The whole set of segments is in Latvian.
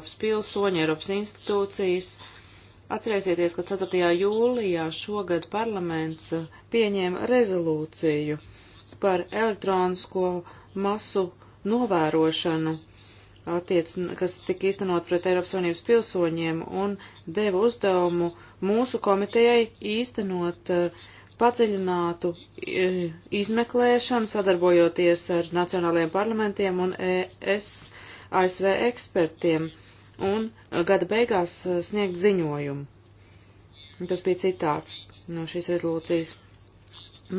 Eiropas pilsoņi, Eiropas institūcijas. Atcerēsieties, ka 4. jūlijā šogad parlaments uh, pieņēma rezolūciju par elektronisko masu novērošanu, attiec, kas tika īstenot pret Eiropas Savienības pilsoņiem un deva uzdevumu mūsu komitejai īstenot uh, padziļinātu uh, izmeklēšanu, sadarbojoties ar nacionālajiem parlamentiem un ES ASV ekspertiem un uh, gada beigās uh, sniegt ziņojumu. Un tas bija citāts no šīs rezolūcijas.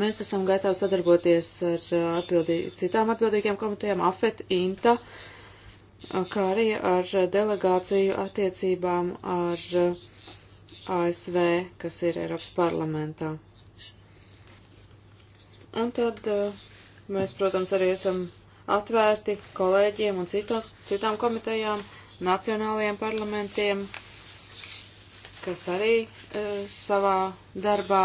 Mēs esam gatavi sadarboties ar uh, atbildī, citām atbildīgiem komitejām, AFET, INTA, kā arī ar delegāciju attiecībām ar ASV, kas ir Eiropas parlamentā. Un tad mēs, protams, arī esam atvērti kolēģiem un cita, citām komitejām nacionālajiem parlamentiem, kas arī e, savā darbā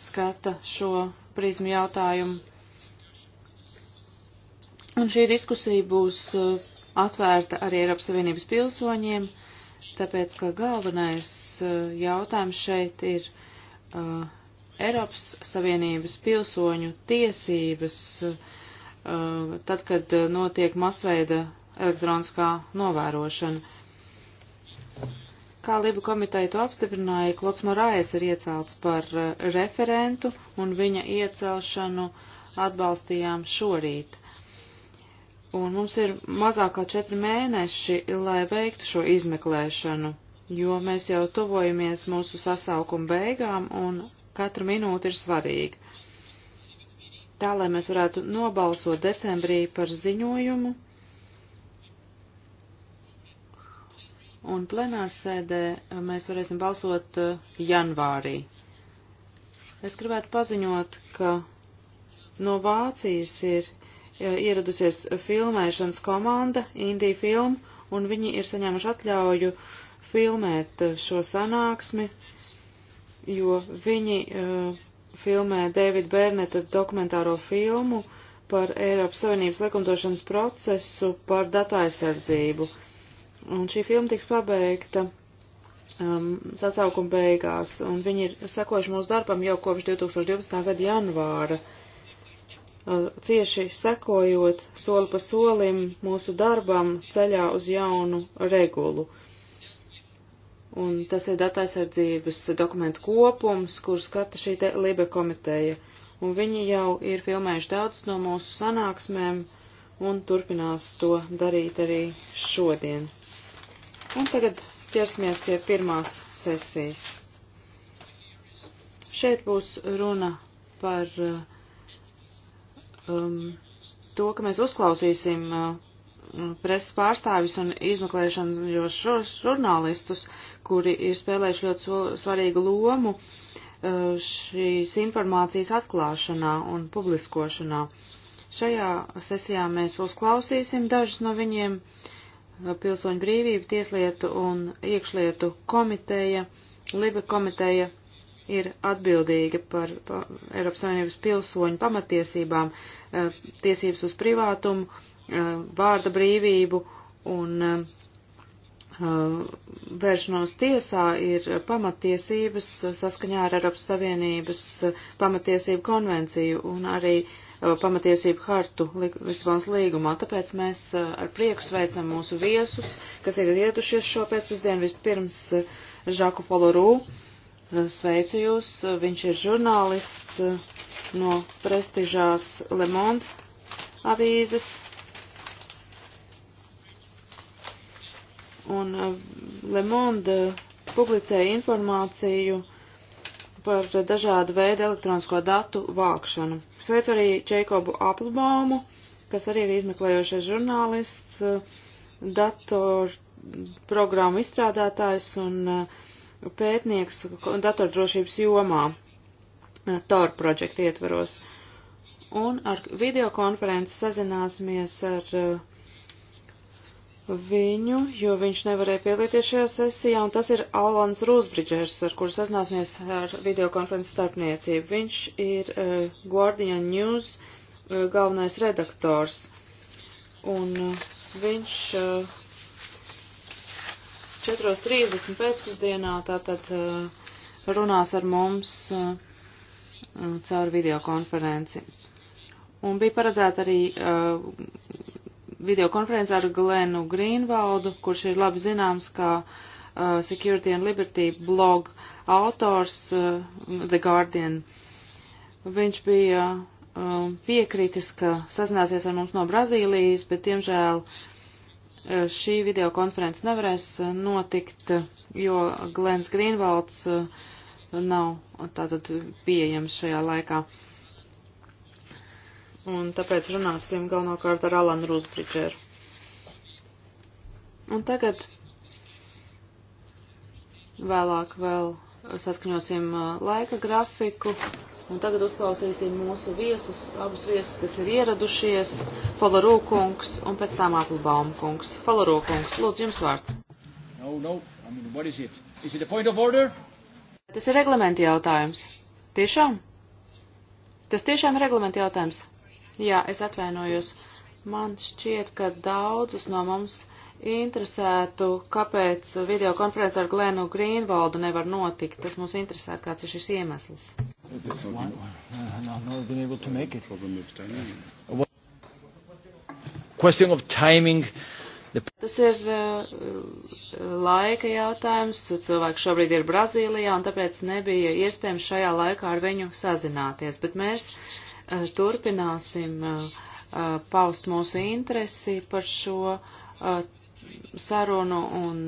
skata šo prizmu jautājumu. Un šī diskusija būs e, atvērta arī Eiropas Savienības pilsoņiem, tāpēc, ka galvenais e, jautājums šeit ir e, Eiropas Savienības pilsoņu tiesības, e, tad, kad e, notiek masveida elektroniskā novērošana. Kā Liba komiteja to apstiprināja, Klots Morājas ir iecelts par eh, referentu un viņa iecelšanu atbalstījām šorīt. Un mums ir mazāk kā četri mēneši, lai veiktu šo izmeklēšanu, jo mēs jau tuvojamies mūsu sasaukuma beigām un katra minūte ir svarīga. Tā, lai mēs varētu nobalsot decembrī par ziņojumu un plenārsēdē mēs varēsim balsot uh, janvārī. Es gribētu paziņot, ka no Vācijas ir uh, ieradusies filmēšanas komanda, Indija film, un viņi ir saņēmuši atļauju filmēt uh, šo sanāksmi, jo viņi uh, filmē Davida Bērneta dokumentāro filmu par Eiropas Savienības likumdošanas procesu par datu aizsardzību. Un šī filma tiks pabeigta um, sasaukuma beigās, un viņi ir sekojuši mūsu darbam jau kopš 2012. gada janvāra, uh, cieši sekojot soli pa solim mūsu darbam ceļā uz jaunu regulu. Un tas ir dataisardzības dokumentu kopums, kur skata šī te Libe komiteja. Un viņi jau ir filmējuši daudz no mūsu sanāksmēm un turpinās to darīt arī šodien. Un tagad ķersimies pie pirmās sesijas. Šeit būs runa par uh, um, to, ka mēs uzklausīsim uh, preses pārstāvis un izmeklēšanos žurnālistus, kuri ir spēlējuši ļoti svarīgu lomu uh, šīs informācijas atklāšanā un publiskošanā. Šajā sesijā mēs uzklausīsim dažus no viņiem. Uh, pilsoņu brīvību, tieslietu un iekšlietu komiteja, Liba komiteja ir atbildīga par Eiropas Savienības pilsoņu pamatiesībām, eh, tiesības uz privātumu, eh, vārda brīvību un eh, vēršanos tiesā ir pamatiesības saskaņā ar Eiropas Savienības pamatiesību konvenciju un arī uh, Uh, pamatiesību hartu Lisabonas līgumā. Tāpēc mēs uh, ar prieku sveicam mūsu viesus, kas ir iedušies šo pēcpusdienu vispirms uh, Žaku Polorū. Sveicu jūs, viņš ir žurnālists no prestižās Le Monde avīzes. Un Le Monde publicēja informāciju uh, par dažādu veidu elektronisko datu vākšanu. Sveicu arī Čeikobu Aplbaumu, kas arī ir izmeklējošais žurnālists, dator programmu izstrādātājs un uh, pētnieks datordrošības jomā uh, TOR projekta ietvaros. Un ar videokonferenci sazināsimies ar uh, viņu, jo viņš nevarēja piedalīties šajā sesijā, un tas ir Alans Rūsbridžers, ar kuru sazināsimies ar videokonferences starpniecību. Viņš ir uh, Guardian News uh, galvenais redaktors, un uh, viņš uh, 4.30 pēcpusdienā tātad uh, runās ar mums uh, caur videokonferenci. Un bija paredzēta arī uh, videokonferenci ar Glenu Grīnvaldu, kurš ir labi zināms kā uh, Security and Liberty blog autors uh, The Guardian. Viņš bija uh, piekritis, ka sazināsies ar mums no Brazīlijas, bet, diemžēl, uh, šī videokonferences nevarēs uh, notikt, uh, jo Glens Grīnvalds uh, nav tātad pieejams šajā laikā. Uh, un tāpēc runāsim galvenokārt ar Alanu Rūzbridžeru. Un tagad vēlāk vēl saskaņosim uh, laika grafiku, un tagad uzklausīsim mūsu viesus, abus viesus, kas ir ieradušies, Falarūkungs un pēc tām Aplbaumkungs. Falarūkungs, lūdzu, jums vārds. No, no, I mean, what is it? Is it a point of order? Tas ir reglamenta jautājums. Tiešām? Tas tiešām ir reglamenta jautājums. Jā, es atvainojos. Man šķiet, ka daudzus no mums interesētu, kāpēc videokonference ar Glenu Grīnvaldu nevar notikt. Tas mums interesētu, kāds ir šis iemesls. Tas ir uh, laika jautājums. Cilvēks šobrīd ir Brazīlijā, un tāpēc nebija iespējams šajā laikā ar viņu sazināties. Bet mēs uh, turpināsim uh, paust mūsu interesi par šo sarunu, un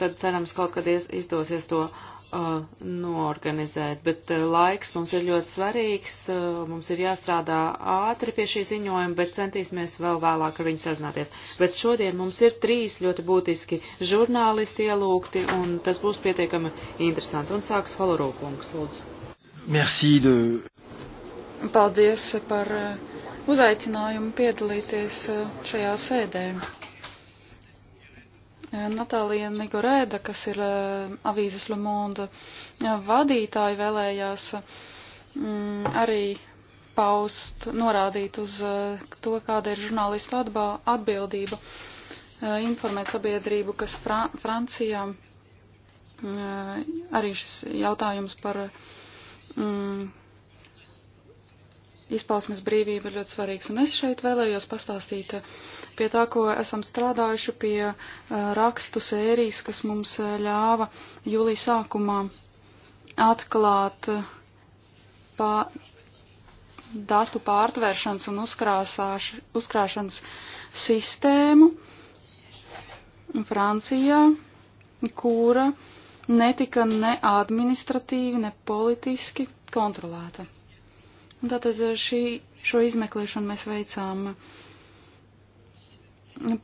tad cerams kaut kad ies, izdosies to uh, noorganizēt, bet uh, laiks mums ir ļoti svarīgs, uh, mums ir jāstrādā ātri pie šī ziņojuma, bet centīsimies vēl vēlāk ar viņu sazināties. Bet šodien mums ir trīs ļoti būtiski žurnālisti ielūgti, un tas būs pietiekami interesanti. Un sāks Falorūkungs, lūdzu. Merci de... Paldies par e, uzaicinājumu piedalīties šajā sēdē. Eh, Natālija Nigorēda, kas ir eh, avīzes Le Monde eh, vadītāja, vēlējās mm, arī paust, norādīt uz to, kāda ir žurnālistu atbildība informēt sabiedrību, kas Fra Francijā mm, arī šis jautājums par mm, izpausmes brīvība ir ļoti svarīgs. Un es šeit vēlējos pastāstīt pie tā, ko esam strādājuši pie eh, rakstu sērijas, kas mums eh, ļāva jūlija sākumā atklāt eh, pā, datu pārtvēršanas un uzkrāšanas sistēmu Francijā, kura netika ne administratīvi, ne politiski kontrolēta. Tātad eh, šī, šo izmeklēšanu mēs veicām eh,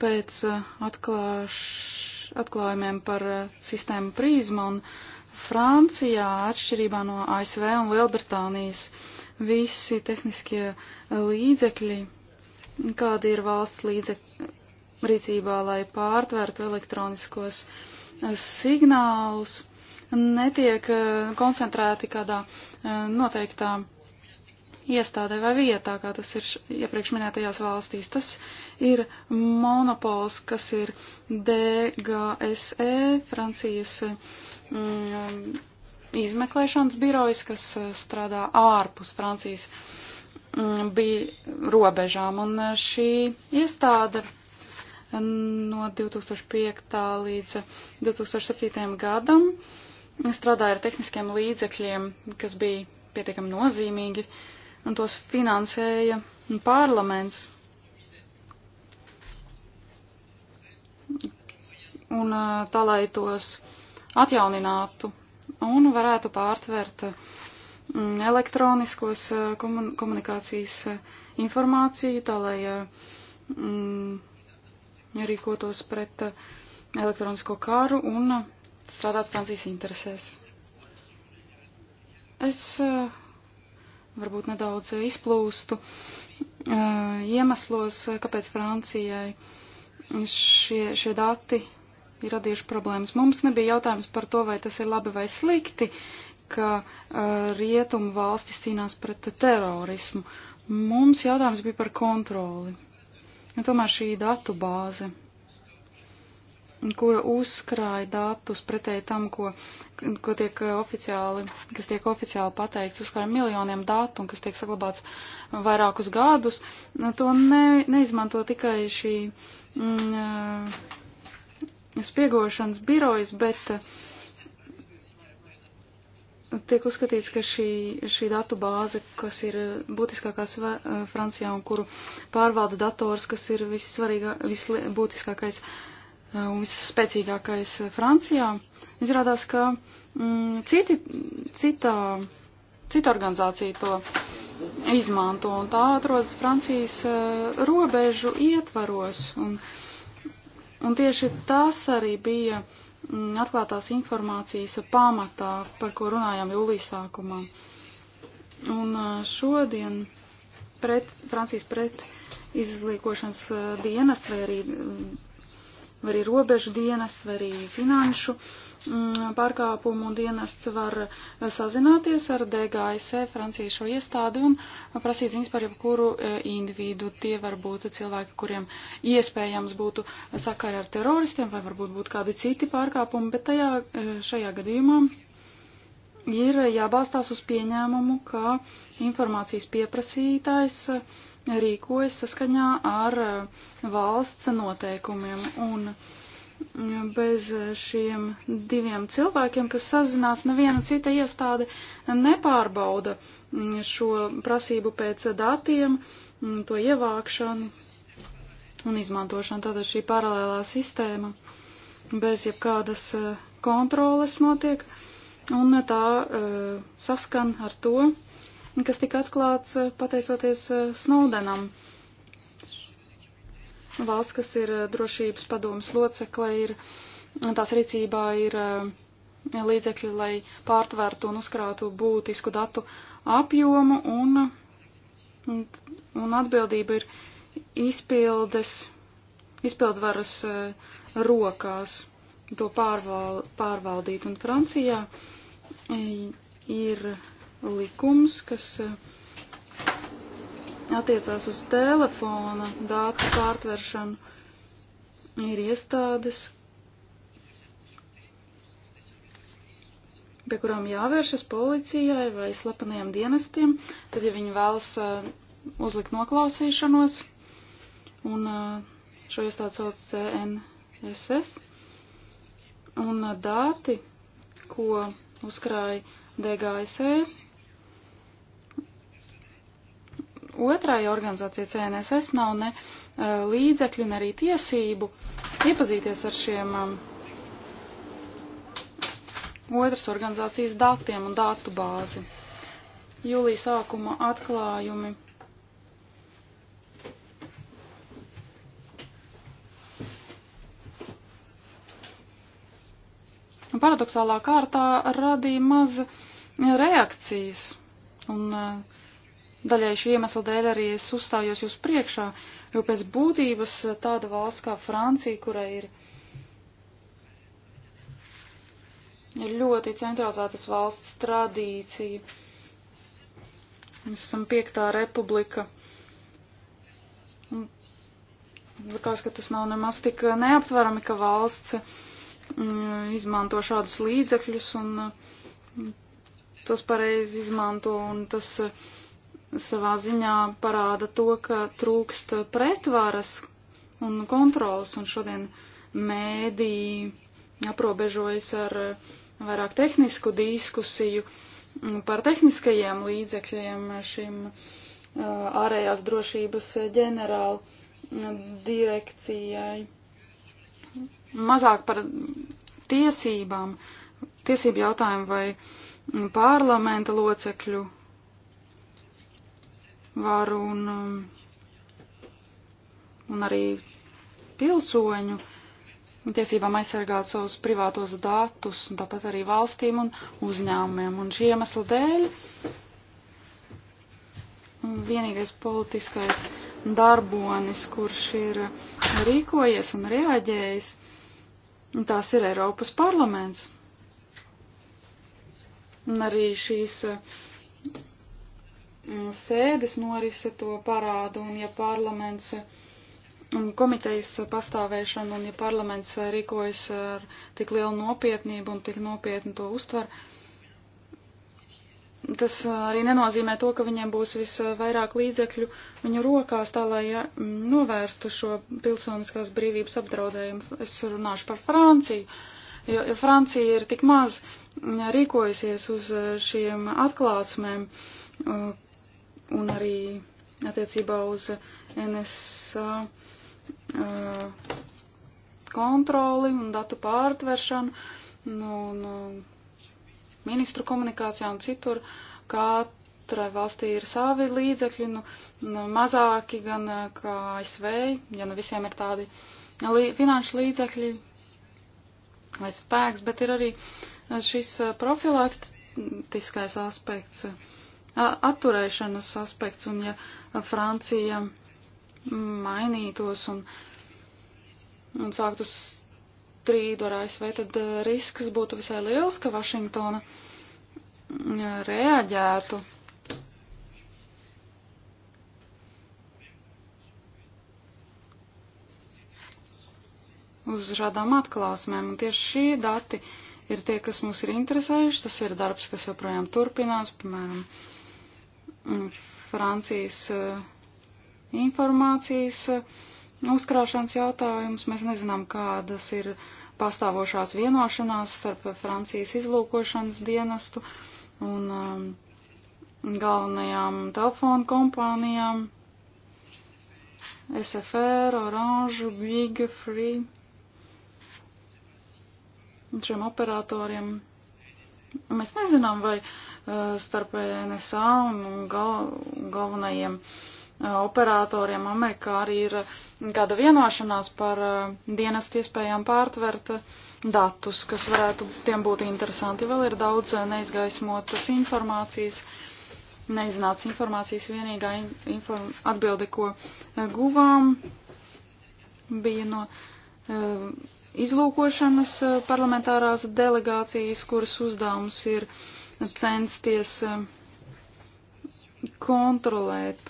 pēc eh, atklāš, atklājumiem par sistēmu prīzma un Francijā atšķirībā no ASV un Lielbritānijas visi tehniskie līdzekļi, kādi ir valsts līdzekļi rīcībā, lai pārtvērtu elektroniskos signālus, netiek koncentrēti kādā noteiktā iestādē vai vietā, kā tas ir iepriekš minētajās valstīs. Tas ir monopols, kas ir DGSE, Francijas mm, izmeklēšanas birojas, kas eh, strādā ārpus Francijas mm, bija robežām. Un eh, šī iestāde no 2005. līdz 2007. gadam strādāja ar tehniskiem līdzekļiem, kas bija pietiekami nozīmīgi. Uh, un tos finansēja parlaments. Un uh, tā, lai tos atjauninātu un varētu pārtvert mm, elektroniskos uh, komunikācijas uh, informāciju, tā lai mm, rīkotos pret elektronisko kāru un strādāt Francijas interesēs. Es uh, varbūt nedaudz izplūstu iemeslos, kāpēc Francijai šie, šie dati ir radījuši problēmas. Mums nebija jautājums par to, vai tas ir labi vai slikti, ka rietumu valstis cīnās pret terorismu. Mums jautājums bija par kontroli. Ja tomēr šī datu bāze kura uzkrāja datus pretēji tam, ko, ko tiek oficiāli, kas tiek oficiāli pateikts, uzkrāja miljoniem datu un kas tiek saglabāts vairākus gadus, nu, to ne, neizmanto tikai šī mm, spiegošanas birojas, bet uh, tiek uzskatīts, ka šī, šī datu bāze, kas ir būtiskākā uh, Francijā un kuru pārvalda dators, kas ir vissvarīgā, visbūtiskākais un visspēcīgākais eh, Francijā, izrādās, ka mm, citi, cita, cita organizācija to izmanto, un tā atrodas Francijas eh, robežu ietvaros. Un, un tieši tas arī bija mm, atklātās informācijas pamatā, par ko runājām jūlijas sākumā. Un eh, šodien pret, Francijas pret izlīkošanas dienas vai arī mm, vai arī robežu dienas, vai arī finanšu mm, pārkāpumu dienests var eh, sazināties ar DGSE, Francijas šo iestādi, un prasīt ziņas par jebkuru eh, individu. Tie var būt cilvēki, kuriem iespējams būtu sakari ar teroristiem, vai varbūt būtu kādi citi pārkāpumi, bet tajā, eh, šajā gadījumā ir jābalstās uz pieņēmumu, ka informācijas pieprasītājs rīkojas saskaņā ar eh, valsts noteikumiem. Un mm, bez eh, šiem diviem cilvēkiem, kas sazinās, neviena cita iestāde nepārbauda mm, šo prasību pēc datiem, mm, to ievākšanu un izmantošanu. Tātad šī paralēlā sistēma bez jebkādas eh, kontroles notiek, un tā saskan ar to, kas tika atklāts eh, pateicoties eh, Snowdenam. Valsts, kas ir eh, drošības padomas locekle, ir tās rīcībā ir līdzekļi, lai pārtvērtu un uzkrātu būtisku datu apjomu, un, un atbildība ir izpildes, izpildvaras rokās to pārval, pārvaldīt. Un Francijā ir likums, kas eh, attiecās uz telefona dātu pārtveršanu. Ir iestādes, pie kurām jāvēršas policijai vai slepeniem dienestiem, tad, ja viņi vēlas eh, uzlikt noklausīšanos, un eh, šo iestādi sauc CNSS, un dati, ko uzkrāja DGSE, Otrai organizācijai CNSS nav ne e, līdzekļu, ne arī tiesību iepazīties ar šiem e, otras organizācijas datiem un datu bāzi. Jūlija sākuma atklājumi. Un paradoxālā kārtā radīja maz reakcijas un uh, Daļai šī iemesla dēļ arī es uzstājos jūs priekšā, jo pēc būtības eh, tāda valsts kā Francija, kurai ir, ir ļoti centralizētas valsts tradīcija, mēs esam piektā republika, un likās, ka tas nav nemaz tik neaptverami, ka valsts mm, izmanto šādus līdzekļus un mm, tos pareizi izmanto, un tas. Mm, savā ziņā parāda to, ka trūkst pretvaras un kontrols, un šodien mēdī aprobežojas ar vairāk tehnisku diskusiju par tehniskajiem līdzekļiem šim uh, ārējās drošības ģenerāla uh, direkcijai. Mazāk par tiesībām, tiesību jautājumu vai mm, parlamenta locekļu varu un, um, un arī pilsoņu tiesībām aizsargāt savus privātos datus, un tāpat arī valstīm un uzņēmumiem. Un šī iemesla dēļ vienīgais politiskais darbonis, kurš ir rīkojies un reaģējis, un tās ir Eiropas parlaments. Un arī šīs uh, Mm, sēdes norise to parādu, un ja parlaments mm, komitejas pastāvēšana, un ja parlaments rīkojas ar tik lielu nopietnību un tik nopietni to uztver, tas eh, arī nenozīmē to, ka viņiem būs visvairāk līdzekļu viņu rokās, tā lai ja, mm, novērstu šo pilsoniskās brīvības apdraudējumu. Es runāšu par Franciju, jo, jo Francija ir tik maz rīkojusies uz eh, šiem atklāsmēm, un arī attiecībā uz NSA kontroli un datu pārtveršanu, nu, nu, ministru komunikācijā un citur, katrai valstī ir savi līdzekļi, nu, nu mazāki gan kā ASV, ja nu visiem ir tādi lī, finanšu līdzekļi vai spēks, bet ir arī šis profilaktiskais aspekts. Uh, atturēšanas aspekts, un ja Francija mainītos un, un sāktu strīdu ar ASV, tad uh, risks būtu visai liels, ka Vašingtona mm, reaģētu. uz šādām atklāsmēm, un tieši šie dati ir tie, kas mūs ir interesējuši, tas ir darbs, kas joprojām turpinās, piemēram, uh, Mm, Francijas eh, informācijas eh, uzkrāšanas jautājums. Mēs nezinām, kādas ir pastāvošās vienošanās starp Francijas izlūkošanas dienestu un um, galvenajām telefonu kompānijām SFR, Orange, Big Free un šiem operatoriem. Mēs nezinām, vai uh, Uh, starp NSA un gal, galvenajiem uh, operatoriem Amerikā arī ir kāda vienošanās par uh, dienestu iespējām pārtvert datus, kas varētu tiem būt interesanti. Vēl ir daudz neizgaismotas informācijas, neiznāca informācijas vienīgā inform atbilde, ko guvām, bija no izlūkošanas parlamentārās delegācijas, kuras uzdevums ir uh, censties eh, kontrolēt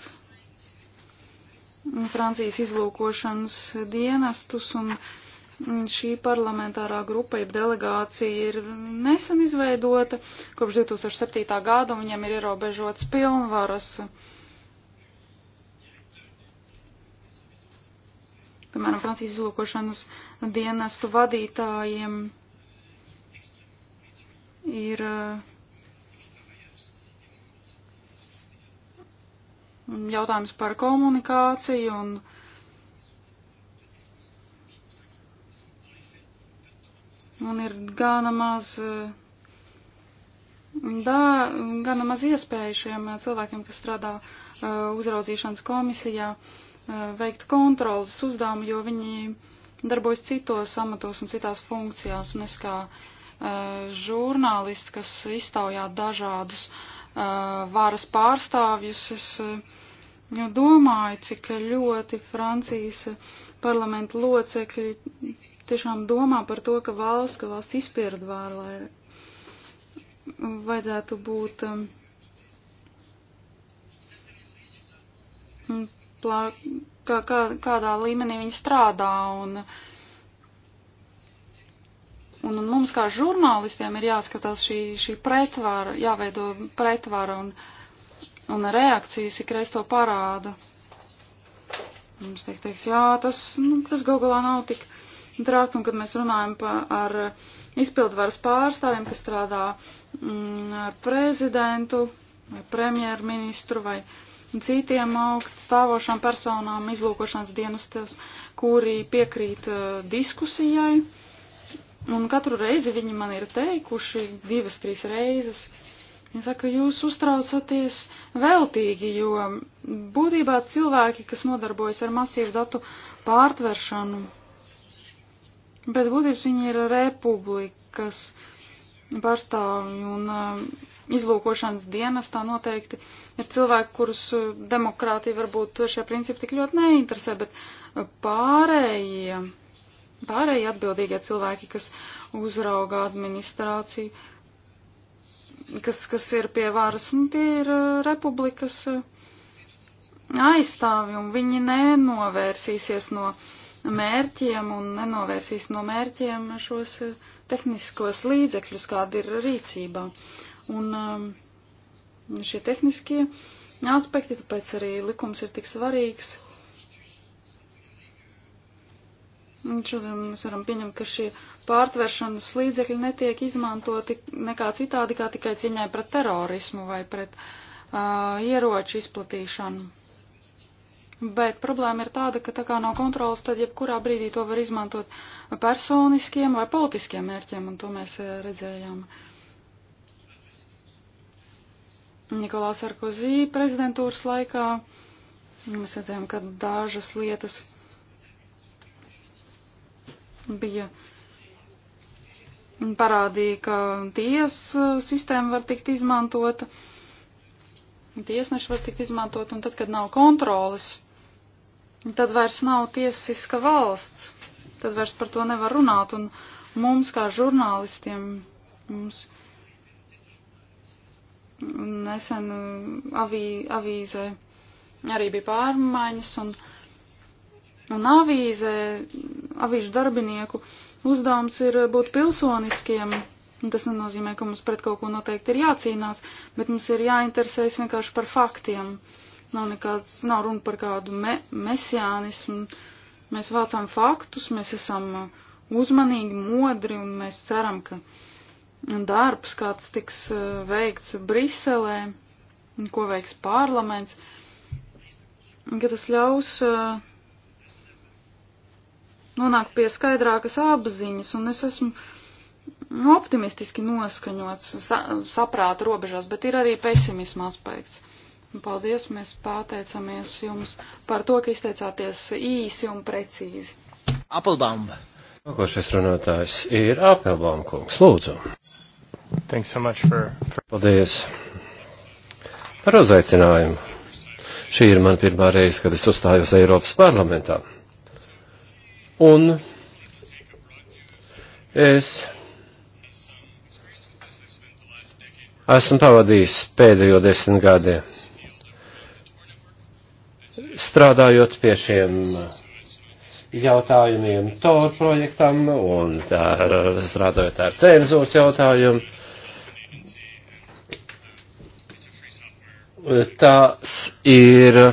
mm, Francijas izlūkošanas dienestus un mm, šī parlamentārā grupa, jeb delegācija ir nesen izveidota kopš 2007. gada un viņam ir ierobežots pilnvaras. Piemēram, Francijas izlūkošanas dienestu vadītājiem ir uh, jautājums par komunikāciju un un ir gana maz, eh, dā, gana maz iespēju šiem eh, cilvēkiem, kas strādā eh, uzraudzīšanas komisijā, veikt kontrolas uzdevumu, jo viņi darbojas citos amatos un citās funkcijās, un es kā žurnālists, kas iztaujā dažādus uh, Uh, varas pārstāvjus, es uh, domāju, cik ļoti Francijas parlamenta locekļi tiešām domā par to, ka valsts, ka valsts izpierda vāru, lai vajadzētu būt um, plā, kā, kā, kādā līmenī viņi strādā un uh, Un, un mums kā žurnālistiem ir jāskatās šī, šī pretvara, jāveido pretvara un, un reakcijas ikreiz to parāda. Mums tiek teiks, jā, tas, nu, tas gal galā nav tik traki, un kad mēs runājam pa, ar izpildvaras pārstāvjiem, kas strādā mm, ar prezidentu vai premjerministru vai citiem augststāvošām personām izlūkošanas dienestos, kuri piekrīt uh, diskusijai. Uh, Un katru reizi viņi man ir teikuši, divas, trīs reizes, viņi saka, jūs uztraucaties veltīgi, jo būtībā cilvēki, kas nodarbojas ar masīvu datu pārtveršanu, bet būtības viņi ir republikas pārstāvji un eh, izlūkošanas dienestā noteikti ir cilvēki, kurus eh, demokrātija varbūt šie principi tik ļoti neinteresē, bet eh, pārējie pārējie atbildīgie cilvēki, kas uzrauga administrāciju, kas, kas ir pie varas, nu, tie ir uh, republikas uh, aizstāvi, un viņi nenovērsīsies no mērķiem un nenovērsīs no mērķiem šos uh, tehniskos līdzekļus, kāda ir rīcībā. Un um, šie tehniskie aspekti, tāpēc arī likums ir tik svarīgs Un šodien mēs varam pieņemt, ka šie pārtveršanas līdzekļi netiek izmantoti nekā citādi, kā tikai cīņai pret terorismu vai pret uh, ieroču izplatīšanu. Bet problēma ir tāda, ka tā kā nav kontrolas, tad jebkurā brīdī to var izmantot personiskiem vai politiskiem mērķiem, un to mēs redzējām. Nikolā Sarkozī prezidentūras laikā mēs redzējām, ka dažas lietas bija parādīja, ka tiesa uh, sistēma var tikt izmantota, tiesneši var tikt izmantot, un tad, kad nav kontrolas, tad vairs nav tiesiska valsts, tad vairs par to nevar runāt, un mums kā žurnālistiem, mums nesen uh, avī, avīzē arī bija pārmaiņas, un Un nu, avīzē, avīžu darbinieku uzdevums ir būt pilsoniskiem. Un tas nenozīmē, ka mums pret kaut ko noteikti ir jācīnās, bet mums ir jāinteresējas vienkārši par faktiem. Nav nekāds, nav runa par kādu me, mesiānismu. Mēs vācām faktus, mēs esam uzmanīgi, modri un mēs ceram, ka darbs kāds tiks eh, veikts Briselē, ko veiks parlaments, ka tas ļaus uh, nonāk pie skaidrākas apziņas, un es esmu nu, optimistiski noskaņots sa saprāta robežās, bet ir arī pesimisma aspekts. Paldies, mēs pateicamies jums par to, ka izteicāties īsi un precīzi. Appelbaum. Nākošais runātājs ir Appelbaum kungs. Lūdzu. Thanks so much for... Paldies par uzaicinājumu. Šī ir man pirmā reize, kad es uzstājos Eiropas parlamentā. Un es esmu pavadījis pēdējo desmit gadiem strādājot pie šiem jautājumiem TOR projektam un ar, strādājot ar cenzūras jautājumu. Tās ir eh,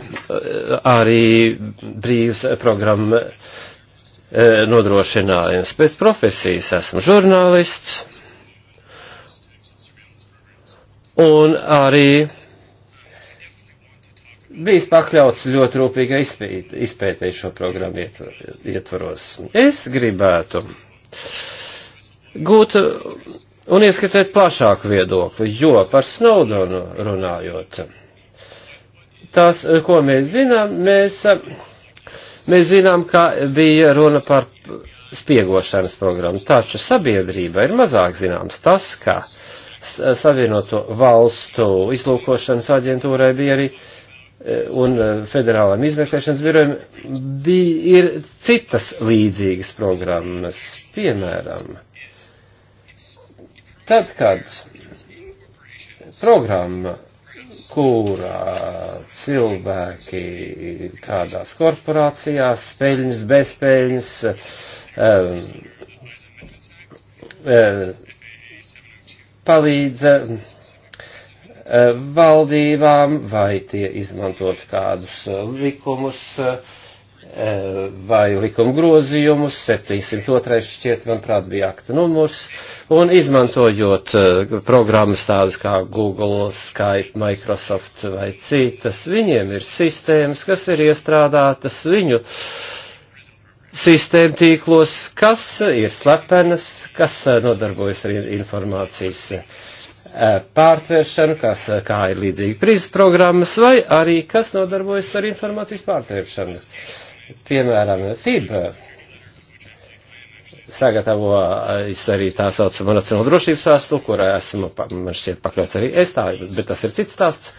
arī brīvs programma E, nodrošinājums. Pēc profesijas esmu žurnālists un arī bijis pakļauts ļoti rūpīgai izpētēji šo programmu ietvaros. Es gribētu gūt un ieskatīt plašāku viedokli, jo par Snowdonu runājot, tās, ko mēs zinām, mēs Mēs zinām, ka bija runa par spiegošanas programmu, taču sabiedrība ir mazāk zināms tas, ka Savienoto valstu izlūkošanas aģentūrai bija arī e, un e, federālām izmeklēšanas birojiem bija ir citas līdzīgas programmas, piemēram, tad, kad programma kurā cilvēki kādās korporācijās, peļņas, bezpeļņas, um, eh, um, eh, palīdza eh, valdībām, vai tie izmantot kādus likumus, uh, Eh, vai likuma grozījumus, 702 šķiet, manuprāt, bija akta numurs, un izmantojot eh, programmas tādas kā Google, Skype, Microsoft vai citas, viņiem ir sistēmas, kas ir iestrādātas viņu sistēma tīklos, kas ir slepenas, kas eh, nodarbojas ar informācijas pārtvēršanu, kas, kā ir līdzīgi prīzes programmas, vai arī kas nodarbojas ar informācijas pārtvēršanu Piemēram, FIBA sagatavo eh, es arī tā saucamo nacionālo drošības vēstuli, kurā esmu, man šķiet, pakļauts arī es tā, bet tas ir cits stāsts.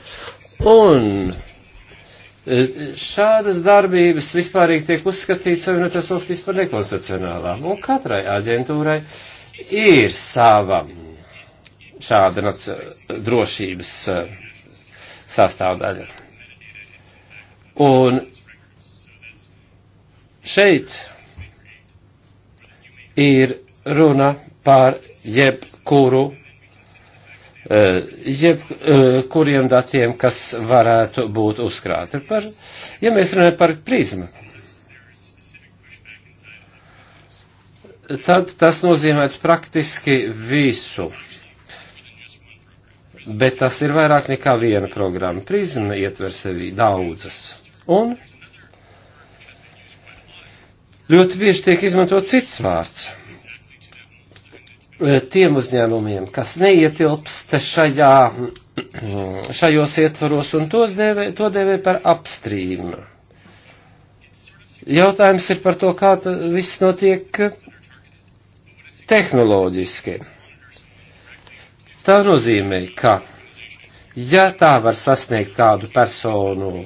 Un eh, šādas darbības vispārīgi tiek uzskatīts savienotās valstīs par nekonstitucionālām, un katrai aģentūrai ir sava šāda nac, drošības eh, sastāvdaļa. Un Šeit ir runa par jebkuru, eh, jebkuriem eh, datiem, kas varētu būt uzkrāti. Par, ja mēs runājam par prizmu, tad tas nozīmē praktiski visu. Bet tas ir vairāk nekā viena programma. Prizma ietver sevi daudzas. Un Ļoti bieži tiek izmantot cits vārds eh, tiem uzņēmumiem, kas neietilpst šajā, mm, šajos ietvaros un tos dēvē, to dēvē par upstream. Jautājums ir par to, kā viss notiek tehnoloģiski. Tā nozīmē, ka ja tā var sasniegt kādu personu uh,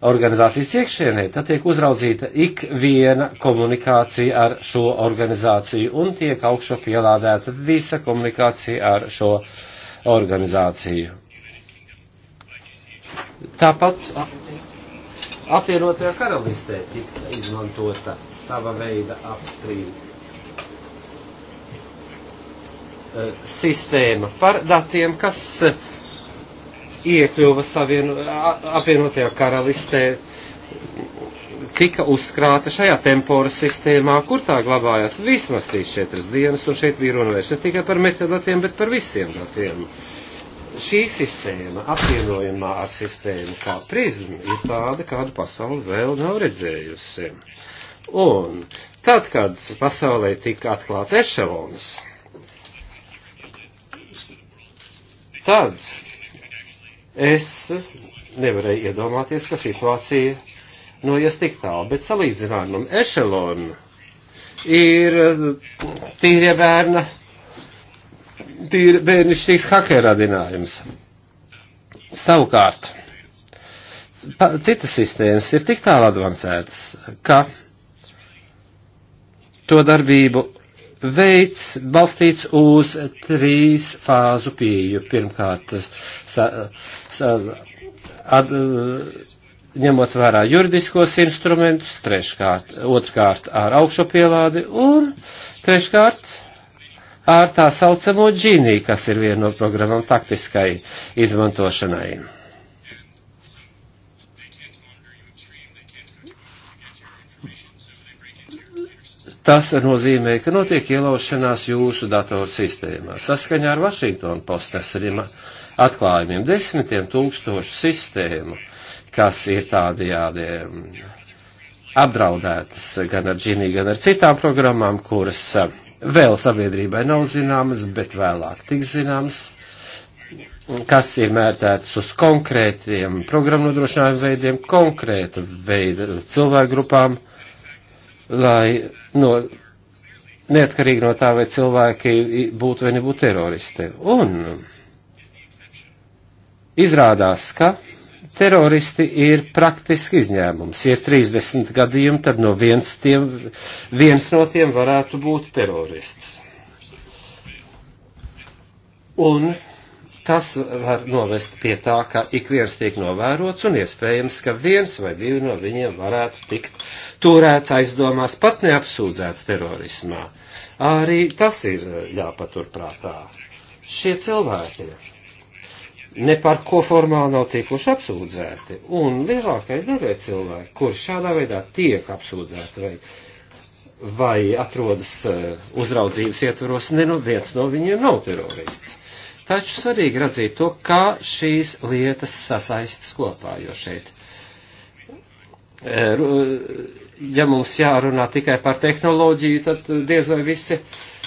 organizācijas iekšienē, tad tiek uzraudzīta ik viena komunikācija ar šo organizāciju un tiek augšo pielādēta visa komunikācija ar šo organizāciju. Tāpat apvienotajā karalistē tika izmantota sava veida apstrīda e, sistēma par datiem, kas uh, iekļuva savienu, apvienotajā karalistē tika uzkrāta šajā tempora sistēmā, kur tā glabājās vismaz 3-4 dienas, un šeit bija runa vairs ne tikai par metadatiem, bet par visiem datiem. Šī sistēma, apvienojumā ar sistēmu kā prizma, ir tāda, kādu pasauli vēl nav redzējusi. Un tad, kad pasaulē tika atklāts ešelons, tad Es nevarēju iedomāties, ka situācija noies tik tālu, bet salīdzinājumam ešelonu ir eh, tīrie bērna, tīri bērnišķīgs hakeradinājums. Savukārt, pa, citas sistēmas ir tik tālu advancētas, ka to darbību veids balstīts uz trīs fāzu pieju. Pirmkārt, sa, sa, ad, ņemot vērā juridiskos instrumentus, treškārt, otrkārt ar augšupielādi un treškārt ar tā saucamo džīnī, kas ir viena no programmām taktiskai izmantošanai. Tas nozīmē, ka notiek ielaušanās jūsu datoru sistēmā. Saskaņā ar Vašingtonu postnesaļiem atklājumiem desmitiem tūkstošu sistēmu, kas ir tādajādi mm, apdraudētas gan ar džinī, gan ar citām programmām, kuras mm, vēl sabiedrībai nav zināmas, bet vēlāk tiks zināmas, kas ir mērtēts uz konkrētiem programmu nodrošinājumu veidiem, konkrēta veida cilvēku grupām, lai no, neatkarīgi no tā, vai cilvēki būtu vai nebūtu teroristi. Un izrādās, ka teroristi ir praktiski izņēmums. Ja ir 30 gadījumi, tad no viens, tiem, viens no tiem varētu būt terorists. Un tas var novest pie tā, ka ik viens tiek novērots un iespējams, ka viens vai divi no viņiem varētu tikt turēts aizdomās, pat neapsūdzēts terorismā. Arī tas ir eh, jāpaturprātā. Šie cilvēki ne par ko formāli nav tikuši apsūdzēti, un lielākai daļai cilvēki, kur šādā veidā tiek apsūdzēti vai, vai atrodas eh, uzraudzības ietvaros, neviens nu, no viņiem nav terorists. Taču svarīgi redzēt to, kā šīs lietas sasaistas kopā, jo šeit eh, ja mums jārunā tikai par tehnoloģiju, tad diez vai visi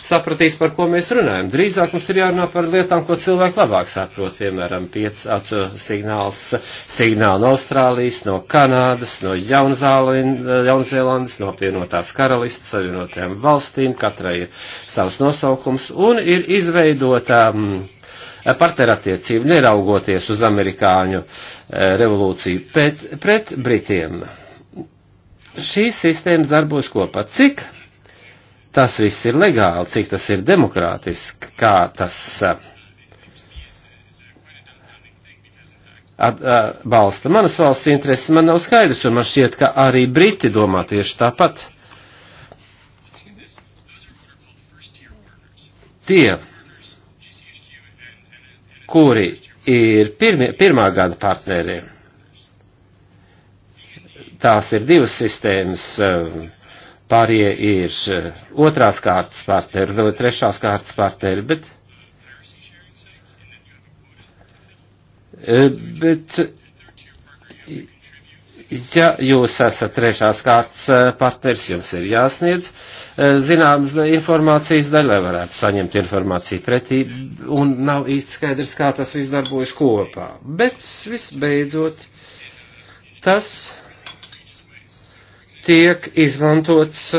sapratīs, par ko mēs runājam. Drīzāk mums ir jārunā par lietām, ko cilvēki labāk saprot, piemēram, piecu signāls, signāli no Austrālijas, no Kanādas, no Jaunzēlandes, no pienotās karalistas, savienotajām valstīm, katrai ir savs nosaukums, un ir izveidota um, mm, partnerattiecība, neraugoties uz amerikāņu uh, revolūciju pret, pret Britiem šīs sistēmas darbojas kopā. Cik tas viss ir legāli, cik tas ir demokrātiski, kā tas atbalsta manas valsts intereses, man nav skaidrs, un man šķiet, ka arī Briti domā tieši tāpat. Tie, kuri ir pirmie, pirmā gada partneriem, tās ir divas sistēmas, eh, pārie ir eh, otrās kārtas partneri, vēl ir trešās kārtas partneri, bet, eh, bet, ja jūs esat trešās kārtas partners, jums ir jāsniedz zināmas informācijas daļa, lai varētu saņemt informāciju pretī, un nav īsti skaidrs, kā tas viss darbojas kopā. Bet, visbeidzot, tas tiek izmantots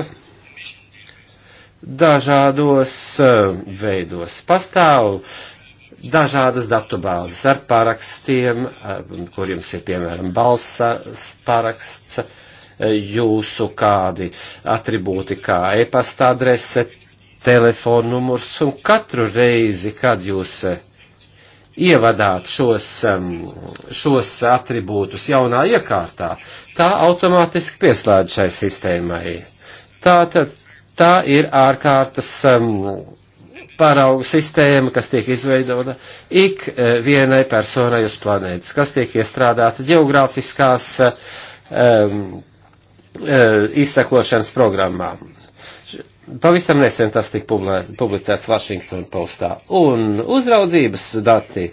dažādos eh, veidos. Pastāv dažādas datubāzes ar parakstiem, eh, kur jums ir piemēram balss paraksts, eh, jūsu kādi atribūti kā e-pasta adrese, telefonnumurs, un katru reizi, kad jūs ievadāt šos, šos atribūtus jaunā iekārtā, tā automātiski pieslēdz šai sistēmai. Tā, tā, tā ir ārkārtas um, paraugu sistēma, kas tiek izveidota ik e, vienai personai uz planētas, kas tiek iestrādāta geogrāfiskās um, izsekošanas programmām. Pavisam nesen tas tika publicēts Washington Postā. Un uzraudzības dati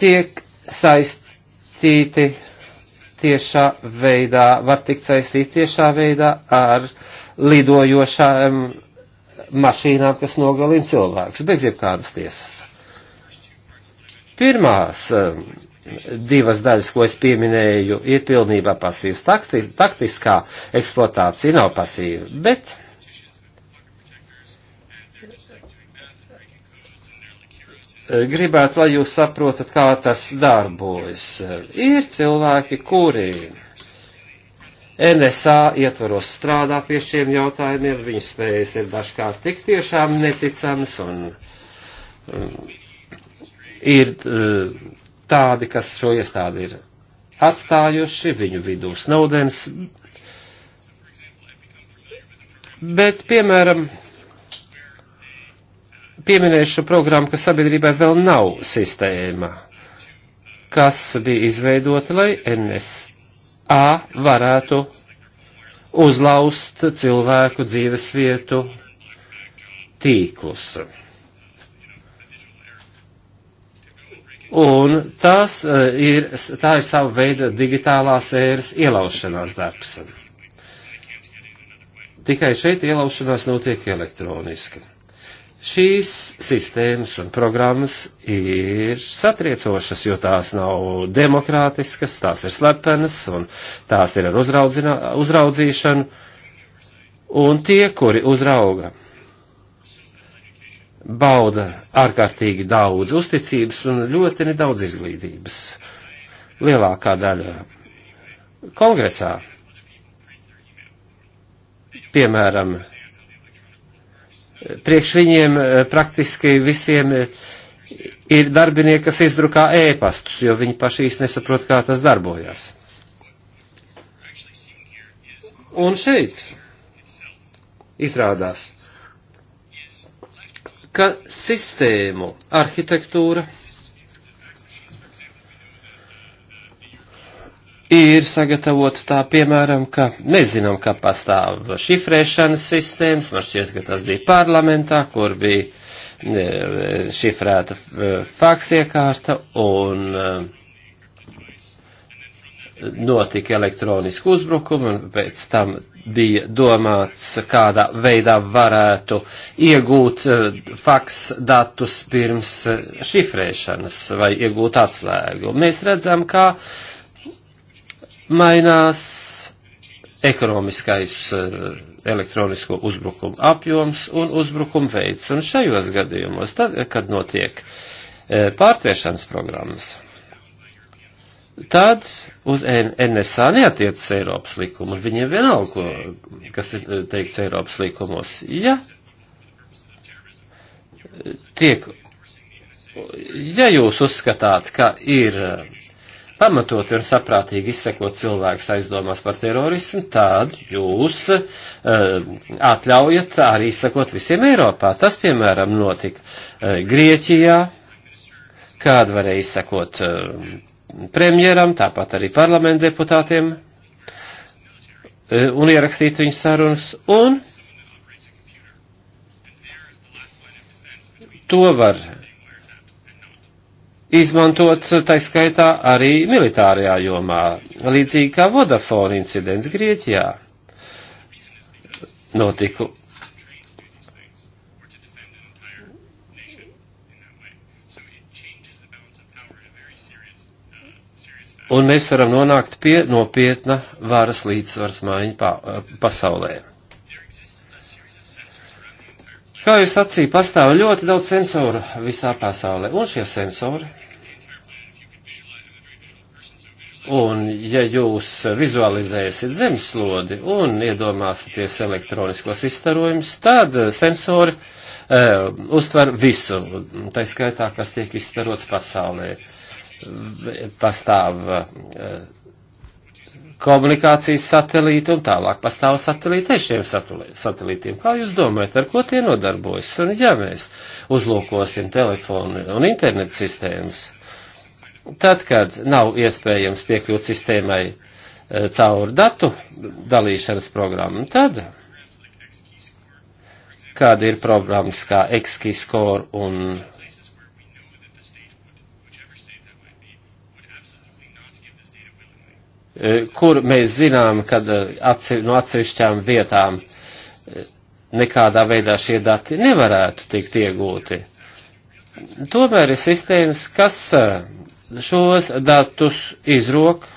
tiek saistīti tiešā veidā, var tikt saistīti tiešā veidā ar lidojošām mašīnām, kas nogalina cilvēkus bez jebkādas tiesas. Pirmās um, divas daļas, ko es pieminēju, ir pilnībā pasīvas. Taktis, taktiskā eksploatācija nav pasīva, bet gribētu, lai jūs saprotat, kā tas darbojas. Ir cilvēki, kuri NSA ietvaros strādā pie šiem jautājumiem, viņu spējas ir dažkārt tik tiešām neticamas un, un um, ir. Uh, tādi, kas šo iestādi ir atstājuši, viņu vidū Snowdens. Bet, piemēram, pieminēšu programmu, kas sabiedrībai vēl nav sistēma, kas bija izveidota, lai NSA varētu uzlaust cilvēku dzīvesvietu tīklus. Un tas e, ir, tā ir sava veida digitālās ēras ielaušanās darbs. Tikai šeit ielaušanās notiek elektroniski. Šīs sistēmas un programmas ir satriecošas, jo tās nav demokrātiskas, tās ir slepenas un tās ir ar uzraudzīšanu. Un tie, kuri uzrauga bauda ārkārtīgi daudz uzticības un ļoti nedaudz izglītības. Lielākā daļa kongresā, piemēram, priekš viņiem eh, praktiski visiem eh, ir darbinieki, kas izdrukā ēpastus, jo viņi paši īsti nesaprot, kā tas darbojas. Un šeit izrādās ka sistēmu arhitektūra ir sagatavota tā, piemēram, ka mēs zinām, ka pastāv šifrēšanas sistēmas, man šķiet, ka tas bija parlamentā, kur bija e, e, šifrēta e, faks iekārta un uh, notika elektroniski uzbrukumi un pēc tam bija domāts, kādā veidā varētu iegūt eh, faks datus pirms eh, šifrēšanas vai iegūt atslēgu. Mēs redzam, kā mainās ekonomiskais eh, elektronisko uzbrukumu apjoms un uzbrukumu veids. Un šajos gadījumos, tad, kad notiek pārtvēršanas programmas, tad uz NSA neatiecas Eiropas likuma. Viņiem vienalga, kas ir eh, teikts Eiropas likumos. Ja tiek, ja jūs uzskatāt, ka ir eh, pamatot un saprātīgi izsekot cilvēkus aizdomās par terorismu, tad jūs uh, atļaujat arī izsekot visiem Eiropā. Tas, piemēram, notika uh, Grieķijā, kāda varēja izsekot uh, premjeram, tāpat arī parlamentu deputātiem e, un ierakstīt viņu sarunas. Un to var izmantot taiskaitā arī militārajā jomā, līdzīgi kā Vodafone incidents Grieķijā notiku. un mēs varam nonākt pie nopietna varas līdzsvaras maiņa pa, eh, pasaulē. Kā jūs sacīja, pastāv ļoti daudz sensoru visā pasaulē, un šie sensori. Un, ja jūs vizualizēsiet zemeslodi un iedomāsieties elektroniskos izstarojumus, tad sensori uh, uztver visu, tā skaitā, kas tiek izstarots pasaulē. Uh, pastāv eh, komunikācijas satelīti un tālāk pastāv satelīti ešiem satelītiem. Kā jūs domājat, ar ko tie nodarbojas? Un ja mēs uzlūkosim telefonu un internetu sistēmas, tad, kad nav iespējams piekļūt sistēmai eh, caur datu dalīšanas programmu, tad kāda ir programmas kā XKScore un Eh, kur mēs zinām, ka eh, atse, no atsevišķām vietām eh, nekādā veidā šie dati nevarētu tikt iegūti. Tomēr ir sistēmas, kas šos datus izrok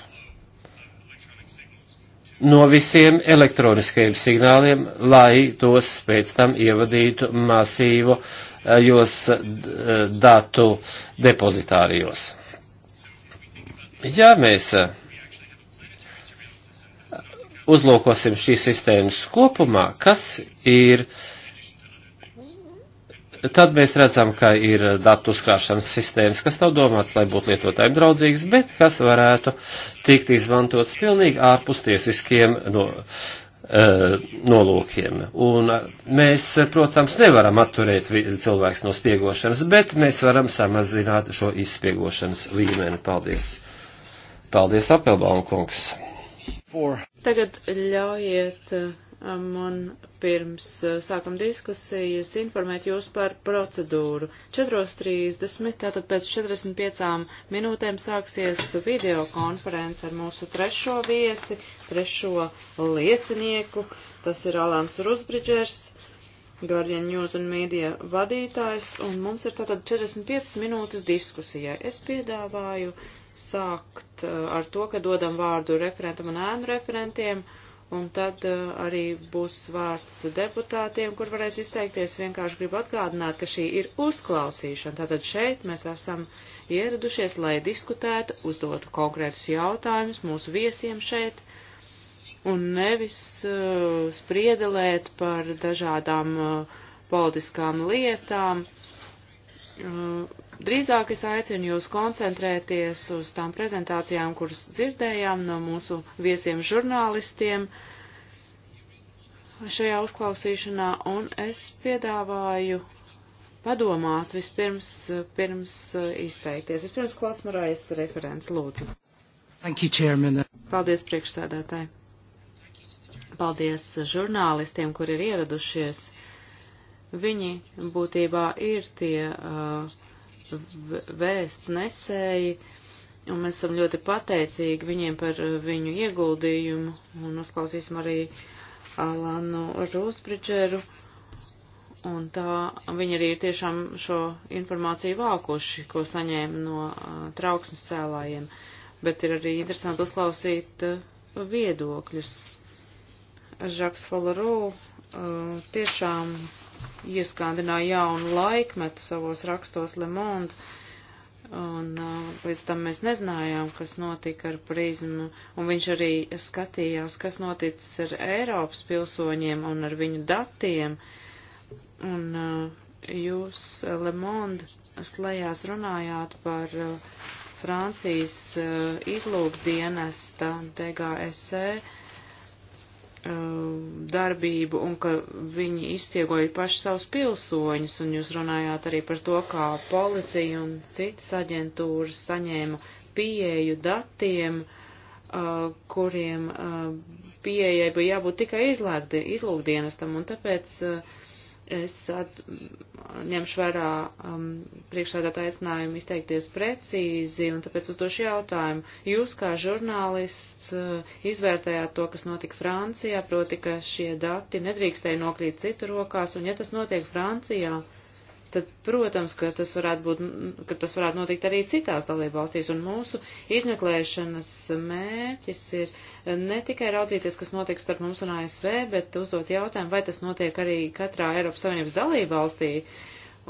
no visiem elektroniskajiem signāliem, lai tos pēc tam ievadītu masīvos datu depozitārijos. Ja mēs uh, uzlūkosim šīs sistēmas kopumā, kas ir, tad mēs redzam, ka ir datu uzkrāšanas sistēmas, kas nav domāts, lai būtu lietotājiem draudzīgas, bet kas varētu tikt izmantots pilnīgi ārpus tiesiskiem no, e, nolūkiem. Un mēs, protams, nevaram atturēt cilvēks no spiegošanas, bet mēs varam samazināt šo izspiegošanas līmeni. Paldies! Paldies, Apelbaunkungs! For... Tagad ļaujiet uh, man pirms uh, sākam diskusijas informēt jūs par procedūru. 4.30, tātad pēc 45 minūtēm sāksies video konference ar mūsu trešo viesi, trešo liecinieku. Tas ir Alans Rusbridžers. Guardian News and Media vadītājs, un mums ir tātad 45 minūtes diskusijai. Es piedāvāju sākt eh, ar to, ka dodam vārdu referentam un ēnu referentiem, un tad eh, arī būs vārds deputātiem, kur varēs izteikties. Vienkārši gribu atgādināt, ka šī ir uzklausīšana. Tātad šeit mēs esam ieradušies, lai diskutētu, uzdotu konkrētus jautājumus mūsu viesiem šeit un nevis uh, spriedelēt par dažādām uh, politiskām lietām, Mm, drīzāk es aicinu jūs koncentrēties uz tām prezentācijām, kuras dzirdējām no mūsu viesiem žurnālistiem šajā uzklausīšanā, un es piedāvāju padomāt vispirms, pirms eh, izteikties. Vispirms klāts marājas referents, lūdzu. Thank you, Chairman. Paldies, priekšsēdētāji. Paldies žurnālistiem, kuri ir ieradušies Viņi būtībā ir tie uh, vēsts nesēji, un mēs esam ļoti pateicīgi viņiem par uh, viņu ieguldījumu, un uzklausīsim arī Alanu Rūsbridžeru, un tā viņi arī ir tiešām šo informāciju vākuši, ko saņēma no uh, trauksmes cēlājiem, bet ir arī interesanti uzklausīt uh, viedokļus. Žaks Falaru uh, tiešām ieskandināja jaunu laikmetu savos rakstos Le Monde, un uh, līdz tam mēs nezinājām, kas notika ar prizmu, un viņš arī skatījās, kas noticis ar Eiropas pilsoņiem un ar viņu datiem, un uh, jūs uh, Le Monde slējās runājāt par uh, Francijas uh, izlūkdienesta DGSE Uh, darbību un ka viņi izspiegoja paši savus pilsoņus, un jūs runājāt arī par to, kā policija un citas aģentūras saņēma pieeju datiem, uh, kuriem uh, pieejai bija jābūt tikai izlūkdienestam, un tāpēc uh, Es at, ņemšu vērā um, priekšsēdētāju aicinājumu izteikties precīzi, un tāpēc uzdošu jautājumu. Jūs kā žurnālists uh, izvērtējāt to, kas notika Francijā, proti, ka šie dati nedrīkstēja nokrīt citu rokās, un ja tas notiek Francijā, uh, tad, protams, ka tas varētu, būt, ka tas varētu notikt arī citās dalībvalstīs. Un mūsu izmeklēšanas mērķis ir ne tikai raudzīties, kas notiek starp mums un ASV, bet uzdot jautājumu, vai tas notiek arī katrā Eiropas Savienības dalībvalstī,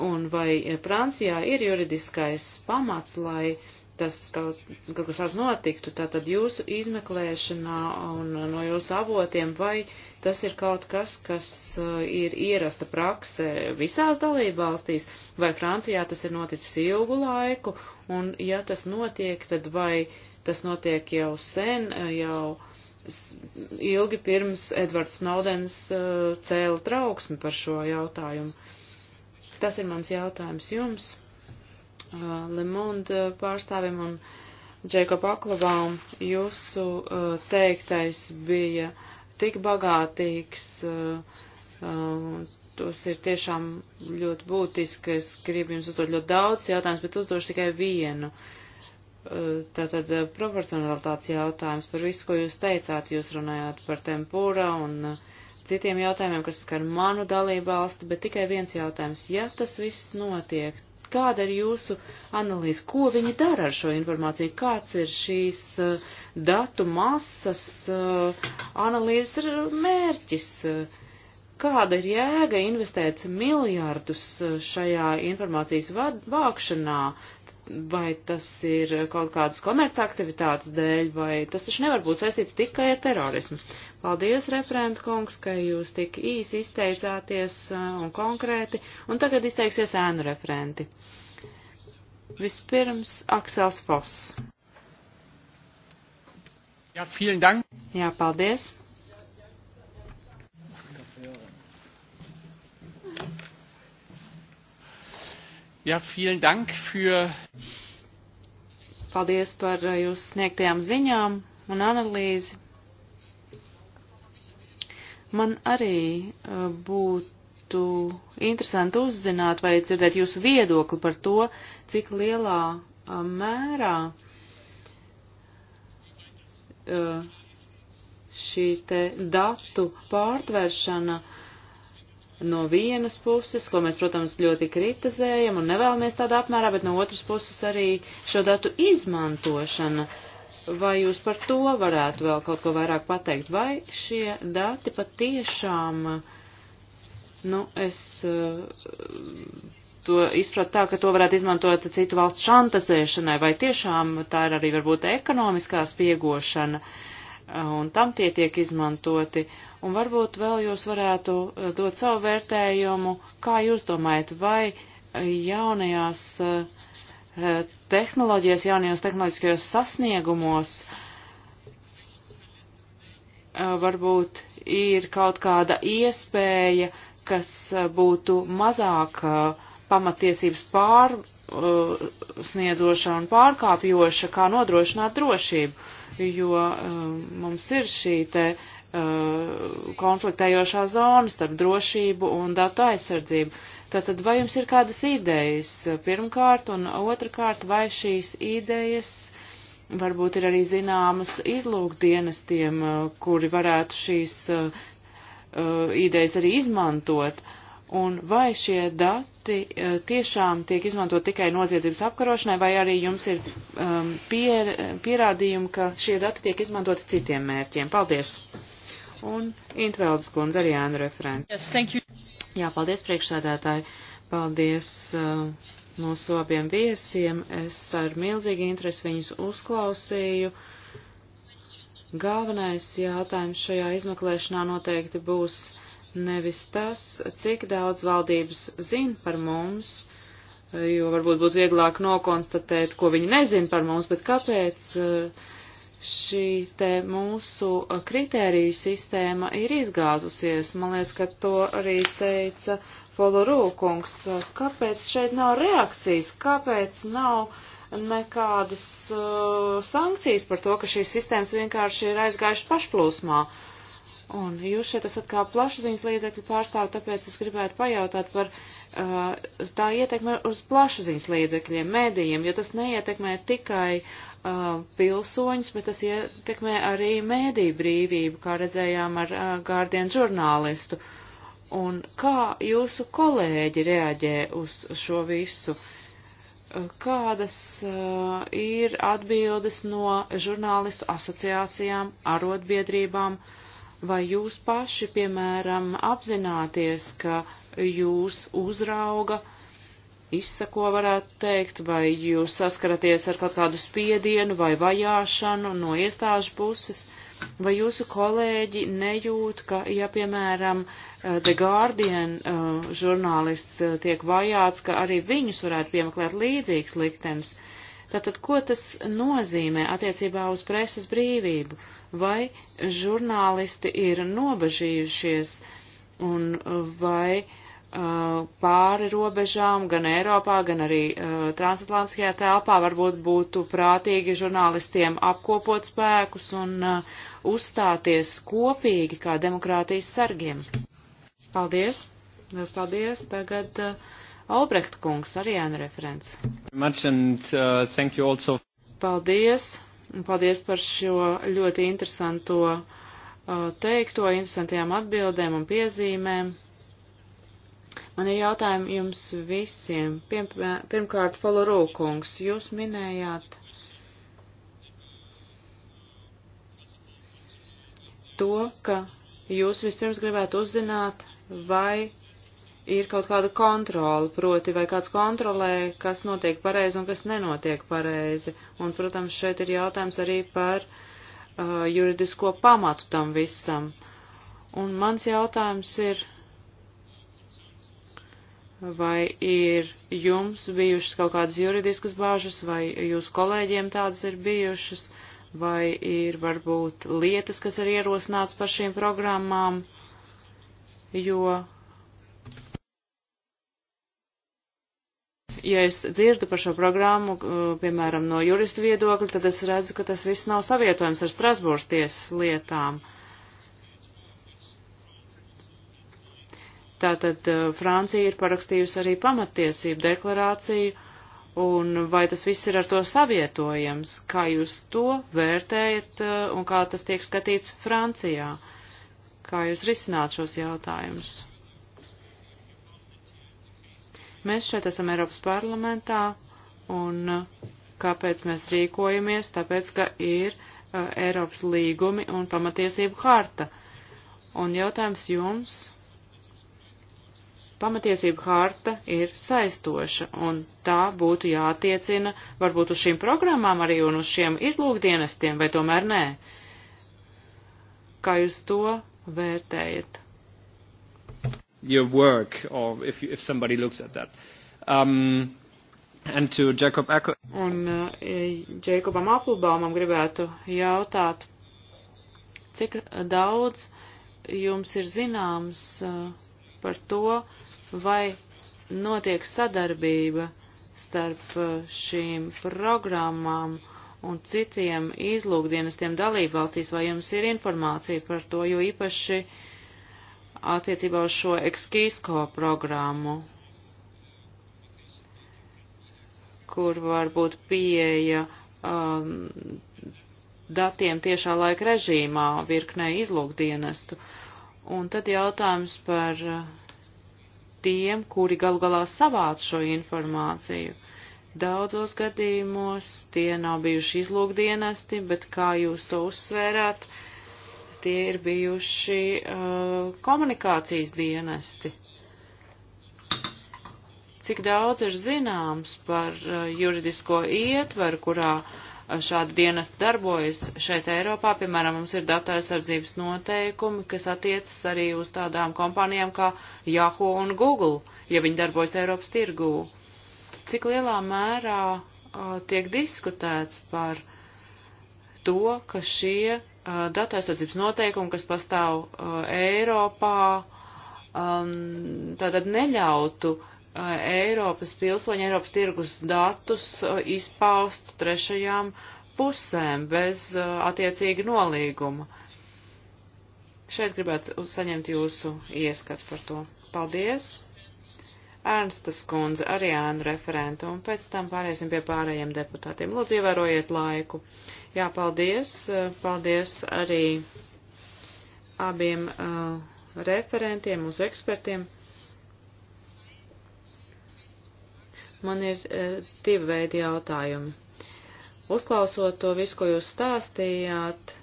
un vai Francijā ir juridiskais pamats, lai uh, tas kaut, kaut kas tāds notiktu, tātad jūsu izmeklēšanā un no jūsu avotiem, vai tas ir kaut kas, kas uh, ir ierasta prakse visās dalībvalstīs, vai Francijā tas ir noticis ilgu laiku, un ja tas notiek, tad vai tas notiek jau sen, uh, jau ilgi pirms Edvards Snowdens uh, cēla trauksmi par šo jautājumu. Tas ir mans jautājums jums. Uh, Le Monde uh, pārstāvim un Džekob Aklabām. Jūsu uh, teiktais bija tik bagātīgs. Tos ir tiešām ļoti būtiski. Es gribu jums uzdot ļoti daudz jautājumus, bet uzdošu tikai vienu. Tātad proporcionalitātes jautājums par visu, ko jūs teicāt. Jūs runājāt par tempūra un uh, citiem jautājumiem, kas skar manu dalību valsti, bet tikai viens jautājums. Ja tas viss notiek, Kāda ir jūsu analīze? Ko viņi dara ar šo informāciju? Kāds ir šīs uh, datu masas uh, analīzes mērķis? Kāda ir jēga investēt miljārdus eh, šajā informācijas vākšanā? vai tas ir kaut kādas komercaktivitātes dēļ, vai tas taču nevar būt saistīts tikai ar terorismu. Paldies, referenta kungs, ka jūs tik īsi izteicāties uh, un konkrēti, un tagad izteiksies ēnu referenti. Vispirms Aksels Foss. Jā, ja, vielen dank. Jā, paldies. Ja, vielen Dank für. Paldies par eh, jūsu sniegtajām ziņām un analīzi. Man arī eh, būtu interesanti uzzināt vai dzirdēt jūsu viedokli par to, cik lielā eh, mērā šī te datu pārtveršana uh, no vienas puses, ko mēs, protams, ļoti kritizējam un nevēlamies tādā apmērā, bet no otras puses arī šo datu izmantošana. Vai jūs par to varētu vēl kaut ko vairāk pateikt? Vai šie dati patiešām, nu, es to izpratu tā, ka to varētu izmantot citu valstu šantazēšanai, vai tiešām tā ir arī varbūt ekonomiskā spiegošana? Uh, un tam tie tiek izmantoti. Un varbūt vēl jūs varētu eh, dot savu vērtējumu, kā jūs domājat, vai eh, jaunajās eh, tehnoloģijas, jaunajos tehnoloģiskajos sasniegumos varbūt ir kaut kāda iespēja, kas būtu mazāk pamatiesības pārsniedzoša un pārkāpjoša, kā nodrošināt drošību jo uh, mums ir šī te uh, konfliktējošā zona starp drošību un datu aizsardzību. Tātad, vai jums ir kādas idejas pirmkārt, un otrkārt, vai šīs idejas varbūt ir arī zināmas izlūkdienestiem, uh, kuri varētu šīs uh, idejas arī izmantot, un vai šie dati parasti eh, tiešām tiek izmantot tikai noziedzības apkarošanai, vai arī jums ir um, pier, pierādījumi, ka šie dati tiek izmantoti citiem mērķiem? Paldies! Un Intveldes kundze arī Ānu referenti. Yes, Jā, paldies priekšsēdētāji. Paldies uh, mūsu abiem viesiem. Es ar milzīgu interesi viņus uzklausīju. Galvenais jautājums šajā izmeklēšanā noteikti būs nevis tas, cik daudz valdības zina par mums, jo varbūt būtu vieglāk nokonstatēt, ko viņi nezina par mums, bet kāpēc eh, šī te mūsu kritēriju sistēma ir izgāzusies. Man liekas, ka to arī teica Polorūkungs. Kāpēc šeit nav reakcijas? Kāpēc nav nekādas uh, sankcijas par to, ka šīs sistēmas vienkārši ir aizgājušas pašplūsmā? Uh, Un jūs šeit esat kā plašsaziņas līdzekļu pārstāvi, tāpēc es gribētu pajautāt par uh, tā ietekmi uz plašsaziņas līdzekļiem, mēdījiem, jo tas neietekmē tikai uh, pilsoņus, bet tas ietekmē arī mēdīju brīvību, kā redzējām ar uh, Guardian žurnālistu. Un kā jūsu kolēģi reaģē uz šo visu? Uh, kādas uh, ir atbildes no žurnālistu asociācijām, arotbiedrībām? Uh, vai jūs paši, piemēram, apzināties, ka jūs uzrauga, izsako varētu teikt, vai jūs saskaraties ar kaut kādu spiedienu vai vajāšanu no iestāžu puses, vai jūsu kolēģi nejūt, ka, ja, piemēram, eh, The Guardian uh, žurnālists eh, tiek vajāts, ka arī viņus varētu piemeklēt līdzīgs liktenis. Uh, Tātad, ko tas nozīmē attiecībā uz preses brīvību? Vai žurnālisti ir nobežījušies un vai uh, pāri robežām, gan Eiropā, gan arī uh, transatlantiskajā telpā varbūt būtu prātīgi žurnālistiem apkopot spēkus un uh, uzstāties kopīgi kā demokrātijas sargiem? Paldies! Liels paldies! Tagad uh, Albrecht kungs, arī ēna referents. And, uh, paldies, un paldies par šo ļoti interesanto uh, teikto, interesantajām atbildēm un piezīmēm. Man ir jautājumi jums visiem. Pirm, pirmkārt, Falorū kungs, jūs minējāt to, ka jūs vispirms gribētu uzzināt, vai ir kaut kāda kontrola, proti vai kāds kontrolē, kas notiek pareizi un kas nenotiek pareizi. Un, protams, šeit ir jautājums arī par uh, juridisko pamatu tam visam. Un mans jautājums ir, vai ir jums bijušas kaut kādas juridiskas bāžas, vai jūsu kolēģiem tādas ir bijušas, vai ir varbūt lietas, kas ir ierosināts par šīm programmām, jo ja es dzirdu par šo programmu, uh, piemēram, no juristu viedokļa, tad es redzu, ka tas viss nav savietojams ar Strasbūras tiesas lietām. Tātad uh, Francija ir parakstījusi arī pamatiesību deklarāciju, un vai tas viss ir ar to savietojams? Kā jūs to vērtējat uh, un kā tas tiek skatīts Francijā? Kā jūs risināt šos jautājumus? Mēs šeit esam Eiropas parlamentā un uh, kāpēc mēs rīkojamies, tāpēc, ka ir uh, Eiropas līgumi un pamatiesību harta. Un jautājums jums, pamatiesību harta ir saistoša, un tā būtu jātiecina varbūt uz šīm programmām arī un uz šiem izlūkdienestiem, vai tomēr nē? Kā jūs to vērtējat? your work, or if, you, if somebody looks at that. Um, and to Jacob Echo. Un uh, Jacobam Applebaumam gribētu jautāt, cik daudz jums ir zināms uh, par to, vai notiek sadarbība starp uh, šīm programmām un citiem izlūkdienestiem dalībvalstīs, vai jums ir informācija par to, jo īpaši uh, attiecībā uz šo ekskīsko programmu, kur var būt pieeja um, datiem tiešā laika režīmā virknē izlūkdienestu. Un tad jautājums par uh, tiem, kuri galu galā savāc šo informāciju. Daudzos gadījumos tie nav bijuši izlūkdienesti, bet kā jūs to uzsvērāt, uh, tie ir bijuši uh, komunikācijas dienesti. Cik daudz ir zināms par uh, juridisko ietveru, kurā uh, šādi dienesti darbojas šeit Eiropā? Piemēram, mums ir datu aizsardzības noteikumi, kas attiecas arī uz tādām kompānijām kā Yahoo un Google, ja viņi darbojas Eiropas tirgū. Cik lielā mērā uh, tiek diskutēts par uh, to, ka šie uh, datu aizsardzības noteikumi, kas pastāv uh, Eiropā, um, tātad neļautu uh, Eiropas pilsoņu, Eiropas tirgus datus uh, izpaust trešajām pusēm bez uh, attiecīga nolīguma. Šeit gribētu saņemt jūsu ieskatu par to. Paldies! Ernstas kundze, Ariānu referentu, un pēc tam pāriesim pie pārējiem deputātiem. Lūdzu, ievērojiet laiku. Uh, Jā, paldies. Paldies arī abiem uh, referentiem, uz ekspertiem. Man ir uh, divi veidi jautājumi. Uzklausot to visu, ko jūs stāstījāt,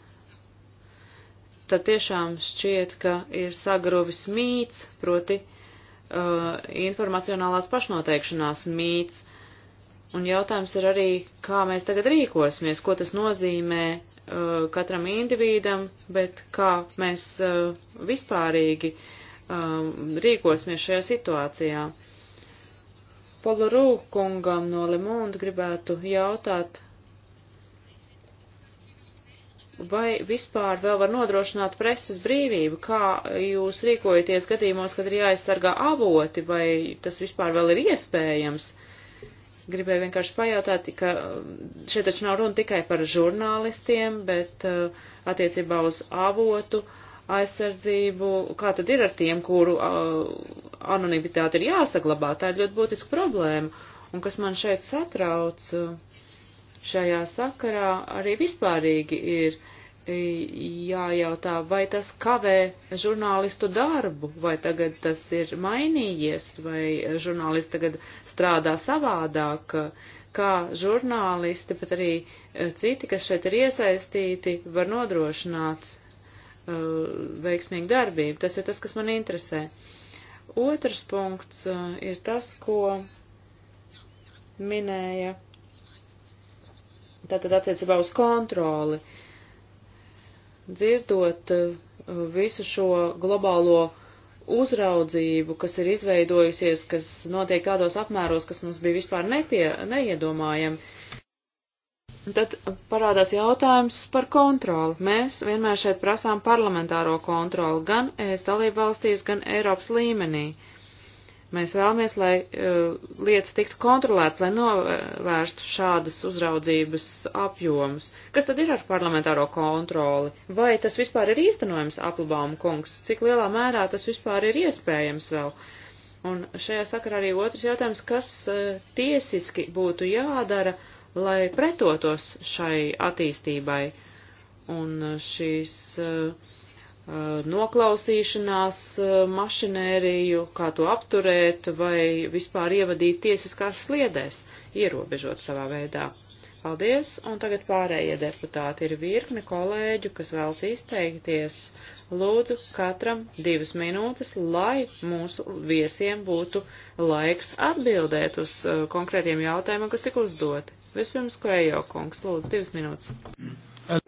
tad tiešām šķiet, ka ir sagrovis mīts, proti uh, informacionālās pašnoteikšanās mīts. Uh, Un jautājums ir arī, kā mēs tagad rīkosimies, ko tas nozīmē uh, katram individam, bet kā mēs uh, vispārīgi uh, rīkosimies šajā situācijā. Polorū kungam no Lemunda gribētu jautāt, vai vispār vēl var nodrošināt preses brīvību, kā jūs rīkojaties gadījumos, kad ir jāaizsargā avoti, vai tas vispār vēl ir iespējams. Uh, Gribēju vienkārši pajautāt, ka um, šeit taču nav runa tikai par žurnālistiem, bet uh, attiecībā uz avotu aizsardzību, kā tad ir ar tiem, kuru uh, anonimitāte ir jāsaglabā, tā ir ļoti būtiska problēma. Un kas man šeit satrauc uh, šajā sakarā, arī vispārīgi ir jājautā, vai tas kavē žurnālistu darbu, vai tagad tas ir mainījies, vai žurnālisti tagad strādā savādāk, kā žurnālisti, bet arī eh, citi, kas šeit ir iesaistīti, var nodrošināt uh, veiksmīgu darbību. Tas ir tas, kas man interesē. Otrs punkts uh, ir tas, ko minēja. Tātad attiecībā uz kontroli. Uh, dzirdot uh, visu šo globālo uzraudzību, kas ir izveidojusies, kas notiek tādos apmēros, kas mums bija vispār nepie, neiedomājami. Tad parādās jautājums par kontroli. Mēs vienmēr šeit prasām parlamentāro kontroli gan ES dalību valstīs, gan Eiropas līmenī. Uh, Mēs vēlamies, lai uh, lietas tiktu kontrolētas, lai novērstu šādas uzraudzības apjomus. Kas tad ir ar parlamentāro kontroli? Vai tas vispār ir īstenojams aplubāma kungs? Cik lielā mērā tas vispār ir iespējams vēl? Un šajā sakarā arī otrs jautājums, kas uh, tiesiski būtu jādara, lai pretotos šai attīstībai? Un eh, šīs. Uh, Eh, noklausīšanās eh, mašinēriju, kā to apturēt vai vispār ievadīt tiesiskās sliedēs, ierobežot savā veidā. Paldies, un tagad pārējie deputāti ir virkni kolēģu, kas vēlas izteikties. Lūdzu, katram divas minūtes, lai mūsu viesiem būtu laiks atbildēt uz uh, konkrētiem jautājumiem, kas tika uzdoti. Vispirms, Kvējo kungs, lūdzu, divas minūtes.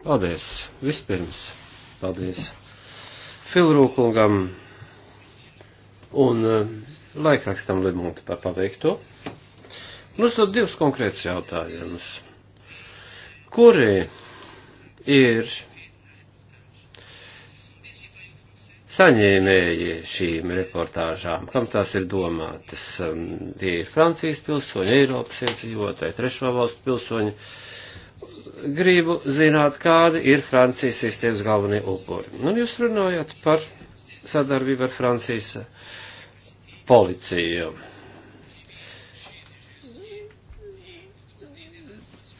Paldies, vispirms. Paldies. Filrūkungam un eh, laikrakstam Limonti par paveikto. Un nu, uzdot divus konkrētus jautājumus. Kuri ir saņēmēji šīm reportāžām, kam tās ir domātas. Tie ir Francijas pilsoņi, Eiropas iedzīvotāji, trešo valstu pilsoņi, gribu zināt, kādi ir Francijas sistēmas galvenie upuri. Nu, un jūs runājat par sadarbību ar Francijas policiju.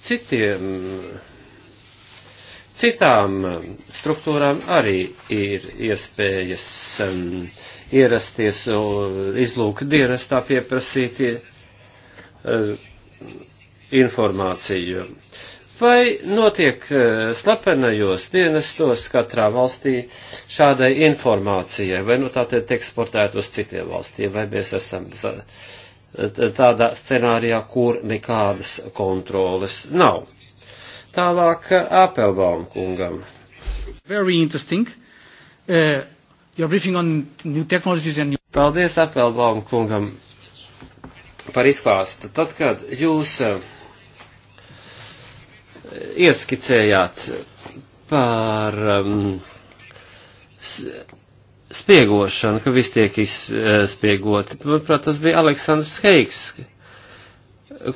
Citiem, citām struktūrām arī ir iespējas um, ierasties uh, izlūka dienestā pieprasīt uh, informāciju. Uh, vai notiek eh, slepenajos dienestos katrā valstī šādai informācijai, vai nu tā tiek eksportēta uz citiem valstīm, vai mēs esam tādā scenārijā, kur nekādas kontroles nav. Tālāk eh, Apelbaum kungam. Very interesting. Uh, eh, you're briefing on new technologies and new... Paldies Apelbaum kungam par izklāstu. Tad, kad jūs uh, ieskicējāt par um, spiegošanu, ka viss tiek izspiegoti. Eh, manuprāt, tas bija Aleksandrs Heiks,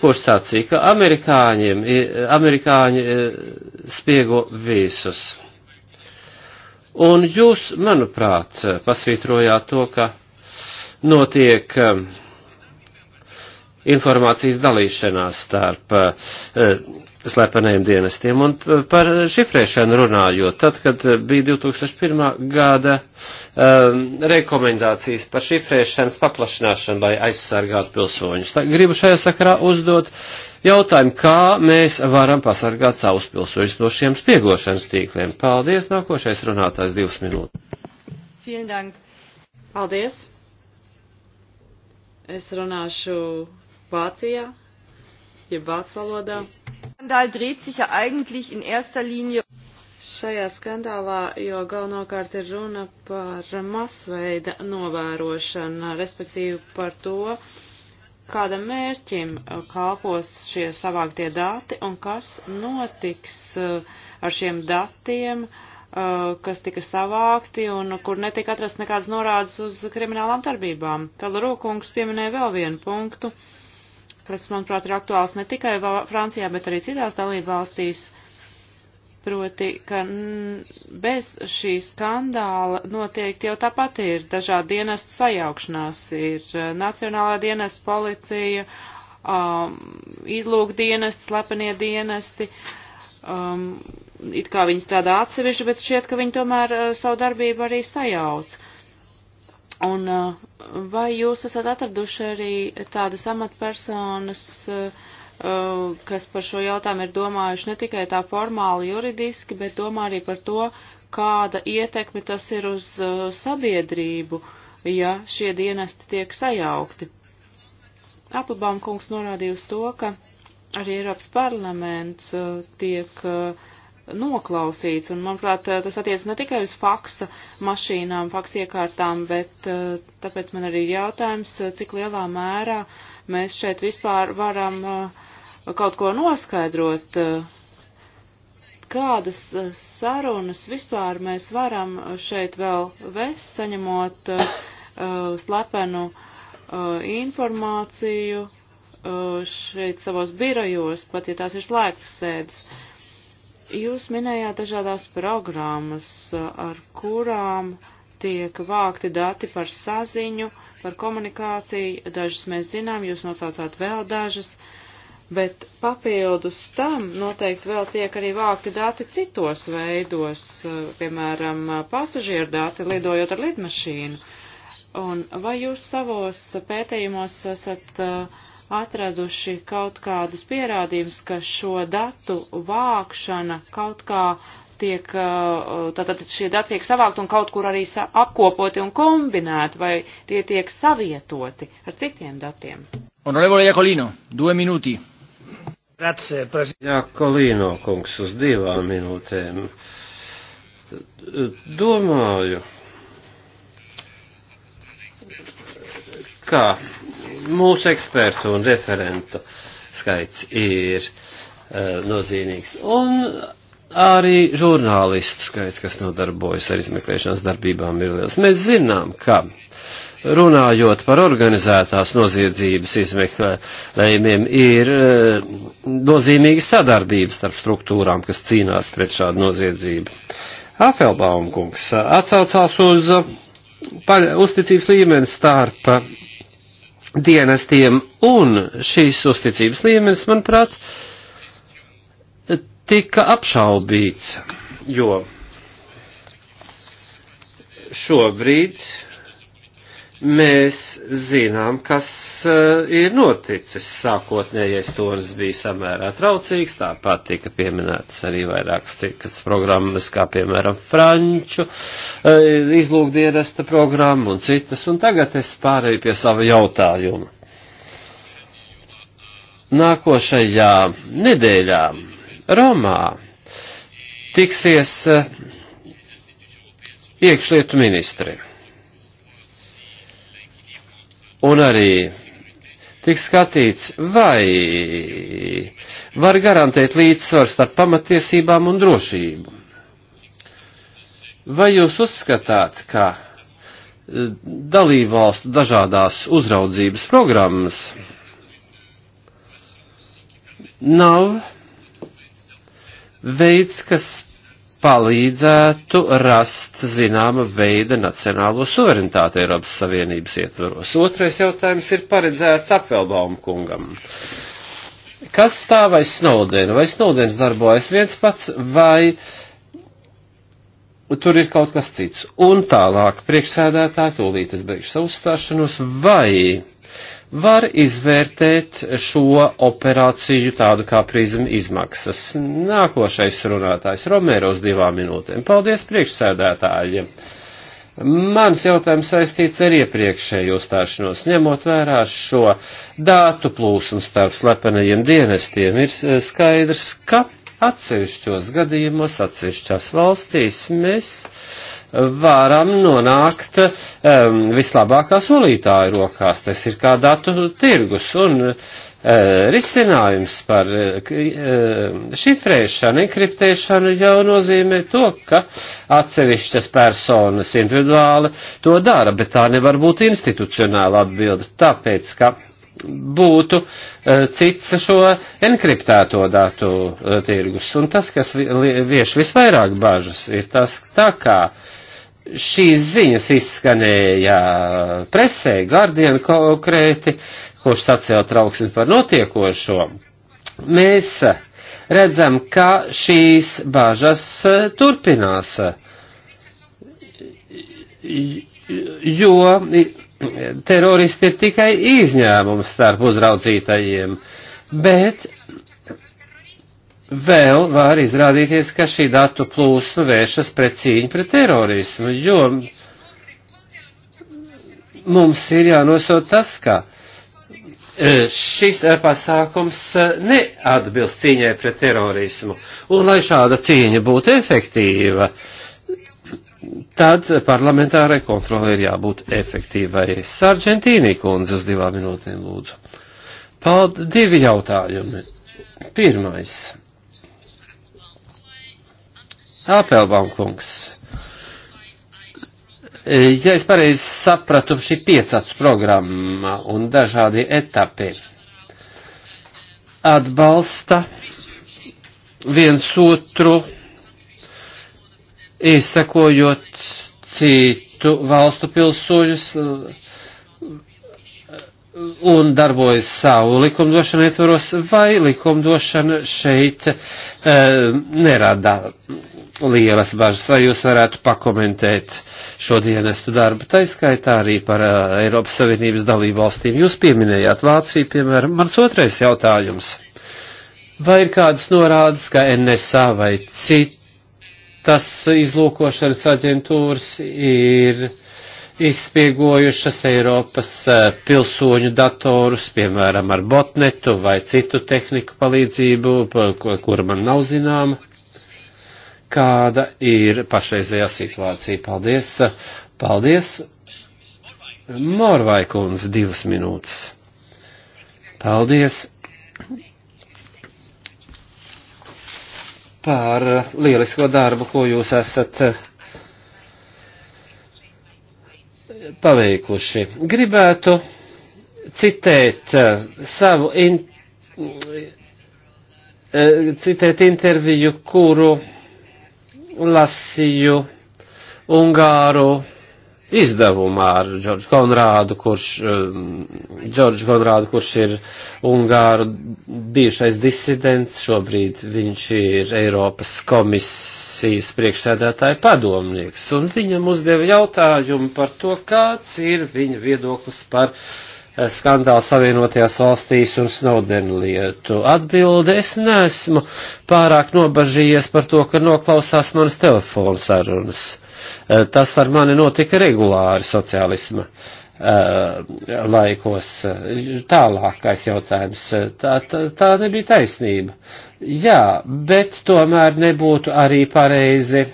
kurš sacīja, ka amerikāņiem, amerikāņi eh, spiego visus. Un jūs, manuprāt, pasvītrojāt to, ka notiek um, informācijas dalīšanās starp eh, slepeniem dienestiem. Un par šifrēšanu runājot, tad, kad bija 2001. gada um, rekomendācijas par šifrēšanas paplašināšanu, lai aizsargātu pilsoņus, tad gribu šajā sakarā uzdot jautājumu, kā mēs varam pasargāt savus pilsoņus no šiem spiegošanas tīkliem. Paldies, nākošais runātājs divas minūtes. Paldies! Es runāšu Vācijā, jeb vācu valodā. Skandāli dreht sich ja eigentlich in erster Linie. Šajā skandālā, jo galvenokārt ir runa par masveida novērošanu, respektīvi par to, kādam mērķim kalpos šie savāktie dati un kas notiks eh, ar šiem datiem, eh, kas tika savākti un kur netika atrast nekādas norādes uz kriminālām darbībām. Pelurūkungs pieminēja vēl vienu punktu. Uh, kas, manuprāt, ir aktuāls ne tikai Francijā, bet arī citās dalību valstīs, proti, ka bez šī skandāla noteikti jau tāpat ir dažādi dienestu sajaukšanās, ir eh, Nacionālā dienesta policija, um, izlūkdienesti, slepenie dienesti. Um, it kā viņi strādā atsevišķi, bet šķiet, ka viņi tomēr uh, savu darbību arī sajauc. Uh, Un uh, vai jūs esat atraduši arī tādas amatpersonas, uh, uh, kas par šo jautājumu ir domājuši ne tikai tā formāli juridiski, bet domā arī par to, kāda ietekme tas ir uz sabiedrību, ja šie dienesti tiek sajaukti? Apabām kungs norādīja uz to, ka arī Eiropas parlaments tiek uh, noklausīts, un, manuprāt, eh, tas attiec ne tikai uz faksa mašīnām, faksa iekārtām, bet eh, tāpēc man arī ir jautājums, eh, cik lielā mērā mēs šeit vispār varam kaut ko noskaidrot, kādas sarunas vispār mēs varam šeit vēl vest, saņemot uh, slepenu uh, informāciju uh, šeit savos birojos, pat ja tās ir slēgtas sēdes. Uh, Jūs minējāt dažādās programmas, ar kurām tiek vākti dati par saziņu, par komunikāciju. Dažas mēs zinām, jūs nosaucāt vēl dažas, bet papildus tam noteikti vēl tiek arī vākti dati citos veidos, piemēram, pasažieru dati, lidojot ar lidmašīnu. Un vai jūs savos pētījumos esat uh, atraduši kaut kādus pierādījumus, ka šo datu vākšana kaut kā tiek, uh, tātad šie dati tiek savākt un kaut kur arī apkopoti un kombinēti, vai tie tiek savietoti ar citiem datiem. Honorevole Jakolino, divi minūti. Jakolino kungs uz divām minūtēm. Domāju, kā mūsu ekspertu un referentu skaits ir uh, nozīmīgs. Un arī žurnālistu skaits, kas nodarbojas ar izmeklēšanas darbībām, ir liels. Mēs zinām, ka runājot par organizētās noziedzības izmeklējumiem, ir eh, nozīmīga sadarbība starp struktūrām, kas cīnās pret šādu noziedzību. Afelbaumkungs eh, atsaucās uz paļ, uzticības līmeni starp dienestiem, un šīs uzticības līmenis, manuprāt, tika apšaubīts, jo šobrīd mēs zinām, kas eh, ir noticis. Sākotnējais tonis bija samērā traucīgs, tāpat tika pieminētas arī vairākas citas programmas, kā piemēram Franču eh, izlūkdienesta programma un citas, un tagad es pārēju pie sava jautājuma. Nākošajā nedēļā Romā tiksies eh, iekšlietu ministri un arī tiks skatīts, vai var garantēt līdzsvaru starp pamatiesībām un drošību. Vai jūs uzskatāt, ka eh, dalībvalstu dažādās uzraudzības programmas nav veids, kas palīdzētu rast zināma veida nacionālo suverenitāti Eiropas Savienības ietvaros. Otrais jautājums ir paredzēts apvelbaumu kungam. Kas stāv aiz Snowdena? Vai Snowdens darbojas viens pats, vai tur ir kaut kas cits? Un tālāk, priekšsēdētāji, tūlīt es beigšu savu stāšanos, vai var izvērtēt šo operāciju tādu kā prizma izmaksas. Nākošais runātājs Romēros divām minūtēm. Paldies priekšsēdētājiem! Mans jautājums saistīts ar iepriekšēju uzstāšanos, ņemot vērā šo dātu plūsmu starp slepenajiem dienestiem, ir skaidrs, ka atsevišķos gadījumos, atsevišķās valstīs mēs varam nonākt um, vislabākā solītāja rokās. Tas ir kā datu tirgus un uh, risinājums par uh, šifrēšanu, enkriptēšanu jau nozīmē to, ka atsevišķas personas individuāli to dara, bet tā nevar būt institucionāla atbilde, tāpēc, ka būtu uh, cits šo enkriptēto datu uh, tirgus. Un tas, kas vi, vieš visvairāk bažas, ir tas tā kā šīs ziņas izskanēja presē, Guardian konkrēti, kurš sacēla trauksmi par notiekošo, mēs redzam, ka šīs bažas turpinās, jo teroristi ir tikai izņēmums starp uzraudzītajiem, bet vēl var izrādīties, ka šī datu plūsma vēršas pret cīņu pret terorismu, jo mums ir jānosot tas, ka e, šis e, pasākums e, neatbilst cīņai pret terorismu. Un lai šāda cīņa būtu efektīva, tad parlamentārai kontrolē ir jābūt efektīvai. Sargentīnī kundze uz divām minūtēm lūdzu. Paldies, divi jautājumi. Pirmais Apelbaumkungs. E, ja es pareizi sapratu, šī piecats programma un dažādi etapi atbalsta viens otru, izsekojot citu valstu pilsoņus un darbojas savu likumdošanu ietvaros, vai likumdošana šeit e, nerada lielas bažas. Vai jūs varētu pakomentēt šo dienestu darbu, taiskaitā arī par uh, Eiropas Savienības dalību valstīm? Jūs pieminējāt Vāciju, piemēram. Mans otrais jautājums. Vai ir kādas norādes, ka NSA vai citas izlūkošanas aģentūras ir izspiegojušas Eiropas pilsoņu datorus, piemēram, ar botnetu vai citu tehniku palīdzību, kura man nav zināma? kāda ir pašreizējā situācija. Paldies! Paldies! Morvai kundze divas minūtes. Paldies! Par lielisko darbu, ko jūs esat paveikuši. Gribētu citēt eh, savu in, eh, citēt interviju, kuru lasīju Ungāru izdevumā ar Džordžu Konrādu, kurš, eh, Džordžu Konrādu, kurš ir Ungāru bijušais disidents, šobrīd viņš ir Eiropas komisijas priekšsēdētāja padomnieks, un viņam uzdeva jautājumu par to, kāds ir viņa viedoklis par uh, skandāls Savienotajās valstīs un Snowden lietu. Atbilde, es neesmu pārāk nobažījies par to, ka noklausās manas telefonu sarunas. Eh, tas ar mani notika regulāri sociālisma eh, laikos. Tālākais jautājums. Tā, tā, tā nebija taisnība. Jā, bet tomēr nebūtu arī pareizi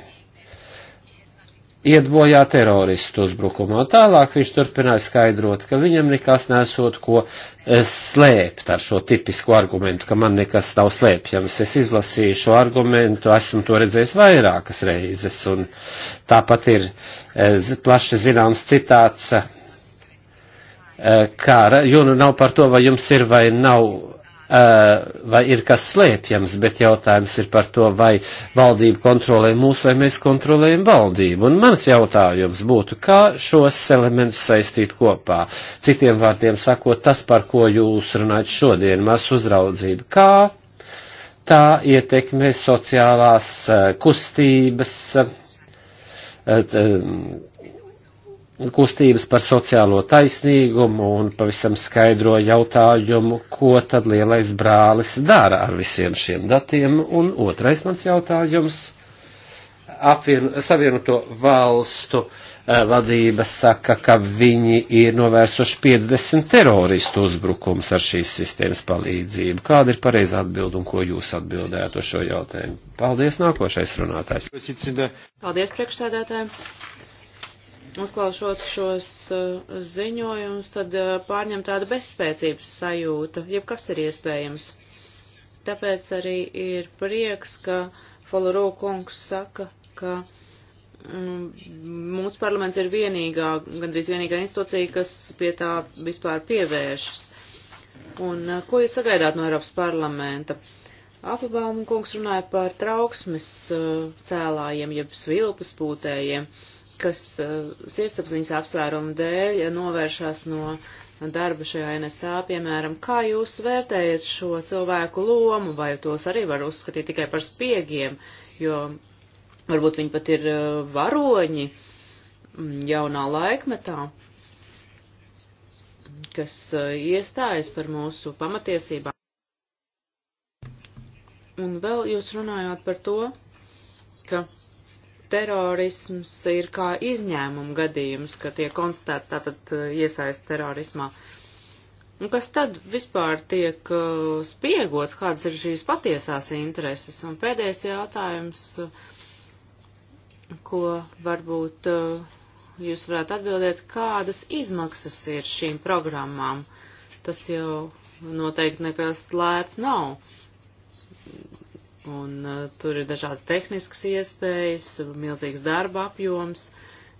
iet bojā teroristu uzbrukumā. Tālāk viņš turpināja skaidrot, ka viņam nekas nesot ko e, slēpt ar šo tipisku argumentu, ka man nekas nav slēpjams. Es izlasīju šo argumentu, esmu to redzējis vairākas reizes, un tāpat ir e, plaši zināms citāts, kā, jo nu nav par to, vai jums ir vai nav Eh, vai ir kas slēpjams, bet jautājums ir par to, vai valdība kontrolē mūs vai mēs kontrolējam valdību. Un mans jautājums būtu, kā šos elementus saistīt kopā. Citiem vārdiem sakot, tas, par ko jūs runājat šodien, maz uzraudzība, kā tā ietekmē sociālās eh, kustības eh, kustības par sociālo taisnīgumu un pavisam skaidro jautājumu, ko tad lielais brālis dara ar visiem šiem datiem. Un otrais mans jautājums apvienu, savienoto valstu eh, vadība saka, ka viņi ir novērsuši 50 teroristu uzbrukums ar šīs sistēmas palīdzību. Kāda ir pareiza atbilda un ko jūs atbildētu šo jautājumu? Paldies, nākošais runātājs. Paldies, priekšsēdētājiem uzklaušot šos eh, ziņojumus, tad eh, pārņem tāda bezspēcības sajūta, jebkas ir iespējams. Tāpēc arī ir prieks, ka Folorū kungs saka, ka mm, mūsu parlaments ir vienīgā, gandrīz vienīgā institūcija, kas pie tā vispār pievēršas. Un eh, ko jūs sagaidāt no Eiropas parlamenta? Aplabāma kungs runāja par trauksmes cēlājiem, jeb svilpas pūtējiem. Uh, kas uh, sirdsapziņas apsvērumu dēļ novēršās no darba šajā NSA, piemēram, kā jūs vērtējat šo cilvēku lomu, vai tos arī var uzskatīt tikai par spiegiem, jo varbūt viņi pat ir uh, varoņi jaunā laikmetā, kas uh, iestājas par mūsu pamatiesībām. Un vēl jūs runājāt par to, ka terorisms ir kā izņēmuma gadījums, ka tiek konstatēts tātad uh, iesaist terorismā. Un kas tad vispār tiek uh, spiegots, kādas ir šīs patiesās intereses? Un pēdējais jautājums, uh, ko varbūt jūs varētu atbildēt, kādas izmaksas ir šīm programmām? Tas jau noteikti nekas lēts nav Un uh, tur ir dažādas tehniskas iespējas, milzīgs darba apjoms,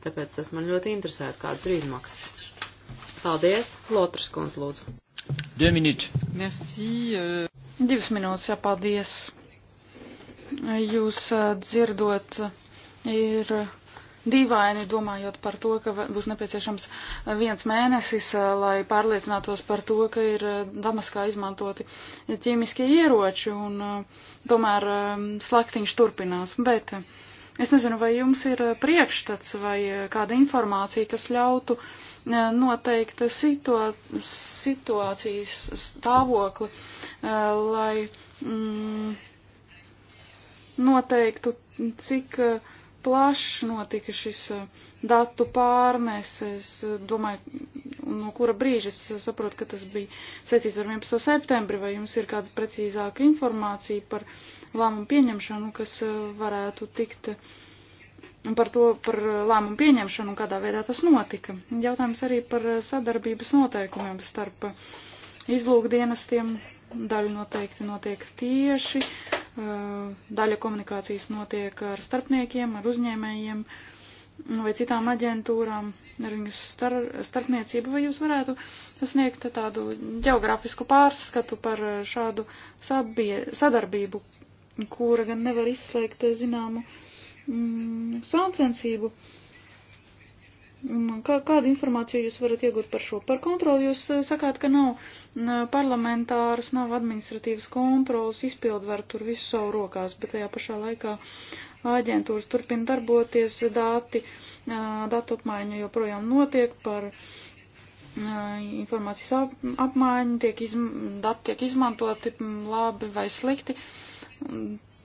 tāpēc tas man ļoti interesē, kādas ir izmaksas. Paldies, Lotras kundz, lūdzu. Divi minūtes. Merci. Uh... Divas minūtes, jā, paldies. Jūs uh, dzirdot, ir dīvaini, domājot par to, ka būs nepieciešams eh, viens mēnesis, eh, lai pārliecinātos par to, ka ir eh, Damaskā izmantoti ķīmiskie ieroči, un tomēr slaktiņš turpinās. Bet es nezinu, vai jums ir priekšstats vai kāda informācija, kas ļautu noteikta situā situācijas stāvokli, lai. Mm, noteiktu, cik uh, plašs notika šis uh, datu pārneses, uh, domāju, no kura brīža es saprotu, ka tas bija saistīts ar 11. septembri, vai jums ir kāda precīzāka informācija par lēmumu pieņemšanu, kas uh, varētu tikt par to, par lēmumu pieņemšanu un kādā veidā tas notika. Jautājums arī par sadarbības noteikumiem starp izlūkdienestiem. Daļu noteikti notiek tieši Eh, daļa komunikācijas notiek ar starpniekiem, ar uzņēmējiem vai citām aģentūrām, ar viņu star, starpniecību, vai jūs varētu sniegt tādu geogrāfisku pārskatu par eh, šādu sabie, sadarbību, kura gan nevar izslēgt eh, zināmu mm, sāncensību. Uh, Mm, kā, kādu informāciju jūs varat iegūt par šo? Par kontroli jūs eh, sakāt, ka nav mm, parlamentāras, nav administratīvas kontrolas, izpildvar tur visu savu rokās, bet tajā pašā laikā aģentūras turpina darboties, dati, datu apmaiņa joprojām notiek par informācijas apmaiņu, tiek izm, dati tiek izmantoti mm, labi vai slikti.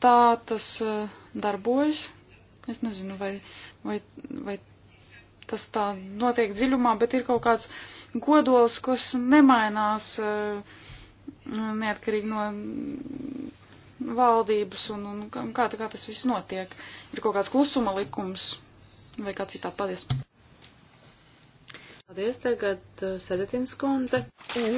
Tā tas darbojas. Es nezinu, vai, vai, vai tas tā notiek dziļumā, bet ir kaut kāds kodols, kas nemainās eh, neatkarīgi no valdības un, un kā, kā tas viss notiek. Ir kaut kāds klusuma likums vai kā citādi. Paldies! Paldies tagad uh, Sedetins kundze.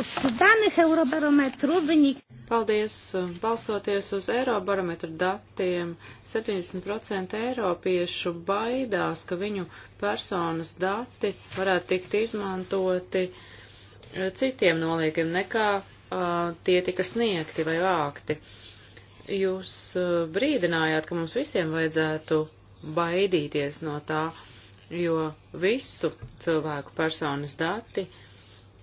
Sudanih Eurobarometru viņi. Paldies, uh, balstoties uz Eurobarometru datiem, 70% eiropiešu baidās, ka viņu personas dati varētu tikt izmantoti uh, citiem noliekiem nekā uh, tie tika sniegti vai vākti. Jūs uh, brīdinājāt, ka mums visiem vajadzētu baidīties no tā. Uh, jo visu cilvēku personas dati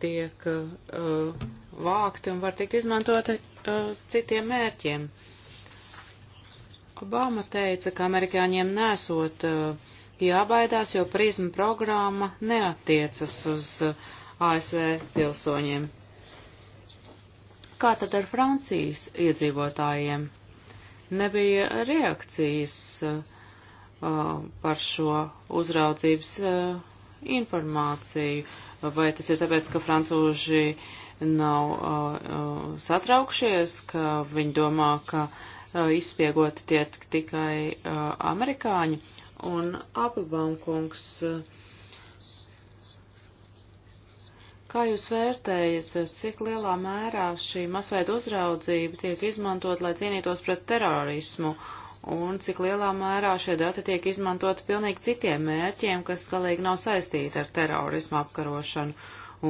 tiek uh, vākti un var tikt izmantoti uh, citiem mērķiem. Obama teica, ka amerikāņiem nesot uh, jābaidās, jo prizma programma neatiecas uz uh, ASV pilsoņiem. Kā tad ar Francijas iedzīvotājiem? Nebija reakcijas. Uh, Uh, par šo uzraudzības uh, informāciju. Vai tas ir tāpēc, ka francūži nav uh, satraukšies, ka viņi domā, ka izspiegoti tiek tikai amerikāņi? Un Applebaumkungs, kā jūs vērtējat, cik lielā mērā šī masveida uzraudzība tiek izmantot, lai cīnītos pret terorismu? Uh, un cik lielā mērā šie dati tiek izmantoti pilnīgi citiem mērķiem, kas galīgi nav saistīti ar terorismu apkarošanu,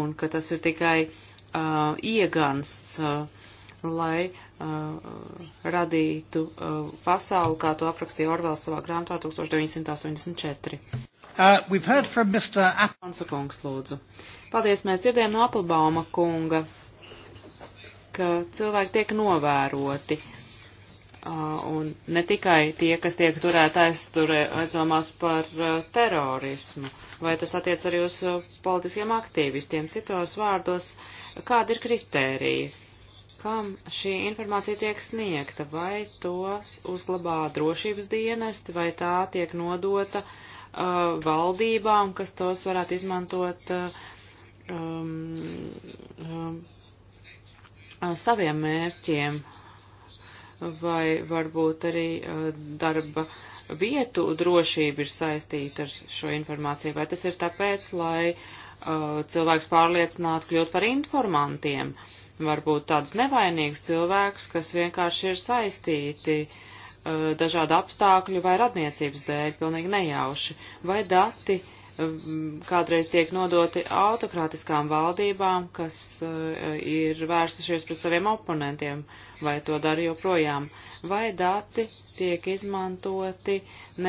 un ka tas ir tikai uh, iegansts, uh, lai uh, radītu uh, pasauli, kā to aprakstīja Orvēls savā grāmatā 1984. Uh, we've heard from Mr. Aponsa kungs, lūdzu. Paldies, mēs dzirdējām no Applebauma kunga, ka cilvēki tiek novēroti. Uh, un ne tikai tie, kas tiek turēti aizturē, aizdomās par uh, terorismu, vai tas attiec arī uz uh, politiskiem aktīvistiem. Citos vārdos, kāda ir kritērija, kam šī informācija tiek sniegta, vai to uzglabā drošības dienesti, vai tā tiek nodota uh, valdībām, kas tos varētu izmantot um, um, saviem mērķiem vai varbūt arī eh, darba vietu drošība ir saistīta ar šo informāciju, vai tas ir tāpēc, lai uh, cilvēks pārliecinātu kļūt par informantiem, varbūt tādus nevainīgus cilvēkus, kas vienkārši ir saistīti uh, dažādu apstākļu vai radniecības dēļ, pilnīgi nejauši, vai dati uh, Mm, kādreiz tiek nodoti autokrātiskām valdībām, kas eh, ir vērsušies pret saviem oponentiem, vai to dara joprojām, vai dati tiek izmantoti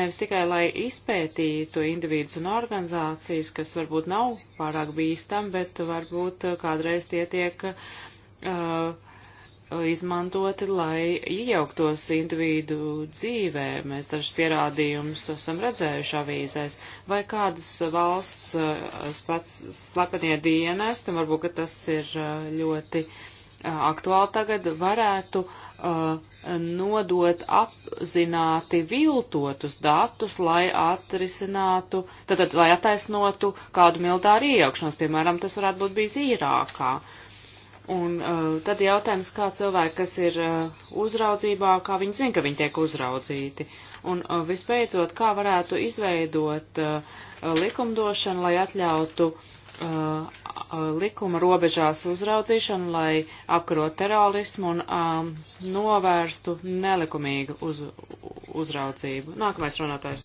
nevis tikai, lai izpētītu individus un organizācijas, kas varbūt nav pārāk bīstam, bet varbūt eh, kādreiz tie tiek uh, izmantoti, lai iejauktos individu dzīvē. Mēs dažus pierādījumus esam redzējuši avīzēs. Vai kādas valsts eh, pats slepenie dienesti, varbūt, ka tas ir eh, ļoti eh, aktuāli tagad, varētu uh, nodot apzināti viltotus datus, lai atrisinātu, tātad, lai attaisnotu kādu militāru iejaukšanos, piemēram, tas varētu būt bijis Īrākā. Uh, Un uh, tad jautājums, kā cilvēki, kas ir uh, uzraudzībā, kā viņi zina, ka viņi tiek uzraudzīti. Un uh, visbeidzot, kā varētu izveidot uh, likumdošanu, lai atļautu uh, uh, likuma robežās uzraudzīšanu, lai apkarot terorismu un um, novērstu nelikumīgu uz, uzraudzību. Nākamais runātājs.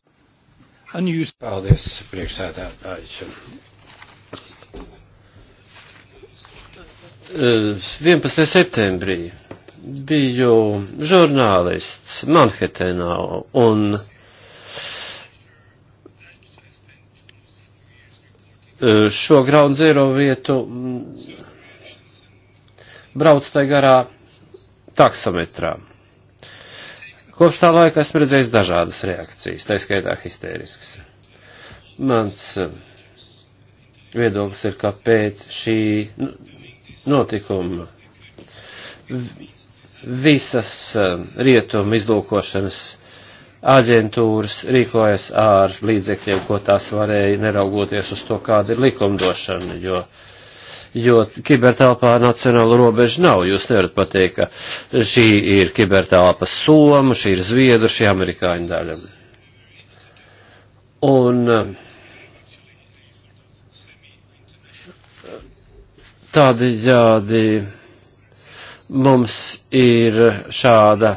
An jūs paldies, priekšsēdētājs. 11. septembrī biju žurnālists Manhetenā un e, šo ground zero vietu mm, brauc tai garā taksometrā. Kopš tā laika esmu redzējis dažādas reakcijas, tā skaitā histērisks. Mans e, viedoklis ir, kāpēc šī nu, notikuma visas eh, rietumu izlūkošanas aģentūras rīkojas ar līdzekļiem, ko tās varēja, neraugoties uz to, kāda ir likumdošana, jo, jo kibertelpā nacionāla robeža nav. Jūs nevarat pateikt, ka šī ir kibertelpa Somu, šī ir Zviedru, šī ir Amerikāņu daļa. Un uh, Tādējādi mums ir šāda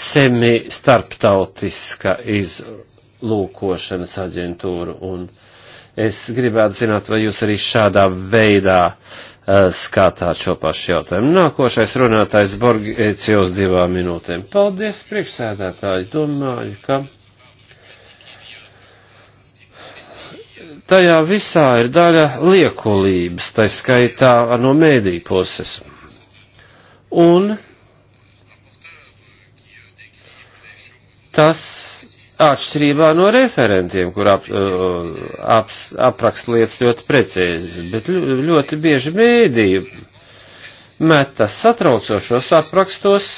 semi starptautiska izlūkošanas aģentūra un es gribētu zināt, vai jūs arī šādā veidā uh, skatāt šo pašu jautājumu. Nākošais runātājs Borgēcijos divām minūtēm. Paldies, priekšsēdētāji. Domāju, ka tajā visā ir daļa liekulības, tai skaitā no mēdī puses. Un tas atšķirībā no referentiem, kur ap, uh, ap, aprakst lietas ļoti precīzi, bet ļoti bieži mēdī metas satraucošos aprakstos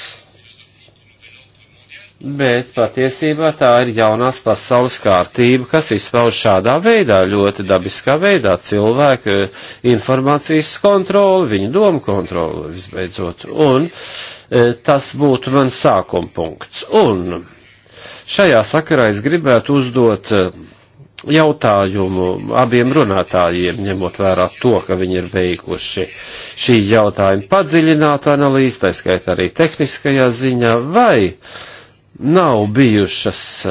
Bet patiesībā tā ir jaunās pasaules kārtība, kas izpauž šādā veidā, ļoti dabiskā veidā cilvēku eh, informācijas kontroli, viņu domu kontroli visbeidzot. Un eh, tas būtu mans sākuma punkts. Un šajā sakarā es gribētu uzdot eh, jautājumu abiem runātājiem, ņemot vērā to, ka viņi ir veikuši šī jautājuma padziļinātu analīzi, tā skaitā arī tehniskajā ziņā, vai nav bijušas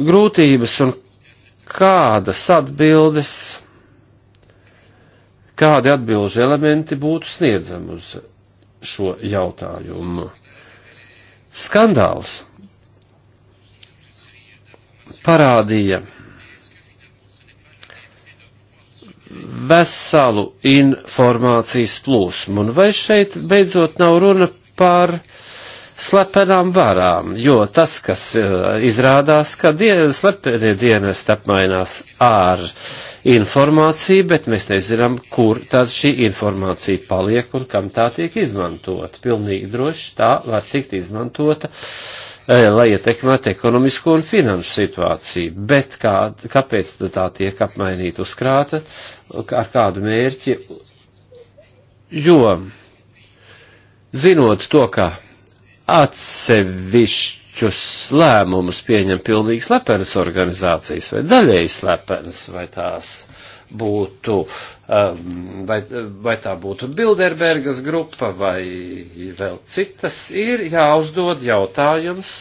grūtības un kādas atbildes, kādi atbilžu elementi būtu sniedzami uz šo jautājumu. Skandāls parādīja veselu informācijas plūsmu, un vai šeit beidzot nav runa par slepenām varām, jo tas, kas eh, izrādās, ka dien, slepenie dienesti apmainās ar informāciju, bet mēs nezinām, kur tad šī informācija paliek un kam tā tiek izmantota. Pilnīgi droši tā var tikt izmantota, eh, lai ietekmētu ekonomisko un finanšu situāciju, bet kā, kāpēc tā tiek apmainīta uzkrāta, ar kādu mērķi, jo zinot to, ka atsevišķus lēmumus pieņem pilnīgi slepenas organizācijas vai daļēji slepenas, vai tās būtu, um, vai, vai tā būtu Bilderbergas grupa vai vēl citas, ir jāuzdod jautājums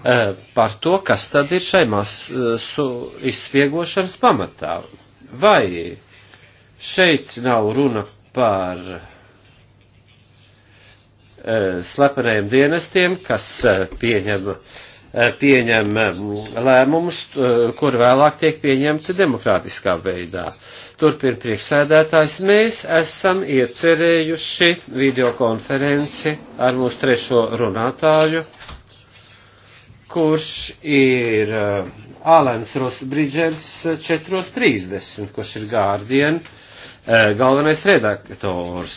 uh, par to, kas tad ir šai masu izspiegošanas pamatā. Vai šeit nav runa par Eh, slepeniem dienestiem, kas eh, pieņem, eh, pieņem lēmumus, kur vēlāk tiek pieņemti demokrātiskā veidā. Turpin priekšsēdētājs, mēs esam iecerējuši videokonferenci ar mūsu trešo runātāju, kurš ir Alans Rosbridžers 4.30, kurš ir Guardian Eh, galvenais redaktors.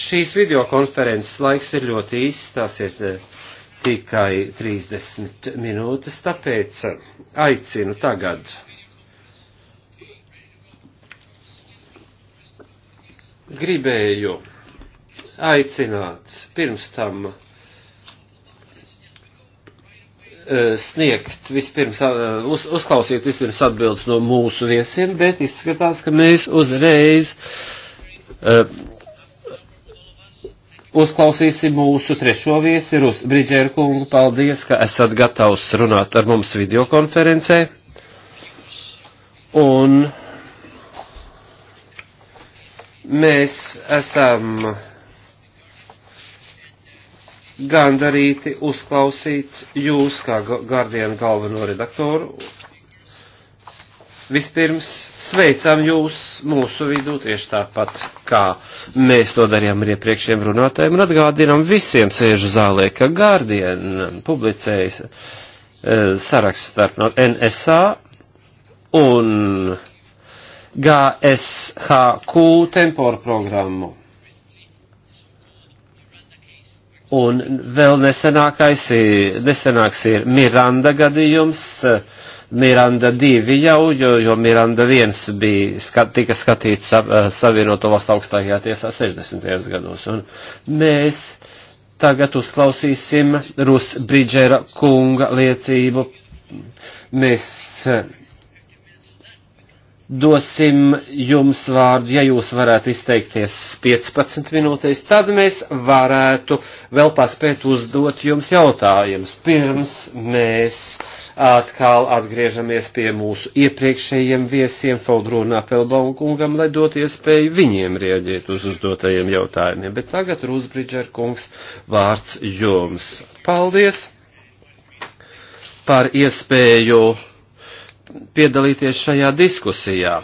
Šīs videokonferences laiks ir ļoti īsts, tās ir eh, tikai 30 minūtes, tāpēc eh, aicinu tagad. Gribēju aicināt pirms tam Eh, sniegt vispirms, eh, uz, uzklausīt vispirms atbildes no mūsu viesiem, bet izskatās, ka mēs uzreiz uh, uzklausīsim mūsu trešo viesi, Rus Bridžēru kungu. Paldies, ka esat gatavs runāt ar mums videokonferencē. Un mēs esam gandarīti uzklausīt jūs kā Guardian galveno redaktoru. Vispirms sveicam jūs mūsu vidū tieši tāpat, kā mēs to darījām ar iepriekšējiem runātājiem un atgādinām visiem sēžu zālē, ka Guardian publicējas e, saraksts starp no NSA un GSHQ temporu programmu Un vēl nesenākais ir, nesenāks ir Miranda gadījums, Miranda 2 jau, jo, jo Miranda 1 bija, skat, tika skatīts eh, Savienoto valstu augstākajā tiesā 60. gados. Un mēs tagad uzklausīsim Rus Bridžera kunga liecību. Mēs eh, dosim jums vārdu, ja jūs varētu izteikties 15 minūtēs, tad mēs varētu vēl paspēt uzdot jums jautājumus. Pirms mēs atkal atgriežamies pie mūsu iepriekšējiem viesiem, Faudrūnā Pelbaungam, lai dot iespēju viņiem rieģēt uz uzdotajiem jautājumiem. Bet tagad Rūzbridžer kungs vārds jums. Paldies par iespēju piedalīties šajā diskusijā.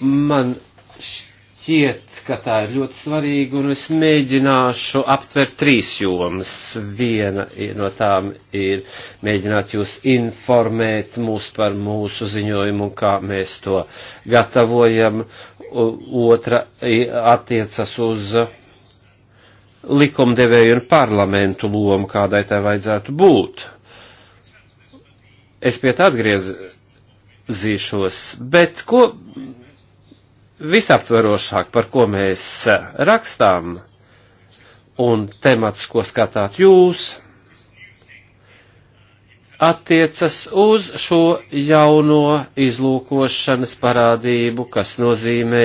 Man šķiet, ka tā ir ļoti svarīga, un es mēģināšu aptvert trīs jomas. Viena no tām ir mēģināt jūs informēt mūs par mūsu ziņojumu, kā mēs to gatavojam. Otra attiecas uz likumdevēju un parlamentu lomu, kādai tai vajadzētu būt. Es pie tā atgriezīšos, bet ko visaptverošāk, par ko mēs eh, rakstām, un temats, ko skatāt jūs, attiecas uz šo jauno izlūkošanas parādību, kas nozīmē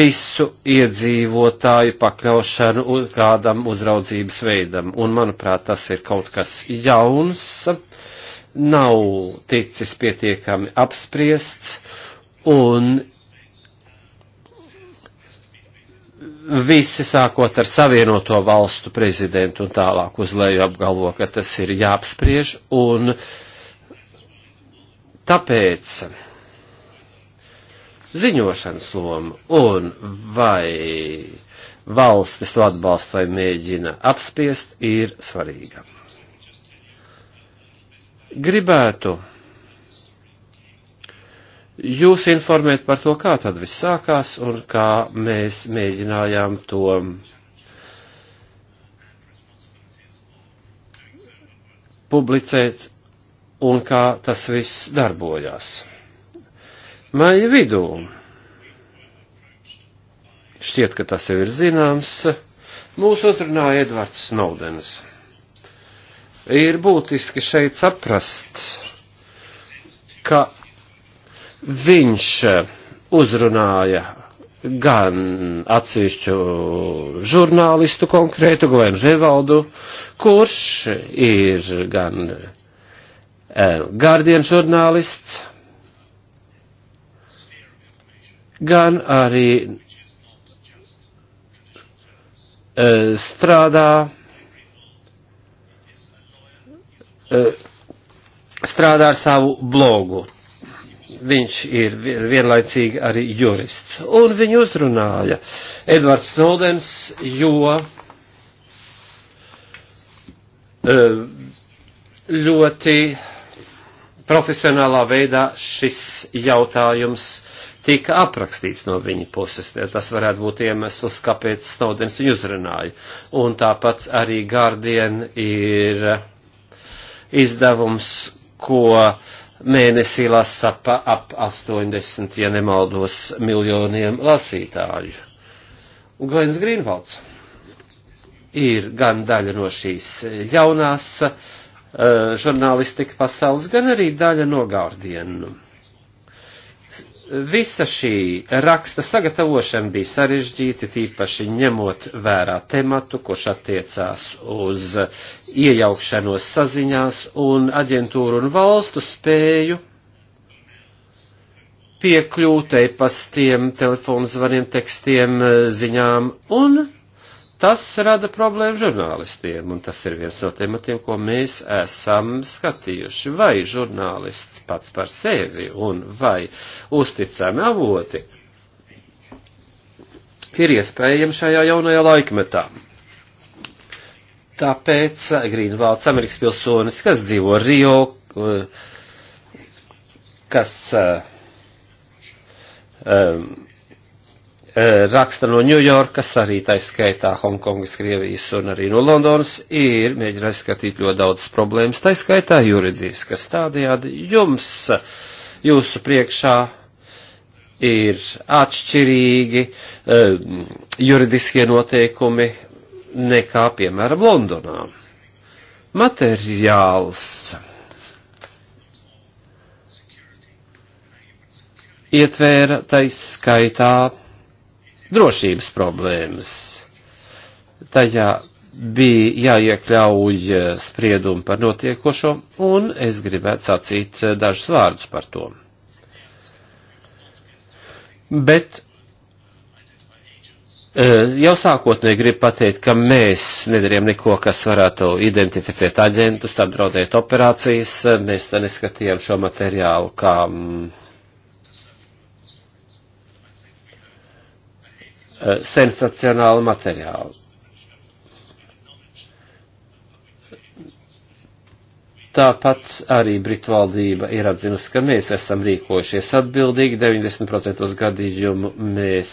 visu iedzīvotāju pakļaušanu uz kādam uzraudzības veidam. Un, manuprāt, tas ir kaut kas jauns nav ticis pietiekami apspriests un visi sākot ar savienoto valstu prezidentu un tālāk uz leju apgalvo, ka tas ir jāapspriež un tāpēc ziņošanas loma un vai valstis to atbalsta vai mēģina apspiest ir svarīga. Gribētu jūs informēt par to, kā tad viss sākās un kā mēs mēģinājām to publicēt un kā tas viss darbojās. Maija vidū šķiet, ka tas jau ir zināms, mūs uzrunāja Edvards Snowdenis. Ir būtiski šeit saprast, ka viņš uzrunāja gan atsevišķu žurnālistu konkrētu, Glenu Revaldu, kurš ir gan eh, Guardian žurnālists, gan arī eh, strādā Eh, strādā ar savu blogu. Viņš ir vienlaicīgi arī jurists. Un viņu uzrunāja Edvards Snowdens, jo eh, ļoti profesionālā veidā šis jautājums tika aprakstīts no viņa puses. Tas varētu būt iemesls, kāpēc Snowdens viņu uzrunāja. Un tāpat arī Guardian ir izdevums, ko mēnesī lasa pa ap 80, ja nemaldos, miljoniem lasītāju. Un Glens Grīnvalds ir gan daļa no šīs jaunās uh, eh, žurnālistika pasaules, gan arī daļa no Gārdienu. Visa šī raksta sagatavošana bija sarežģīta, tīpaši ņemot vērā tematu, kurš attiecās uz iejaukšanos saziņās un aģentūru un valstu spēju piekļūt e-pastiem, telefonu zvaniem, tekstiem, ziņām un Tas rada problēmu žurnālistiem, un tas ir viens no tematiem, ko mēs esam skatījuši. Vai žurnālists pats par sevi un vai uzticami avoti ir iespējami šajā jaunajā laikmetā. Tāpēc Grīnvalds, Amerikas pilsonis, kas dzīvo Rio, eh, kas um, Eh, raksta no Ņujorkas, arī tā skaitā Hongkongas, Krievijas un arī no Londonas, ir mēģinājis skatīt ļoti daudzas problēmas, tā skaitā juridiskas. Tādējādi jums, jūsu priekšā ir atšķirīgi um, juridiskie noteikumi nekā, piemēram, Londonā. Materiāls ietvēra taisa skaitā drošības problēmas. Tajā bija jāiekļauj spriedumi par notiekošo, un es gribētu sacīt dažus vārdus par to. Bet eh, jau sākotnēji gribu pateikt, ka mēs nedarījām neko, kas varētu identificēt aģentus, apdraudēt operācijas, mēs neskatījām šo materiālu kā. Mm, Eh, sensacionālu materiālu. Tāpat arī Britu valdība ir atzinusi, ka mēs esam rīkojušies atbildīgi, 90% gadījumu mēs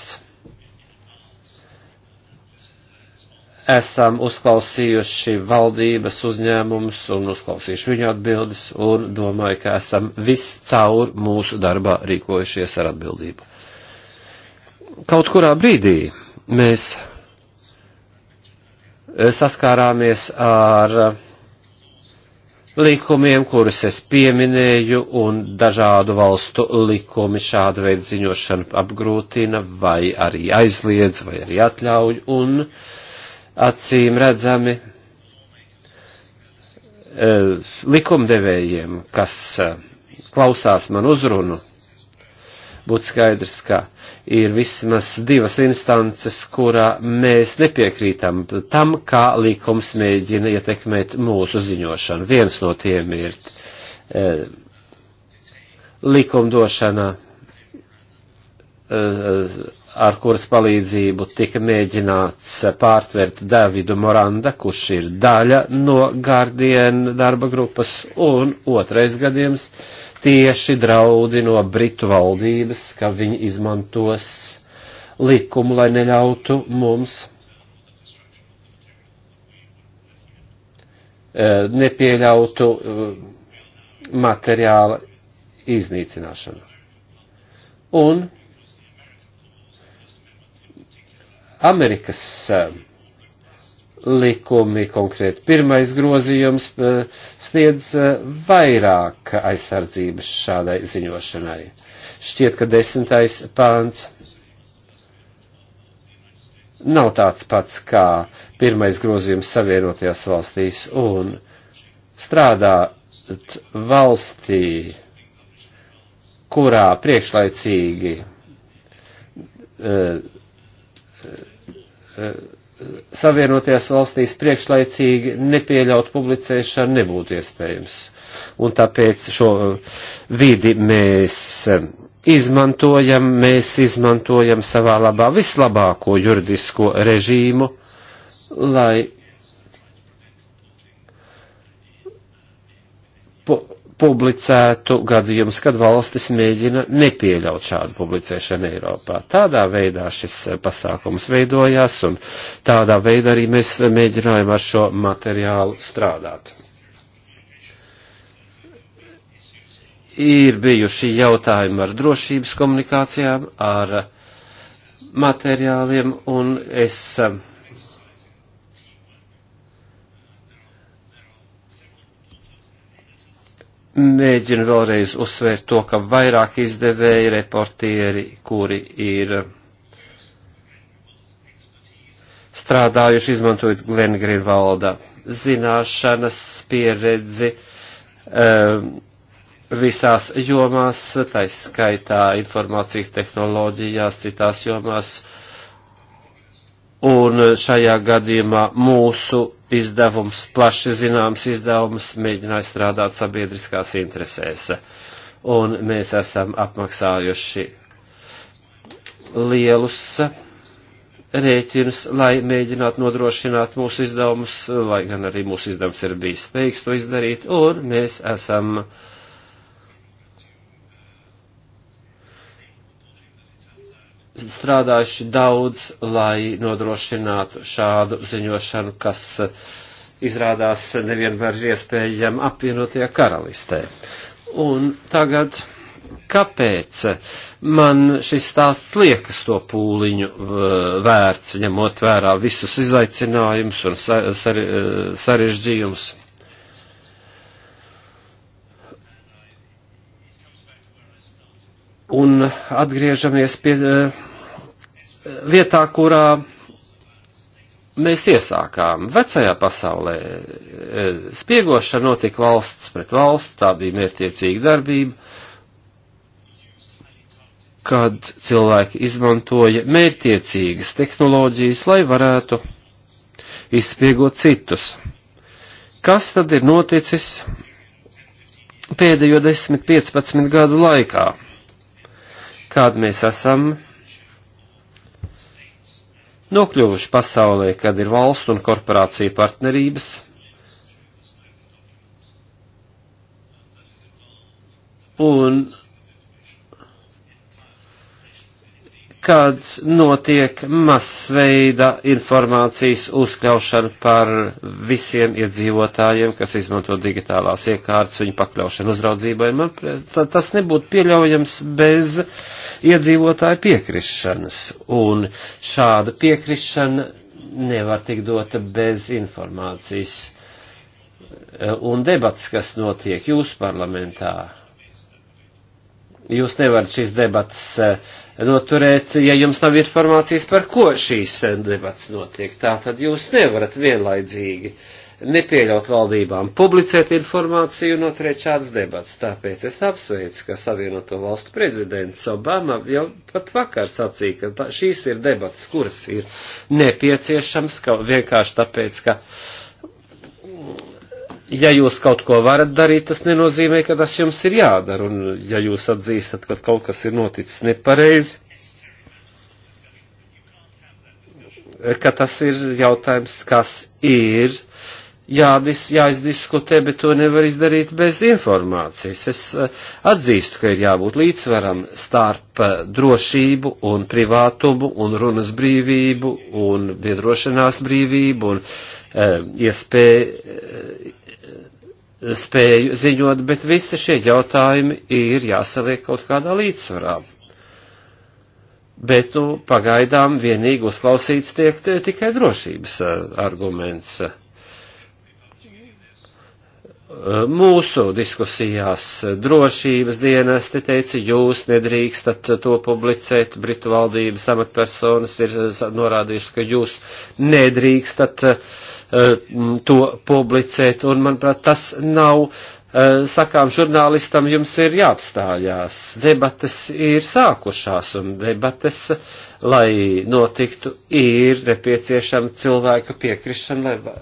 esam uzklausījuši valdības uzņēmumus un uzklausījuši viņu atbildes un domāju, ka esam viscaur mūsu darbā rīkojušies ar atbildību kaut kurā brīdī mēs eh, saskārāmies ar eh, likumiem, kurus es pieminēju, un dažādu valstu likumi šāda veida ziņošanu apgrūtina, vai arī aizliedz, vai arī atļauj, un acīm redzami eh, likumdevējiem, kas klausās man uzrunu, būtu skaidrs, ka ir vismaz divas instances, kurā mēs nepiekrītam tam, kā likums mēģina ietekmēt mūsu ziņošanu. Viens no tiem ir e, likumdošana, e, ar kuras palīdzību tika mēģināts pārtvert Davidu Moranda, kurš ir daļa no Guardian darba grupas, un otrais gadījums. E, tieši draudi no Britu valdības, ka viņi izmantos likumu, lai neļautu mums e, nepieļautu e, materiāla iznīcināšanu. Un Amerikas uh, likumi, konkrēti pirmais grozījums, eh, sniedz eh, vairāk aizsardzības šādai ziņošanai. Šķiet, ka desmitais pāns nav tāds pats kā pirmais grozījums savienotajās valstīs un strādāt valstī, kurā priekšlaicīgi uh, uh, uh, Savienotajās valstīs priekšlaicīgi nepieļaut publicēšanu nebūtu iespējams. Un tāpēc šo vidi mēs izmantojam, mēs izmantojam savā labā vislabāko juridisko režīmu, lai publicētu gadījumus, kad valstis mēģina nepieļaut šādu publicēšanu Eiropā. Tādā veidā šis eh, pasākums veidojās un tādā veidā arī mēs mēģinājām ar šo materiālu strādāt. Ir bijuši jautājumi ar drošības komunikācijām, ar materiāliem un es. Uh, mēģinu vēlreiz uzsvērt to, ka vairāk izdevēji reportieri, kuri ir strādājuši, izmantojot Glenn Greenvalda zināšanas, pieredzi um, visās jomās, taiskaitā informācijas tehnoloģijās, citās jomās. Un šajā gadījumā mūsu izdevums, plaši zināms izdevums, mēģināja strādāt sabiedriskās interesēs. Un mēs esam apmaksājuši lielus rēķinus, lai mēģinātu nodrošināt mūsu izdevumus, lai gan arī mūsu izdevums ir bijis spējīgs to izdarīt, un mēs esam uh, strādājuši daudz, lai nodrošinātu šādu ziņošanu, kas izrādās nevienmēr ir iespējama apvienotajā karalistē. Un tagad, kāpēc man šis stāsts liekas to pūliņu uh, vērts, ņemot vērā visus izaicinājumus un uh, sarežģījumus? Un atgriežamies pie uh, vietā, kurā mēs iesākām. Vecajā pasaulē e, spiegošana notika valsts pret valsts, tā bija mērķiecīga darbība, kad cilvēki izmantoja mērķiecīgas tehnoloģijas, lai varētu izspiegot citus. Kas tad ir noticis pēdējo 10-15 gadu laikā? Kāda mēs esam nokļuvuši pasaulē, kad ir valstu un korporāciju partnerības. Un kad notiek masveida informācijas uzkļaušana par visiem iedzīvotājiem, kas izmanto digitālās iekārtas, viņu pakļaušana uzraudzībai, man tas nebūtu pieļaujams bez uh, iedzīvotāju piekrišanas, un šāda piekrišana nevar tikt dota bez informācijas e, un debats, kas notiek jūsu parlamentā. Jūs nevarat šīs debatas e, noturēt, ja jums nav informācijas, par ko šīs e, debatas notiek. Tā tad jūs nevarat vienlaidzīgi uh, nepieļaut valdībām publicēt informāciju un noturēt šādas debats. Tāpēc es apsveicu, ka Savienoto valstu prezidents Obama jau pat vakar sacīja, ka tā, šīs ir debats, kuras ir nepieciešams, ka vienkārši tāpēc, ka. Ja jūs kaut ko varat darīt, tas nenozīmē, ka tas jums ir jādara, un ja jūs atzīstat, ka kaut kas ir noticis nepareizi, ka tas ir jautājums, kas ir jādis, jāizdiskutē, bet to nevar izdarīt bez informācijas. Es eh, atzīstu, ka ir jābūt līdzsvaram starp eh, drošību un privātumu un runas brīvību un biedrošanās brīvību un e, iespēju. E, spēju ziņot, bet visi šie jautājumi ir jāsaliek kaut kādā līdzsvarā. Bet, nu, pagaidām vienīgi uzklausīts tiek tikai drošības arguments. Uh, mūsu diskusijās drošības dienesti teica, jūs nedrīkstat to publicēt, Britu valdības amatpersonas ir norādījušas, ka jūs nedrīkstat eh, to publicēt, un manuprāt, tas nav eh, sakām žurnālistam, jums ir jāapstājās. Debates ir sākušās, un debates, lai notiktu, ir nepieciešama cilvēka piekrišana, lai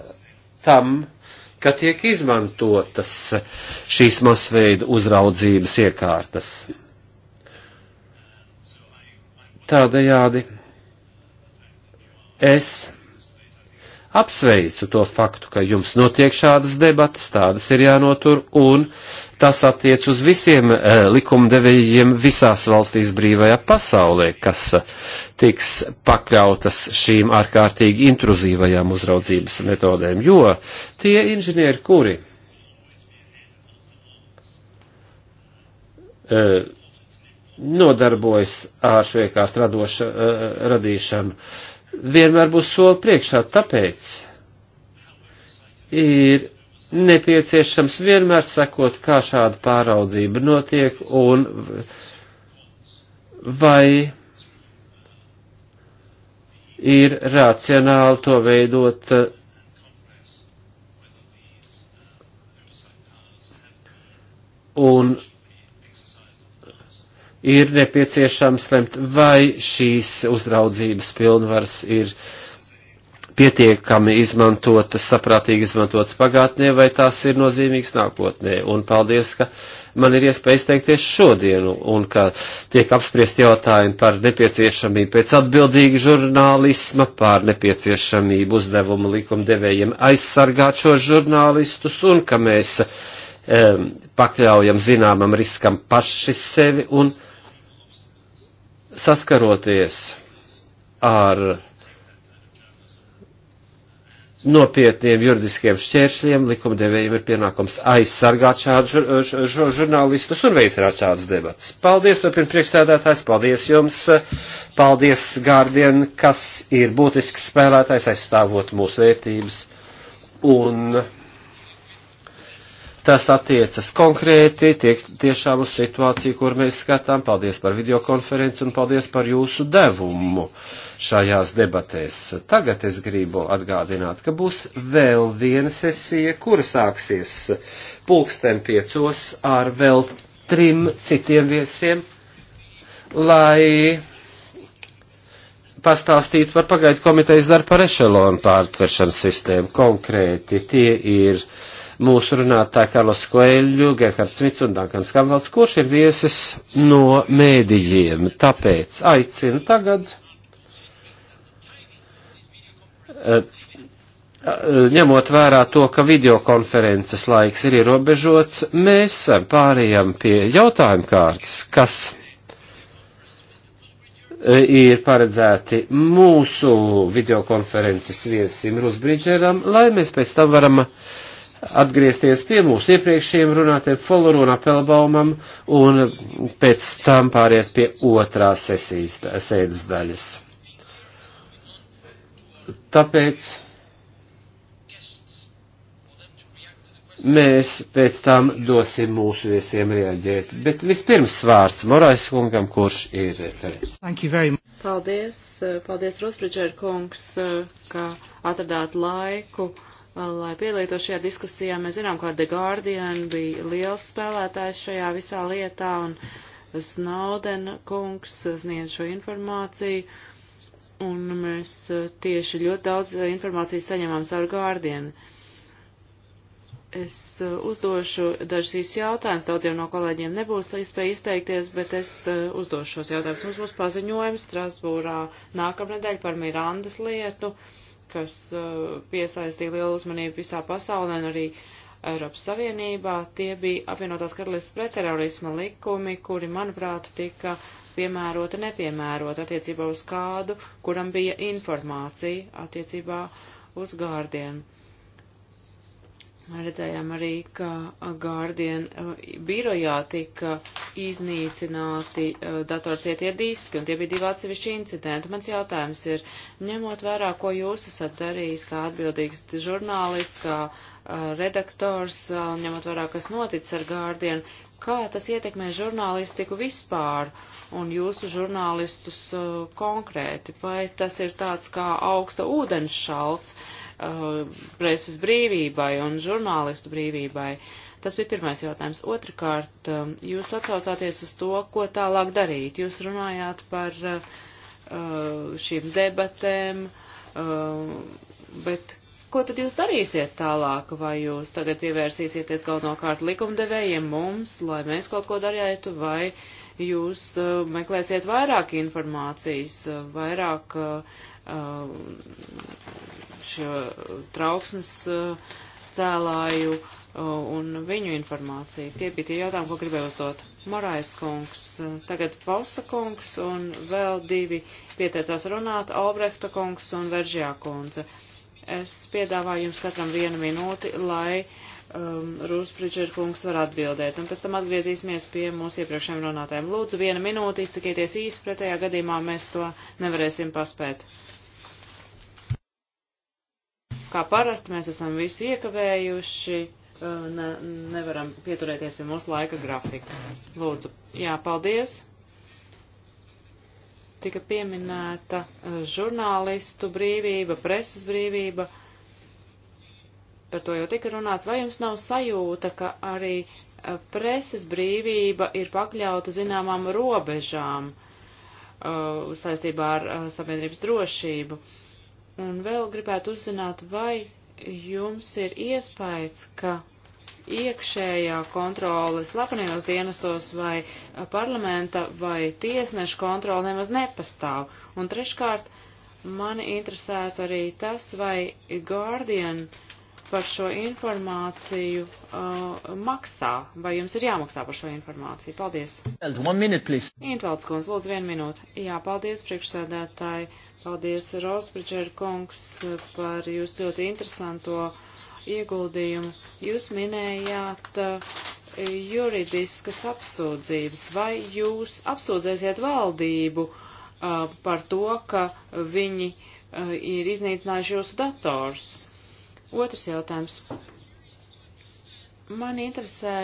tam ka tiek izmantotas šīs masveida uzraudzības iekārtas. Tādējādi es apsveicu to faktu, ka jums notiek šādas debatas, tādas ir jānotur, un Tas attiec uz visiem eh, likumdevējiem visās valstīs brīvajā pasaulē, kas eh, tiks pakļautas šīm ārkārtīgi intruzīvajām uzraudzības metodēm, jo tie inženieri, kuri eh, nodarbojas ar šo iekārtu radīšanu, vienmēr būs soli priekšā, tāpēc ir nepieciešams vienmēr sakot, kā šāda pāraudzība notiek un vai ir racionāli to veidot un ir nepieciešams lemt, vai šīs uzraudzības pilnvaras ir uh, pietiekami izmantotas, saprātīgi izmantotas pagātnē, vai tās ir nozīmīgas nākotnē. Un paldies, ka man ir iespēja izteikties šodien, un ka tiek apspriest jautājumi par nepieciešamību pēc atbildīga žurnālisma, par nepieciešamību uzdevumu likumdevējiem aizsargāt šos žurnālistus, un ka mēs um, pakļaujam zināmam riskam paši sevi un saskaroties ar nopietniem juridiskiem šķēršļiem likumdevējiem ir pienākums aizsargāt šādus žurnālistus un veicināt šādas debatas. Paldies, to pirms priekšstādātājs, paldies jums, paldies Gārdien, kas ir būtisks spēlētājs aizstāvot mūsu vērtības un Tas attiecas konkrēti tiek, tiešām uz situāciju, kur mēs skatām. Paldies par videokonferenci un paldies par jūsu devumu šajās debatēs. Tagad es gribu atgādināt, ka būs vēl viena sesija, kura sāksies pulksten piecos ar vēl trim citiem viesiem, lai pastāstītu par pagaidu komitejas darbu par ešelonu pārtveršanas sistēmu. Konkrēti tie ir mūsu runātāji Karlos Koeļu, Gerhards Mits un Dankans Kamvals, kurš ir viesis no mēdījiem. Tāpēc aicinu tagad eh, ņemot vērā to, ka videokonferences laiks ir ierobežots, mēs pārējām pie jautājuma kārtas, kas eh, ir paredzēti mūsu videokonferences viesim Rusbridžeram, lai mēs pēc tam varam uh, atgriezties pie mūsu iepriekšējiem runātiem Foloru un Apelbaumam un pēc tam pāriet pie otrās sesijas sēdes daļas. Tāpēc mēs pēc tam dosim mūsu viesiem reaģēt. Bet vispirms vārds Morais kungam, kurš ir referents. Paldies, paldies Rosbridžer kungs, ka atradāt laiku lai pielieto šajā diskusijā. Mēs zinām, ka The Guardian bija liels spēlētājs šajā visā lietā, un Snowden kungs sniedz šo informāciju, un mēs eh, tieši ļoti daudz eh, informācijas saņemam caur Guardian. Es eh, uzdošu dažus īsus jautājumus, daudziem no kolēģiem nebūs iespēja izteikties, bet es uzdošu šos jautājumus. Mums būs paziņojums Strasbūrā nākamnedēļ par Mirandas lietu. Uh, kas uh, piesaistīja lielu uzmanību visā pasaulē un arī Eiropas Savienībā, tie bija apvienotās karalistas pretterorisma likumi, kuri, manuprāt, tika piemērota, nepiemērota attiecībā uz kādu, kuram bija informācija attiecībā uz gārdiem. Uh, Redzējām arī, ka Guardian eh, birojā tika iznīcināti eh, datorcietie diski, un tie bija divi atsevišķi incidenti. Mans jautājums ir, ņemot vērā, ko jūs esat darījis kā atbildīgs žurnālists, kā redaktors, ņemot vērā, kas noticis ar Guardian, kā tas ietekmē žurnālistiku vispār un jūsu žurnālistus konkrēti? Vai tas ir tāds kā augsta ūdens šalts preses brīvībai un žurnālistu brīvībai? Tas bija pirmais jautājums. Otrakārt, jūs atsaucāties uz to, ko tālāk darīt. Jūs runājāt par šīm debatēm, bet ko tad jūs darīsiet tālāk? Vai jūs tagad pievērsīsieties galvenokārt likumdevējiem mums, lai mēs kaut ko darītu, vai jūs uh, meklēsiet vairāk informācijas, uh, vairāk uh, um, šo trauksmes uh, cēlāju uh, un viņu informāciju. Tie bija tie jautājumi, ko gribēju uzdot. Morais kungs, uh, tagad Pausa kungs un vēl divi pieteicās runāt, Albrehta kungs un Veržjā kundze. Es piedāvāju jums katram vienu minūti, lai um, Rūsbridžer kungs var atbildēt, un pēc tam atgriezīsimies pie mūsu iepriekšējiem runātājiem. Lūdzu, viena minūte, izsakieties īsi, pretējā gadījumā mēs to nevarēsim paspēt. Kā parasti mēs esam visu iekavējuši uh, ne, nevaram pieturēties pie mūsu laika grafika. Lūdzu. Jā, paldies tika pieminēta eh, žurnālistu brīvība, preses brīvība. Par to jau tika runāts. Vai jums nav sajūta, ka arī eh, preses brīvība ir pakļauta zināmām robežām uh, saistībā ar uh, sabiedrības drošību? Un vēl gribētu uzzināt, vai jums ir iespējas, ka iekšējā kontrole slepenajos dienestos vai eh, parlamenta vai tiesnešu kontrole nemaz nepastāv. Un treškārt, mani interesētu arī tas, vai Guardian par šo informāciju uh, maksā, vai jums ir jāmaksā par šo informāciju. Paldies. Intvalds kundze, lūdzu, vienu minūti. Jā, paldies, priekšsēdētāji. Paldies, Rosbridžer kungs, par jūsu ļoti interesanto uh, ieguldījumu. Jūs minējāt uh, juridiskas apsūdzības. Vai jūs apsūdzēsiet valdību uh, par to, ka viņi uh, ir iznīcinājuši jūsu dators? Otrs jautājums. Man interesē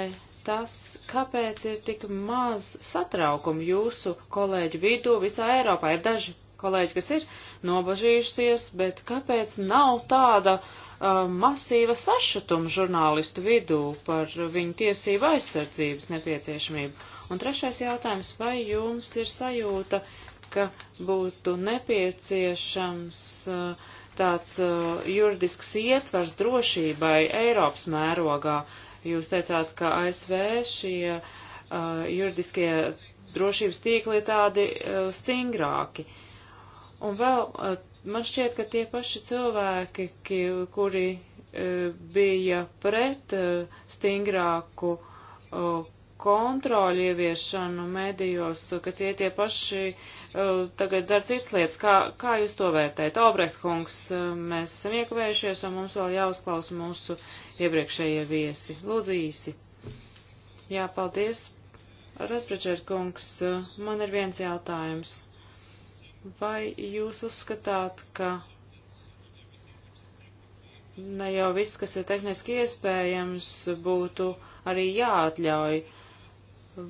tas, kāpēc ir tik maz satraukumu jūsu kolēģu vidū visā Eiropā. Ir daži kolēģi, kas ir nobažījušies, bet kāpēc nav tāda Um, masīva sašutuma žurnālistu vidū par viņu tiesību aizsardzības nepieciešamību. Un trešais jautājums, vai jums ir sajūta, ka būtu nepieciešams uh, tāds uh, juridisks ietvars drošībai Eiropas mērogā? Jūs teicāt, ka ASV šie uh, juridiskie drošības tīkli ir tādi stingrāki. Un vēl Man šķiet, ka tie paši cilvēki, kuri e, bija pret e, stingrāku e, kontroļu ieviešanu medijos, ka tie tie paši tagad dara citas lietas. Kā, kā jūs to vērtējat? Obrecht kungs, mēs esam iekavējušies un mums vēl jāuzklaus mūsu iepriekšējie viesi. Lūdzu īsi. Jā, paldies. Rasprečer kungs, man ir viens jautājums. Vai jūs uzskatāt, ka ne jau viss, kas ir tehniski iespējams, būtu arī jāatļauj?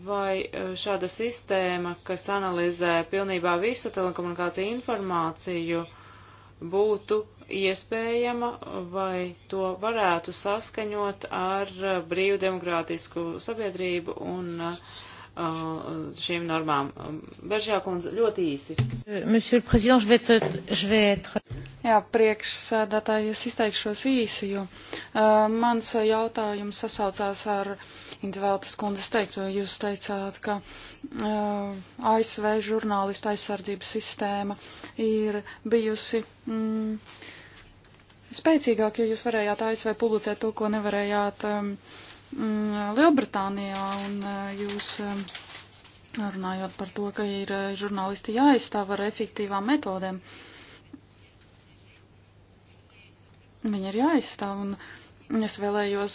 Vai e, šāda sistēma, kas analizē pilnībā visu telekomunikāciju informāciju, būtu iespējama vai to varētu saskaņot ar e, brīvu demokrātisku sabiedrību un uh, Uh, šīm normām. Um, Beržākundze, ļoti īsi. Jā, priekšsēdētāji, es izteikšos īsi, jo uh, mans jautājums sasaucās ar Indvēltas kundzes teikto. Jūs teicāt, ka uh, ASV žurnālista aizsardzības sistēma ir bijusi. Mm, spēcīgāk, jo jūs varējāt ASV publicēt to, ko nevarējāt um, uh, Mm, Lielbritānijā un eh, jūs eh, runājot par to, ka ir eh, žurnālisti jāizstāv ar efektīvām metodēm. Viņi ir jāizstāv un es vēlējos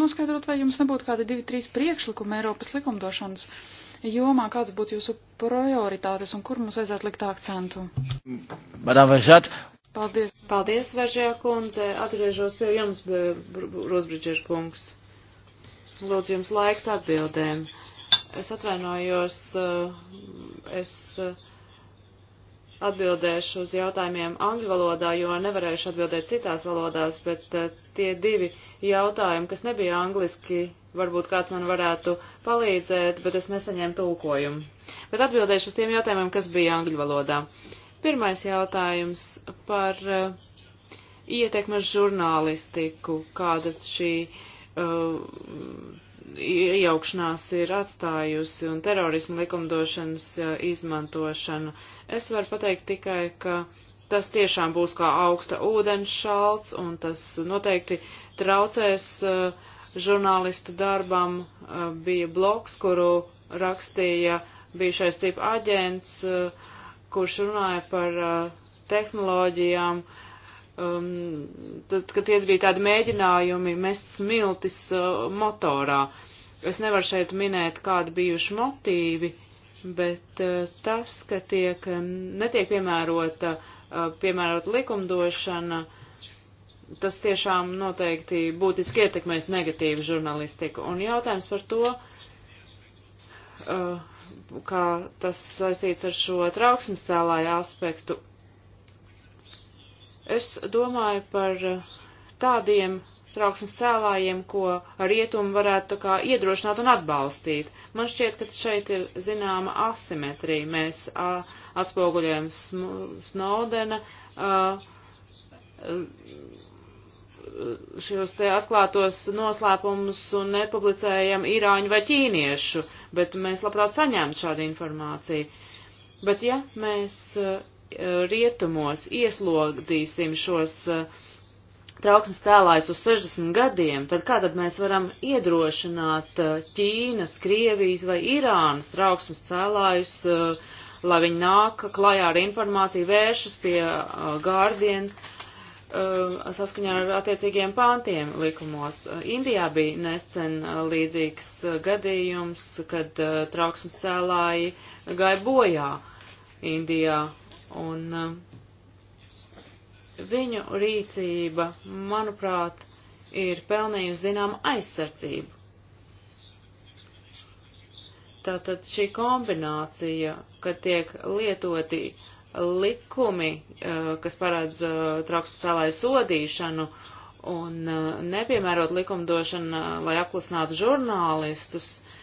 noskaidrot, vai jums nebūtu kādi divi, trīs priekšlikumi Eiropas likumdošanas jomā, kāds būtu jūsu prioritātes un kur mums vajadzētu likt akcentu. Paldies. Paldies, Veržajā kundze. Atgriežos pie jums, Rosbridžer kungs. Lūdzu, jums laiks atbildēm. Es atvainojos, eh, es eh, atbildēšu uz jautājumiem angļu valodā, jo nevarēšu atbildēt citās valodās, bet eh, tie divi jautājumi, kas nebija angliski, varbūt kāds man varētu palīdzēt, bet es nesaņēmu tulkojumu. Bet atbildēšu uz tiem jautājumiem, kas bija angļu valodā. Pirmais jautājums par ietekmes žurnālistiku, kāda šī uh, Uh, iejaukšanās ir atstājusi un terorismu likumdošanas uh, izmantošanu. Es varu pateikt tikai, ka tas tiešām būs kā augsta ūdens šalts un tas noteikti traucēs uh, žurnālistu darbam. Bija bloks, kuru rakstīja bijušais cipa aģents, kurš runāja par tehnoloģijām, uh, um, tad, kad tie bija tādi mēģinājumi mest smiltis uh, motorā. Es nevaru šeit minēt, kādi bijuši motīvi, bet uh, tas, ka tiek, netiek piemērota, uh, piemērota likumdošana, tas tiešām noteikti būtiski ietekmēs negatīvu žurnalistiku. Un jautājums par to, uh, kā tas saistīts ar šo trauksmes cēlāju aspektu, Es domāju par eh, tādiem trauksmes cēlājiem, ko rietumi varētu kā iedrošināt un atbalstīt. Man šķiet, ka šeit ir zināma asimetrija. Mēs a, atspoguļojam Snowdena šos te atklātos noslēpumus un nepublicējam īrāņu vai ķīniešu, bet mēs labprāt saņemtu šādu informāciju. Bet ja mēs rietumos ieslodzīsim šos eh, trauksmes tēlājus uz 60 gadiem, tad kā tad mēs varam iedrošināt eh, Ķīnas, Krievijas vai Irānas trauksmes cēlājus, eh, lai viņi nāk klajā ar informāciju, vēršas pie Guardian saskaņā ar attiecīgiem pāntiem likumos. Indijā bija nesen līdzīgs gadījums, kad trauksmes cēlāji gāja bojā Indijā Un uh, viņu rīcība, manuprāt, ir pelnījusi zināmu aizsardzību. Tātad šī kombinācija, kad tiek lietoti likumi, uh, kas paredz uh, traktu salāju sodīšanu un nepiemērot likumdošanu, lai apklusinātu žurnālistus, uh,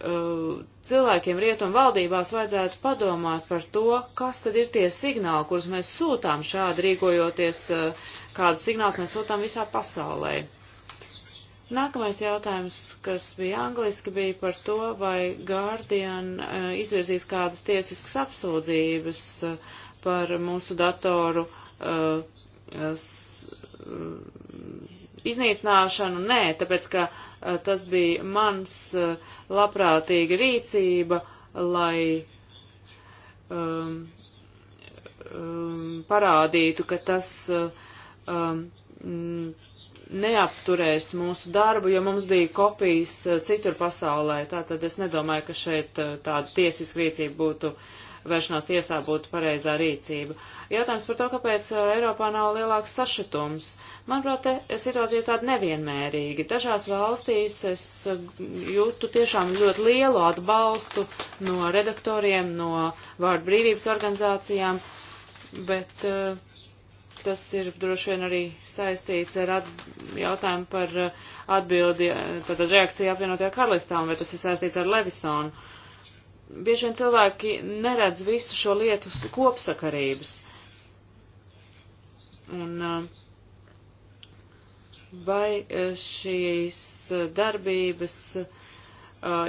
cilvēkiem rietumu valdībās vajadzētu padomāt par to, kas tad ir tie signāli, kurus mēs sūtām šādi rīkojoties, eh, kādus signālus mēs sūtām visā pasaulē. Nākamais jautājums, kas bija angliski, bija par to, vai Guardian eh, izvirzīs kādas tiesiskas apsūdzības eh, par mūsu datoru iznīcināšanu, nē, tāpēc, ka uh, tas bija mans uh, labprātīga rīcība, lai um, um, parādītu, ka tas eh, um, neapturēs mūsu darbu, jo mums bija kopijas citur pasaulē. Tātad es nedomāju, ka šeit tāda tiesiska rīcība būtu uh, vēršanās tiesā būtu pareizā rīcība. Jautājums par to, kāpēc Eiropā nav lielāks sašutums. Manuprāt, te situācija ir tāda nevienmērīga. Dažās valstīs es jūtu tiešām ļoti lielu atbalstu no redaktoriem, no vārdu brīvības organizācijām, bet tas ir droši vien arī saistīts ar at, jautājumu par atbildi, tātad reakciju apvienotajā karalistā, un vai tas ir saistīts ar Levisonu bieži vien cilvēki neredz visu šo lietu kopsakarības. Un eh, vai eh, šīs eh, darbības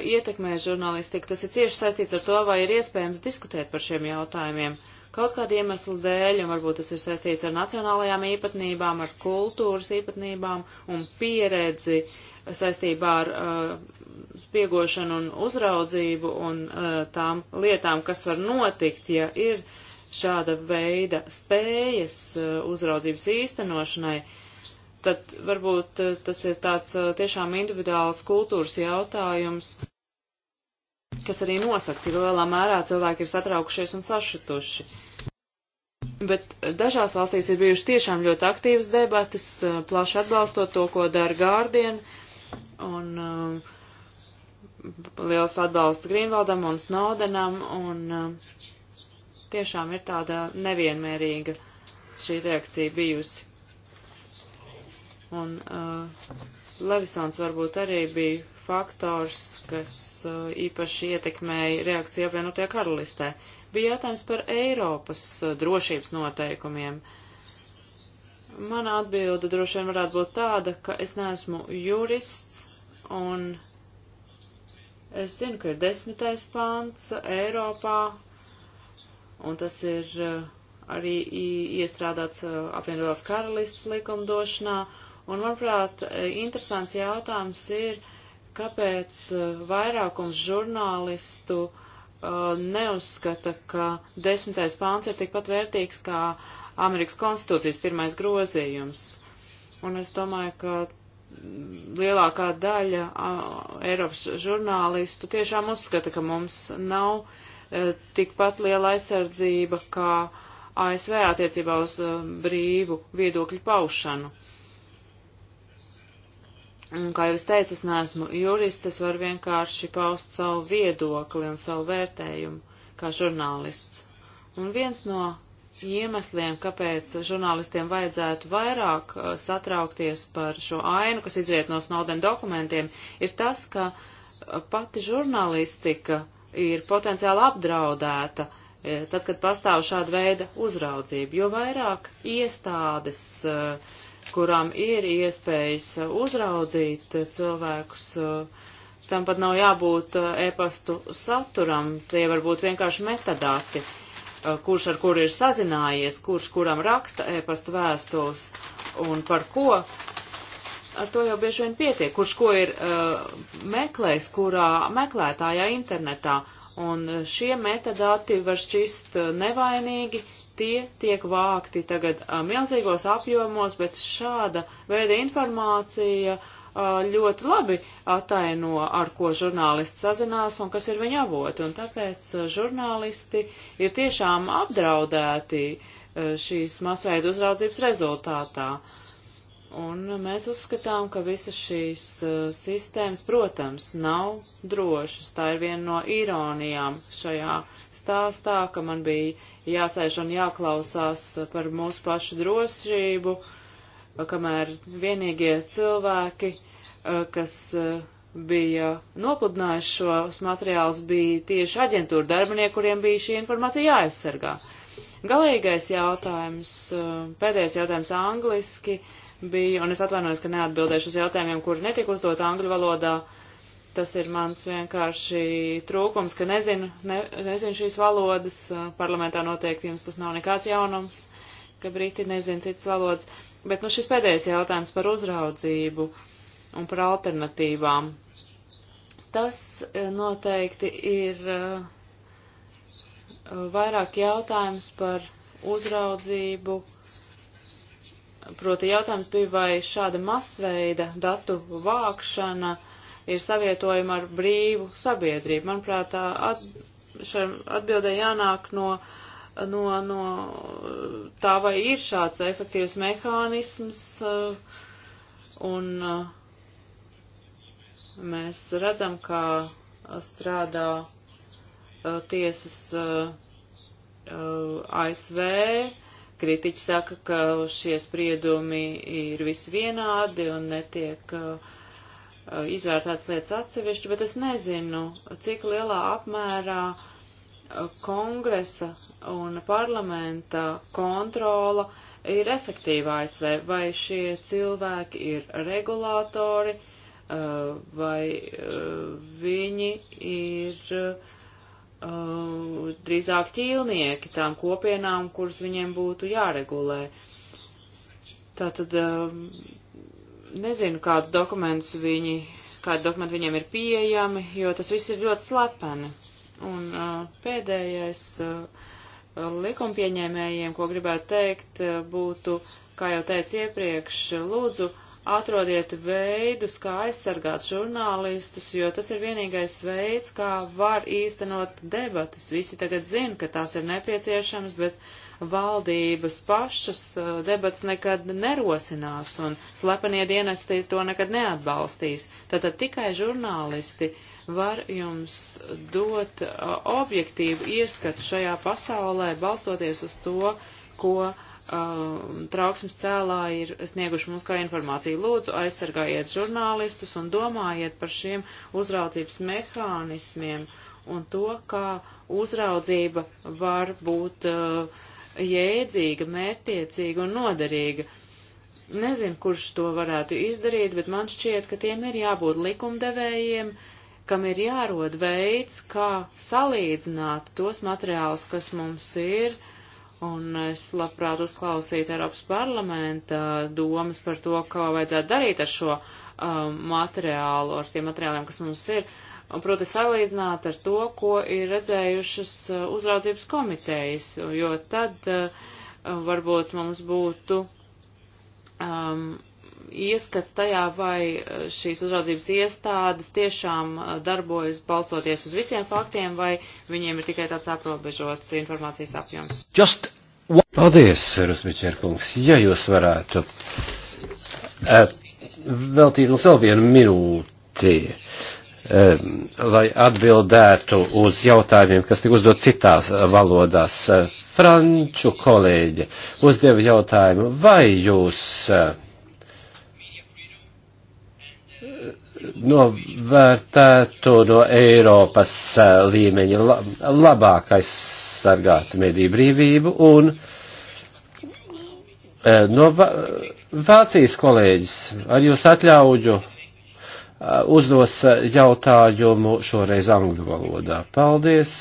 ietekmē žurnālistiku, tas ir cieši saistīts ar to, vai ir iespējams diskutēt par šiem jautājumiem. Kaut kāda iemesla dēļ, un varbūt tas ir saistīts ar nacionālajām īpatnībām, ar kultūras īpatnībām un pieredzi uh, saistībā ar uh, spiegošanu un uzraudzību un uh, tām lietām, kas var notikt, ja ir šāda veida spējas uh, uzraudzības īstenošanai, tad varbūt tas ir tāds tiešām individuāls kultūras jautājums, kas arī nosaka, cik lielā mērā cilvēki ir satraukušies un sašutuši. Bet dažās valstīs ir bijušas tiešām ļoti aktīvas debatas, plaši atbalstot to, ko dara Gārdien, uh, un uh, liels atbalsts Grīnvaldam un Snowdenam, un uh, tiešām ir tāda nevienmērīga šī reakcija bijusi. Un uh, Levisons varbūt arī bija faktors, kas uh, īpaši ietekmēja reakciju apvienotajā karalistē. Bija jautājums par Eiropas uh, drošības noteikumiem. Uh, Mana atbilde droši vien varētu būt tāda, ka es neesmu jurists un es zinu, ka ir desmitais pāns Eiropā un tas ir eh, arī iestrādāts eh, apvienotās karalistas likumdošanā. Un, manuprāt, eh, interesants jautājums ir, kāpēc vairākums žurnālistu neuzskata, ka desmitais pāns ir tikpat vērtīgs kā Amerikas konstitūcijas pirmais grozījums. Un es domāju, ka lielākā daļa Eiropas žurnālistu tiešām uzskata, ka mums nav e, tikpat liela aizsardzība kā ASV attiecībā uz e, brīvu viedokļu paušanu. Un, kā jau es teicu, es neesmu jurists, es varu vienkārši paust savu viedokli un savu vērtējumu kā žurnālists. Un viens no iemesliem, kāpēc žurnālistiem vajadzētu vairāk uh, satraukties par šo ainu, kas izriet no Snowden dokumentiem, ir tas, ka uh, pati žurnālistika ir potenciāli apdraudēta, uh, tad, kad pastāv šāda veida uzraudzība, jo vairāk iestādes, kurām ir iespējas uzraudzīt cilvēkus, tam pat nav jābūt e-pastu saturam, tie var būt vienkārši metadati Eh, kurš ar kuru ir sazinājies, kurš kuram raksta e-pasta vēstules un par ko. Ar to jau bieži vien pietiek, kurš ko ir uh, meklējis, kurā meklētājā internetā. Un šie metadati var šķist eh, nevainīgi, tie tiek vākti tagad uh, milzīgos apjomos, bet šāda veida informācija uh, ļoti labi ataino, ar ko žurnālisti sazinās un kas ir viņa avoti. Un tāpēc žurnālisti ir tiešām apdraudēti šīs masveida uzraudzības rezultātā. Un mēs uzskatām, ka visas šīs sistēmas, protams, nav drošas. Tā ir viena no ironijām šajā stāstā, ka man bija jāsēž un jāklausās par mūsu pašu drošību. Uh, Uh, kamēr vienīgie cilvēki, uh, kas uh, bija nopludinājuši šos materiālus, bija tieši aģentūra darbinieki, kuriem bija šī informācija jāaizsargā. Galīgais jautājums, pēdējais jautājums angliski bija, un es atvainojos, ka neatbildēšu uz jautājumiem, kuri netika uzdot angļu valodā. Tas ir mans vienkārši trūkums, ka nezinu, ne, nezinu šīs valodas. Parlamentā noteikti jums tas nav nekāds jaunums, ka brīti nezinu citas valodas. Bet nu, šis pēdējais jautājums par uzraudzību un par alternatīvām. Tas e, noteikti ir e, vairāk jautājums par uzraudzību. Proti jautājums bija, vai šāda masveida datu vākšana ir savietojama ar brīvu sabiedrību. Manuprāt, at, šai atbildē jānāk no uh, no, no tā, vai ir šāds efektīvs mehānisms, uh, un uh, mēs redzam, kā strādā uh, tiesas ASV. Kritiķi saka, ka šie spriedumi ir visi vienādi un netiek izvērtētas lietas atsevišķi, bet es nezinu, cik lielā apmērā uh, kongresa un parlamenta kontrola ir efektīva ASV, vai šie cilvēki ir regulātori, uh, vai uh, viņi ir uh, drīzāk ķīlnieki tām kopienām, kuras viņiem būtu jāregulē. Tātad um, nezinu, kādus dokumentus viņi, kādi dokumenti viņiem ir pieejami, jo tas viss ir ļoti slepeni. Un uh, pēdējais uh, likumpieņēmējiem, ko gribētu teikt, uh, būtu, kā jau teicu iepriekš, lūdzu, atrodiet veidus, kā aizsargāt žurnālistus, jo tas ir vienīgais veids, kā var īstenot debatas. Visi tagad zina, ka tās ir nepieciešams, bet valdības pašas eh, debats nekad nerosinās un slepenie dienesti to nekad neatbalstīs. Tātad tikai žurnālisti var jums dot eh, objektīvu ieskatu šajā pasaulē, balstoties uz to, ko uh, trauksmes cēlāji ir snieguši mums kā informāciju. Lūdzu, aizsargājiet žurnālistus un domājiet par šiem uzraudzības mehānismiem un to, kā uzraudzība var būt uh, jēdzīga, mērtiecīga un noderīga. Nezinu, kurš to varētu izdarīt, bet man šķiet, ka tiem ir jābūt likumdevējiem, kam ir jārod veids, kā salīdzināt tos materiālus, kas mums ir, un es labprāt uzklausītu Eiropas parlamenta domas par to, ko vajadzētu darīt ar šo um, materiālu, ar tiem materiāliem, kas mums ir. Uh, un proti salīdzināt ar to, ko ir redzējušas uh, uzraudzības komitejas, jo tad uh, varbūt mums būtu um, ieskats tajā, vai uh, šīs uzraudzības iestādes tiešām darbojas balstoties uz visiem faktiem, vai viņiem ir tikai tāds aprobežots informācijas apjoms. Just... Paldies, Rusmičērkungs, ja jūs varētu uh, veltīt mums vēl vienu minūti lai atbildētu uz jautājumiem, kas tika uzdot citās valodās. Franču kolēģi uzdeva jautājumu, vai jūs novērtētu no Eiropas līmeņa labāk aizsargāt mediju brīvību un no Vācijas kolēģis ar jūs atļauju Uh, uzdos jautājumu šoreiz angļu valodā. Paldies!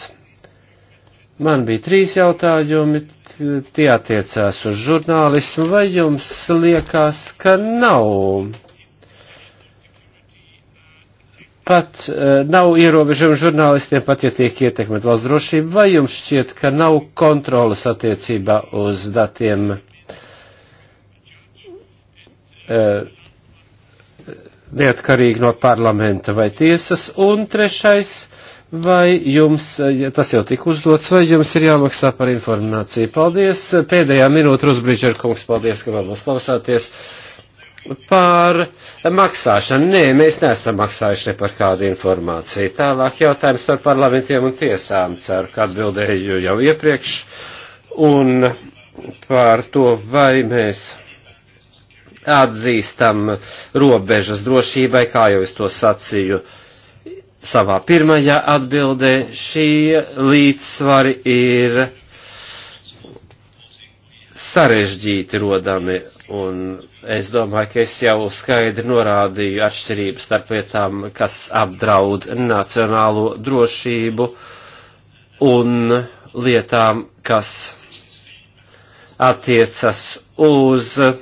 Man bija trīs jautājumi, tie attiecās uz žurnālismu, vai jums liekas, ka nav? Pat uh, nav ierobežojumi žurnālistiem, pat ja tiek ietekmēt valsts drošību, vai jums šķiet, ka nav kontrolas attiecībā uz datiem? Uh, neatkarīgi no parlamenta vai tiesas, un trešais, vai jums, ja tas jau tika uzdots, vai jums ir jāmaksā par informāciju. Paldies, pēdējā minūte Rusbridžer kungs, paldies, ka vēl mums klausāties par maksāšanu. Nē, mēs neesam maksājuši ne par kādu informāciju. Tālāk jautājums par parlamentiem un tiesām. Ceru, ka atbildēju jau iepriekš. Un par to, vai mēs atzīstam robežas drošībai, kā jau es to sacīju savā pirmajā atbildē. Šie līdzsvari ir sarežģīti rodami, un es domāju, ka es jau skaidri norādīju atšķirību starp lietām, kas apdraud nacionālo drošību un lietām, kas attiecas uz uh,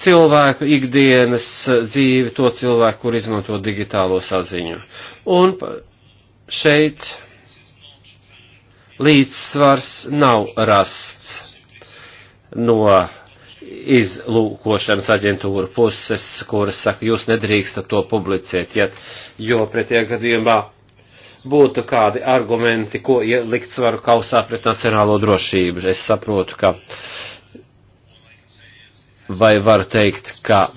cilvēku ikdienas eh, dzīvi, to cilvēku, kur izmanto digitālo saziņu. Un šeit līdzsvars nav rasts no izlūkošanas aģentūra puses, kuras saka, jūs nedrīkstat to publicēt, ja, jo pretie gadījumā būtu kādi argumenti, ko ielikt svaru kausā pret nacionālo drošību. Es saprotu, ka uh, vai var teikt, ka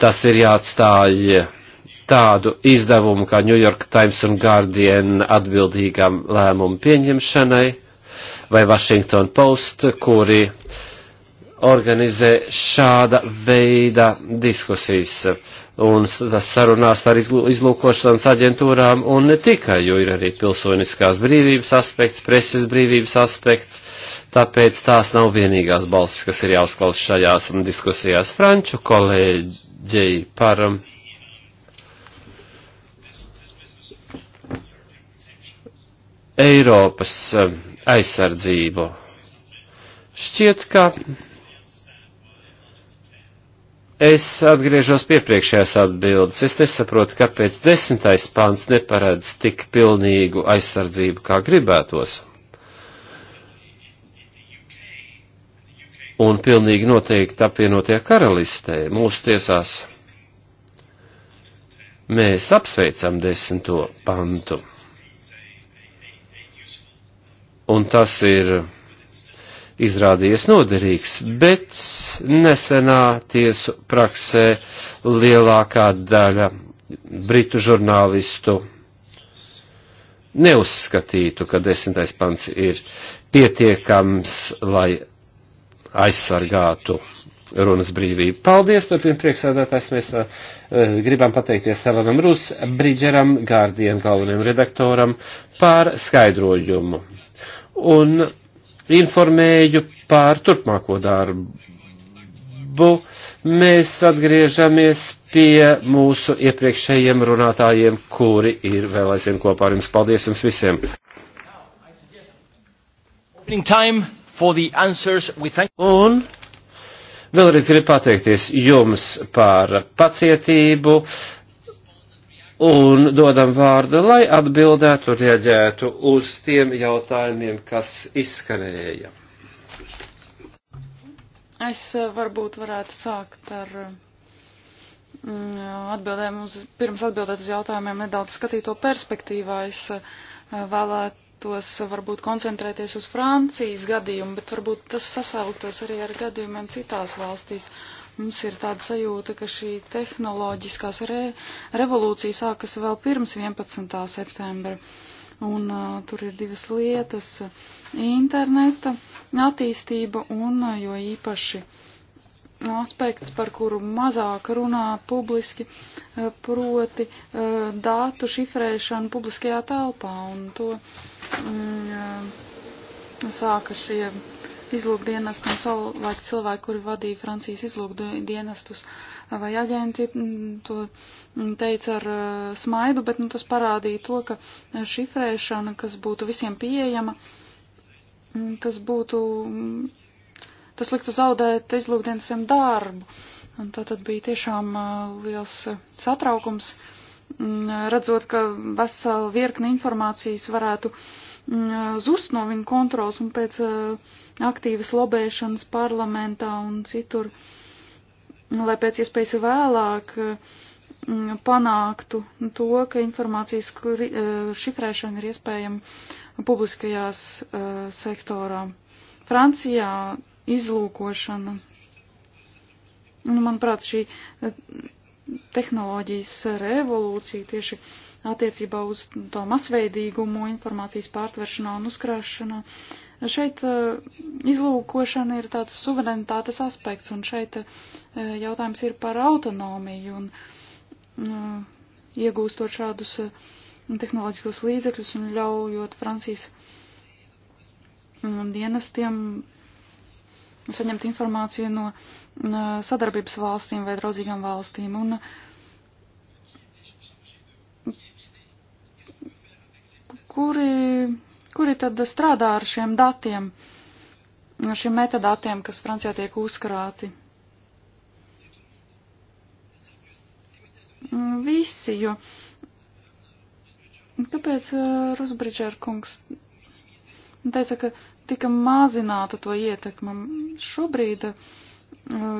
tas ir jāatstāj tādu izdevumu kā New York Times un Guardian atbildīgam lēmumu pieņemšanai, vai Washington Post, kuri uh, organizē šāda veida diskusijas un sarunās ar izlūkošanas aģentūrām un ne tikai, jo ir arī pilsoniskās brīvības aspekts, preses brīvības aspekts, tāpēc tās nav vienīgās balsis, kas ir jāuzklaus šajās diskusijās. Franču kolēģei par um, Eiropas um, aizsardzību. Šķiet, ka Es atgriežos pie priekšējās atbildes. Es nesaprotu, kāpēc desmitais pāns neparedz tik pilnīgu aizsardzību, kā gribētos. Un pilnīgi noteikti apvienotie karalistē mūsu tiesās. Mēs apsveicam desmito pantu. Un tas ir izrādījies noderīgs, bet nesenā tiesu praksē lielākā daļa britu žurnālistu neuzskatītu, ka desmitais pants ir pietiekams, lai aizsargātu runas brīvību. Paldies, turpina priekšsēdētājs. Mēs uh, uh gribam pateikties Elanam Rus, Bridžeram, Gārdien galvenajam redaktoram par skaidrojumu. Un informēju par turpmāko darbu. Mēs atgriežamies pie mūsu iepriekšējiem runātājiem, kuri ir vēl aizvien kopā ar jums. Paldies jums visiem! Un vēlreiz gribu pateikties jums par pacietību un dodam vārdu, lai atbildētu un reaģētu uz tiem jautājumiem, kas izskanēja. Es eh, varbūt varētu sākt ar mm, atbildēm uz, pirms atbildēt uz jautājumiem nedaudz skatīto perspektīvā. Es eh, vēlētos varbūt koncentrēties uz Francijas gadījumu, bet varbūt tas sasauktos arī ar gadījumiem citās valstīs. Uh, Mums ir tāda sajūta, ka šī tehnoloģiskās re revolūcija sākas vēl pirms 11. septembra. Un uh, tur ir divas lietas - interneta attīstība un uh, jo īpaši aspekts, par kuru mazāk runā publiski, uh, proti uh, dātu šifrēšanu publiskajā telpā. Un to mm, uh, sāka šie izlūkdienestu nu, un savulaik cilvēki, kuri vadīja Francijas izlūkdienestus vai aģenti, mm, to mm, teica ar eh, smaidu, bet nu, tas parādīja to, ka šifrēšana, kas būtu visiem pieejama, mm, tas būtu, tas liktu zaudēt izlūkdienestiem darbu. Un tā tad bija tiešām eh, liels satraukums, redzot, ka vesela virkne informācijas varētu zust no viņa kontrols un pēc uh, aktīvas lobēšanas parlamentā un citur, lai pēc iespējas vēlāk mm, panāktu to, ka informācijas eh, šifrēšana ir iespējama publiskajās eh, sektorā. Francijā izlūkošana, nu, manuprāt, šī eh, tehnoloģijas revolūcija tieši attiecībā uz to masveidīgumu informācijas pārtveršanā un uzkrāšanā uh, Šeit e, izlūkošana ir tāds suverenitātes aspekts, un šeit e, jautājums ir par autonomiju, un e, iegūstot šādus tehnoloģiskos līdzekļus un ļaujot Francijas dienestiem saņemt informāciju no sadarbības valstīm vai draudzīgām valstīm. Un, kuri kuri tad strādā ar šiem datiem, ar šiem metadatiem, kas Francijā tiek uzkrāti. Mm, visi, jo kāpēc uh, Rusbridžer kungs teica, ka tika mazināta to ietekma? Šobrīd uh,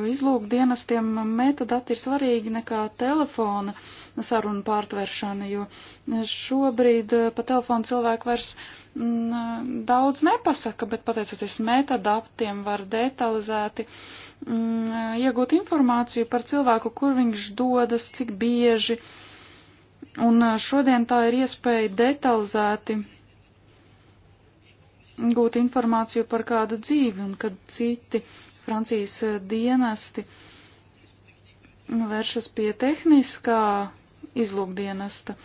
izlūk dienestiem metadati ir svarīgi nekā telefona uh, sarunu pārtveršana, jo šobrīd eh, pa telefonu cilvēku vairs mm, eh, daudz nepasaka, bet pateicoties metadaptiem var detalizēti mm, eh, iegūt informāciju par cilvēku, kur viņš dodas, cik bieži. Un šodien tā ir iespēja detalizēti gūt informāciju par kādu dzīvi, un kad citi Francijas dienesti vēršas pie tehniskā izlūkdienesta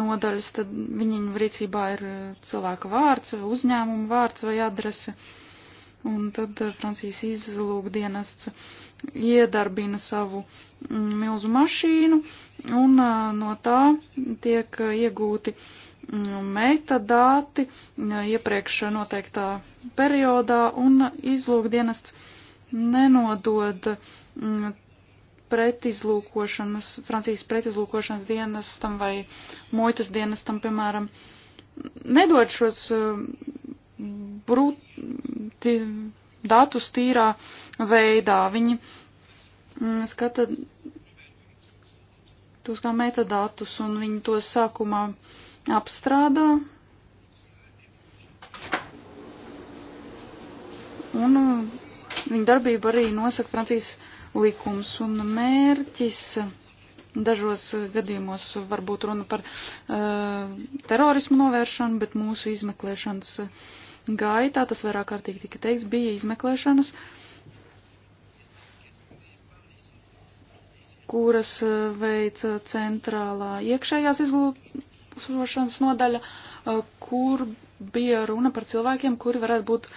nodaļas, tad viņu rīcībā ir eh, cilvēka vārds, uzņēmuma vārds vai adrese. Un tad eh, Francijas izlūkdienests iedarbina savu mm, milzu mašīnu, un eh, no tā tiek iegūti mm, metadāti iepriekš noteiktā periodā, un izlūkdienests nenodod mm, pretizlūkošanas, Francijas pretizlūkošanas dienestam vai muitas dienestam, piemēram, nedod šos uh, brūti datus tīrā veidā. Viņi mm, skata tos kā metadatus un viņi tos sākumā apstrādā. Un uh, viņa darbība arī nosaka Francijas likums un mērķis. Dažos gadījumos varbūt runa par uh, terorismu novēršanu, bet mūsu izmeklēšanas eh, gaitā, tas vairāk kārtīgi tika teiks, bija izmeklēšanas, kuras eh, veica centrālā iekšējās izglītības apkarošanas nodaļa, uh, kur bija runa par cilvēkiem, kuri varētu būt uh,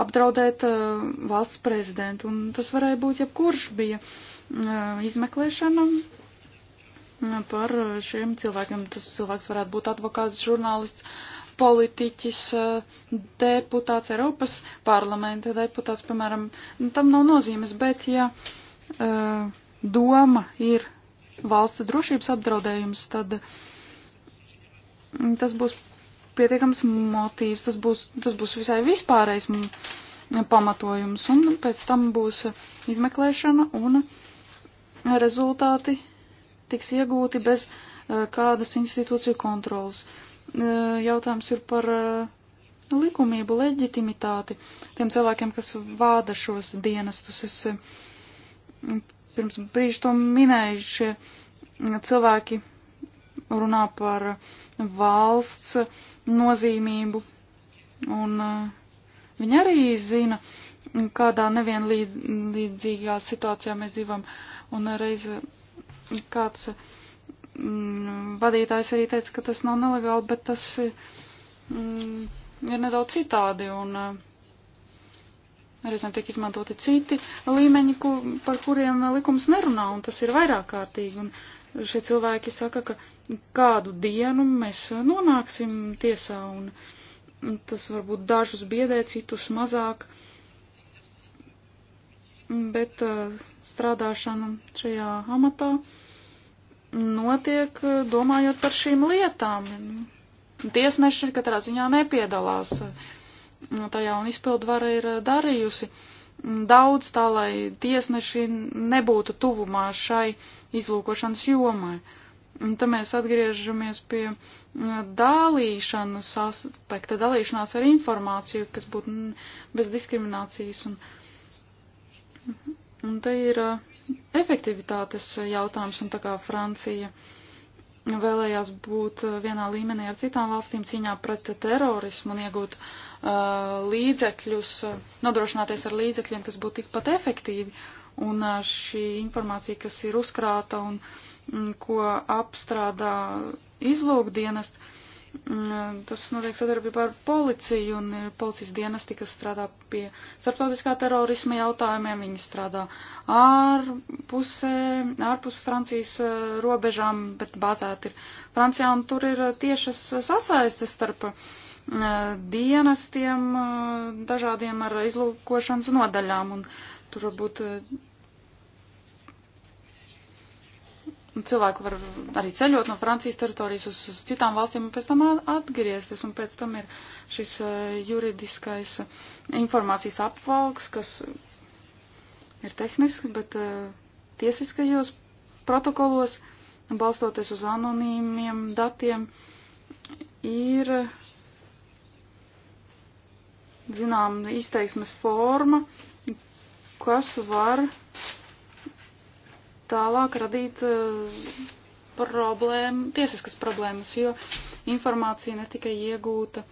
apdraudēt uh, valsts prezidentu. Un tas varēja būt jebkurš bija izmeklēšana par šiem cilvēkiem. Tas cilvēks varētu būt advokāts, žurnālists, politiķis, deputāts, Eiropas parlamenta deputāts, piemēram. Nu, tam nav nozīmes, bet ja doma ir valsts drošības apdraudējums, tad uh, tas būs pietiekams motīvs, tas būs, tas būs visai vispārējs pamatojums, un pēc tam būs izmeklēšana, un rezultāti tiks iegūti bez eh, kādas institūciju kontrolas. Eh, jautājums ir par eh, likumību, leģitimitāti tiem cilvēkiem, kas vāda šos dienestus. Es pirms brīža to minēju, šie cilvēki runā par uh, valsts nozīmību. Un eh, viņi arī zina, kādā nevienlīdzīgā situācijā mēs dzīvam. Un reiz eh, kāds mm, vadītājs arī teica, ka tas nav nelegāli, bet tas mm, ir nedaudz citādi un eh, reizēm tiek izmantoti citi līmeņi, ku, par kuriem likums nerunā, un tas ir vairāk kārtīgi. Un šie cilvēki saka, ka kādu dienu mēs nonāksim tiesā un tas varbūt dažus biedē, citus mazāk. Bet uh, strādāšana šajā amatā notiek uh, domājot par šīm lietām. Tiesneši katrā ziņā nepiedalās uh, tajā un izpildvara ir darījusi. Uh, daudz tā, lai tiesneši nebūtu tuvumā šai izlūkošanas jomai. Un te mēs atgriežamies pie dalīšanas aspekta, dalīšanās ar informāciju, kas būtu bez diskriminācijas. Un, un te ir efektivitātes jautājums, un tā kā Francija vēlējās būt vienā līmenī ar citām valstīm cīņā pret terorismu un iegūt uh, Uh, līdzekļus, uh, nodrošināties ar līdzekļiem, kas būtu tikpat efektīvi. Un uh, šī informācija, kas ir uzkrāta un mm, ko apstrādā izlūkdienests, mm, tas notiek sadarbībā ar policiju un ir policijas dienesti, kas strādā pie starptautiskā terorisma jautājumiem. Viņi strādā ārpusē, ārpus Francijas robežām, bet bāzēti ir Francijā un tur ir tiešas sasaistes starp uh, dienestiem dažādiem ar izlūkošanas nodaļām. Un tur varbūt cilvēki var arī ceļot no Francijas teritorijas uz, uz citām valstīm un pēc tam atgriezties. Un pēc tam ir šis juridiskais informācijas apvalks, kas ir tehniski, bet tiesiskajos protokolos, balstoties uz anonīmiem datiem, ir zinām izteiksmes forma, kas var tālāk radīt eh, problēma, tiesiskas problēmas, jo informācija netika iegūta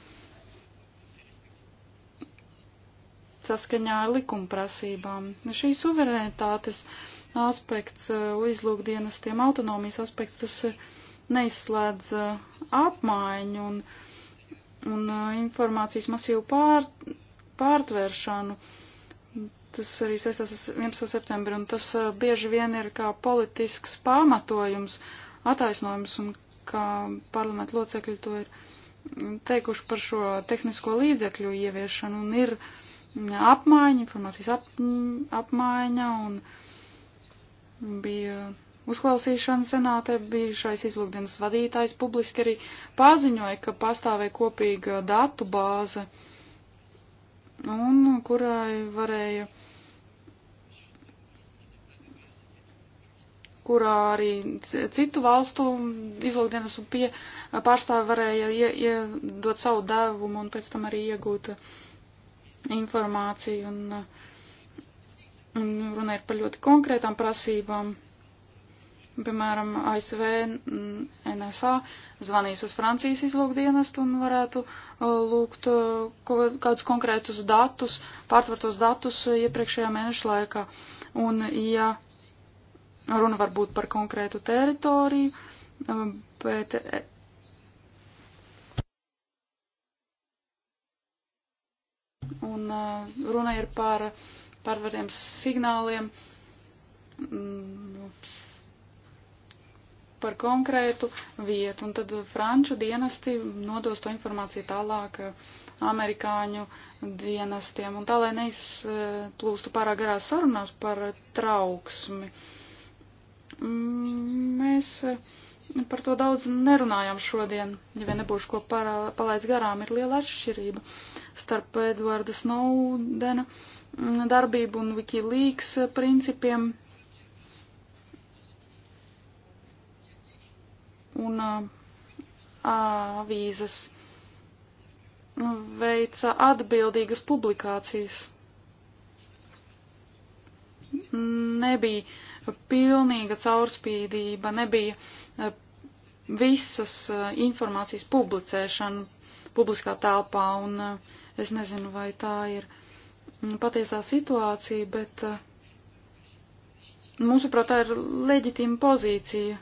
saskaņā ar likumprasībām. Šī suverenitātes aspekts eh, izlūkdienestiem, autonomijas aspekts, tas neizslēdz eh, apmaiņu un apmaiņu un informācijas masīvu pār, pārtvēršanu. Tas arī saistās ar 11. septembri, un tas bieži vien ir kā politisks pamatojums, attaisnojums, un kā parlamentu locekļi to ir teikuši par šo tehnisko līdzekļu ieviešanu, un ir apmaiņa, informācijas ap, apmaiņa, un bija uzklausīšana senātē bijušais izlūkdienas vadītājs publiski arī paziņoja, ka pastāvēja kopīga datu bāze, un kurai varēja, kurā arī citu valstu izlūkdienas un pie pārstāvi varēja iedot savu devumu un pēc tam arī iegūt informāciju un, un runa ir par ļoti konkrētām prasībām piemēram, ASV mm, NSA zvanīs uz Francijas izlūkdienestu un varētu uh, lūgt uh, kādus konkrētus datus, pārtvertos datus iepriekšējā mēneša laikā. Un, ja runa var būt par konkrētu teritoriju, uh, bet. E, un runa ir par pārvariem signāliem mm, par konkrētu vietu, un tad franču dienesti nodos to informāciju tālāk amerikāņu dienestiem, un tā, lai neizplūstu pārāk garās sarunās par trauksmi. Mm, mēs par to daudz nerunājām šodien, ja vien nebūšu ko parā, palaist garām, ir liela atšķirība starp Edvarda Snowdena darbību un Wikileaks principiem un uh, avīzes nu, veica atbildīgas publikācijas. Nebija pilnīga caurspīdība, nebija uh, visas uh, informācijas publicēšana publiskā telpā, un es nezinu, vai tā ir mm, patiesā situācija, bet mūsuprāt, tā ir leģitīma pozīcija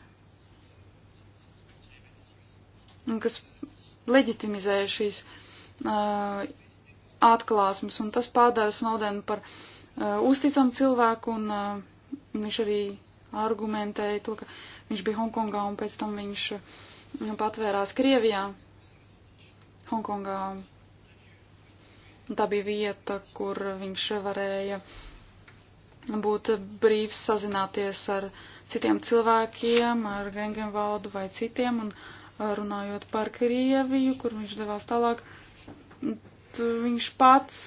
kas leģitimizē šīs uh, atklāsmes, un tas pārdēļ Snowdenu par uh, uzticamu cilvēku, un uh, viņš arī argumentēja to, ka viņš bija Hongkongā, un pēc tam viņš uh, patvērās Krievijā, Hongkongā. Tā bija vieta, kur viņš varēja būt brīvs sazināties ar citiem cilvēkiem, ar Gengenvaldu vai citiem, un uh, runājot par Krieviju, kur viņš devās tālāk. Viņš pats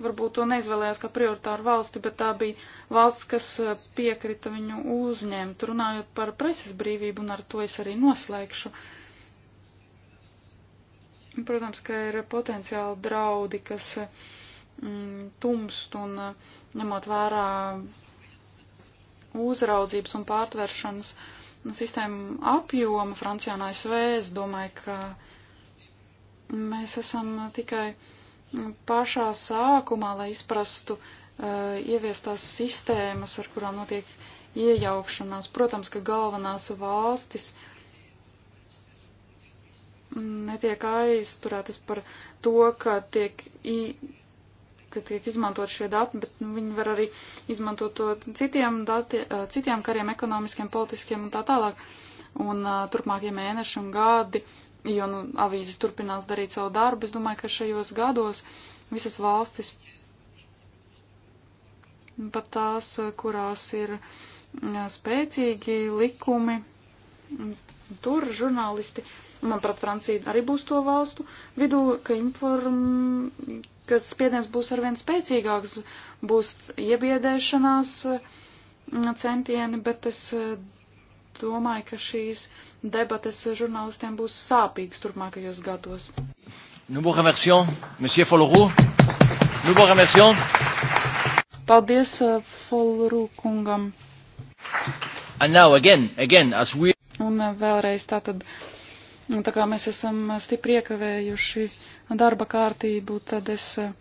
varbūt to neizvēlējās kā prioritāru valsti, bet tā bija valsts, kas piekrita viņu uzņemt. Runājot par preses brīvību, un ar to es arī noslēgšu. Protams, ka ir potenciāli draudi, kas mm, tumst un ņemot vērā uzraudzības un pārtveršanas uh, sistēmu apjoma Francijā un ASV, es domāju, ka mēs esam tikai pašā sākumā, lai izprastu uh, eh, ieviestās sistēmas, ar kurām notiek iejaukšanās. Protams, ka galvenās valstis netiek aizturētas par to, ka tiek ka tiek izmantot šie dati, bet nu, viņi var arī izmantot to citiem, dati, citiem kariem, ekonomiskiem, politiskiem un tā tālāk. Un uh, turpmākie mēneši un gadi, jo nu, avīzes turpinās darīt savu darbu, es domāju, ka šajos gados visas valstis, pat tās, kurās ir spēcīgi likumi, tur žurnālisti, manuprāt, Francija arī būs to valstu vidū, ka, inform, ka spiediens būs arvien spēcīgāks, būs iebiedēšanās mm, centieni, bet es eh, domāju, ka šīs debates žurnālistiem būs sāpīgas turpmākajos gados. Nous vous remercions, Monsieur Follerou. Nous vous remercions. Paldies uh, eh, Follerou kungam. And now again, again, as we... Un uh, vēlreiz tātad Un nu, tā kā mēs esam stipri iekavējuši darba kārtību, tad es eh,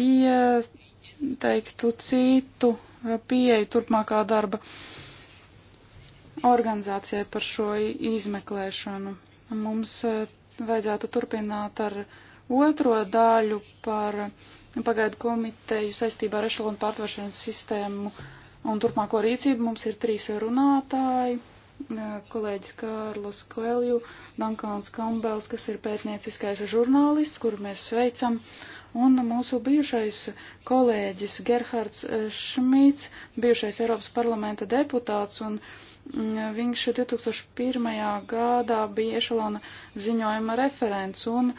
ieteiktu citu eh, pieeju turpmākā darba organizācijai par šo izmeklēšanu. Mums eh, vajadzētu turpināt ar otro daļu par pagaidu komiteju saistībā ar ešalonu pārtveršanas sistēmu un turpmāko rīcību. Mums ir trīs runātāji kolēģis Kārlis Koelju, Dankāns Kambels, kas ir pētnieciskais žurnālists, kuru mēs sveicam, un mūsu bijušais kolēģis Gerhards Šmīts, bijušais Eiropas parlamenta deputāts, un mm, viņš 2001. gadā bija ešalona ziņojuma referents, un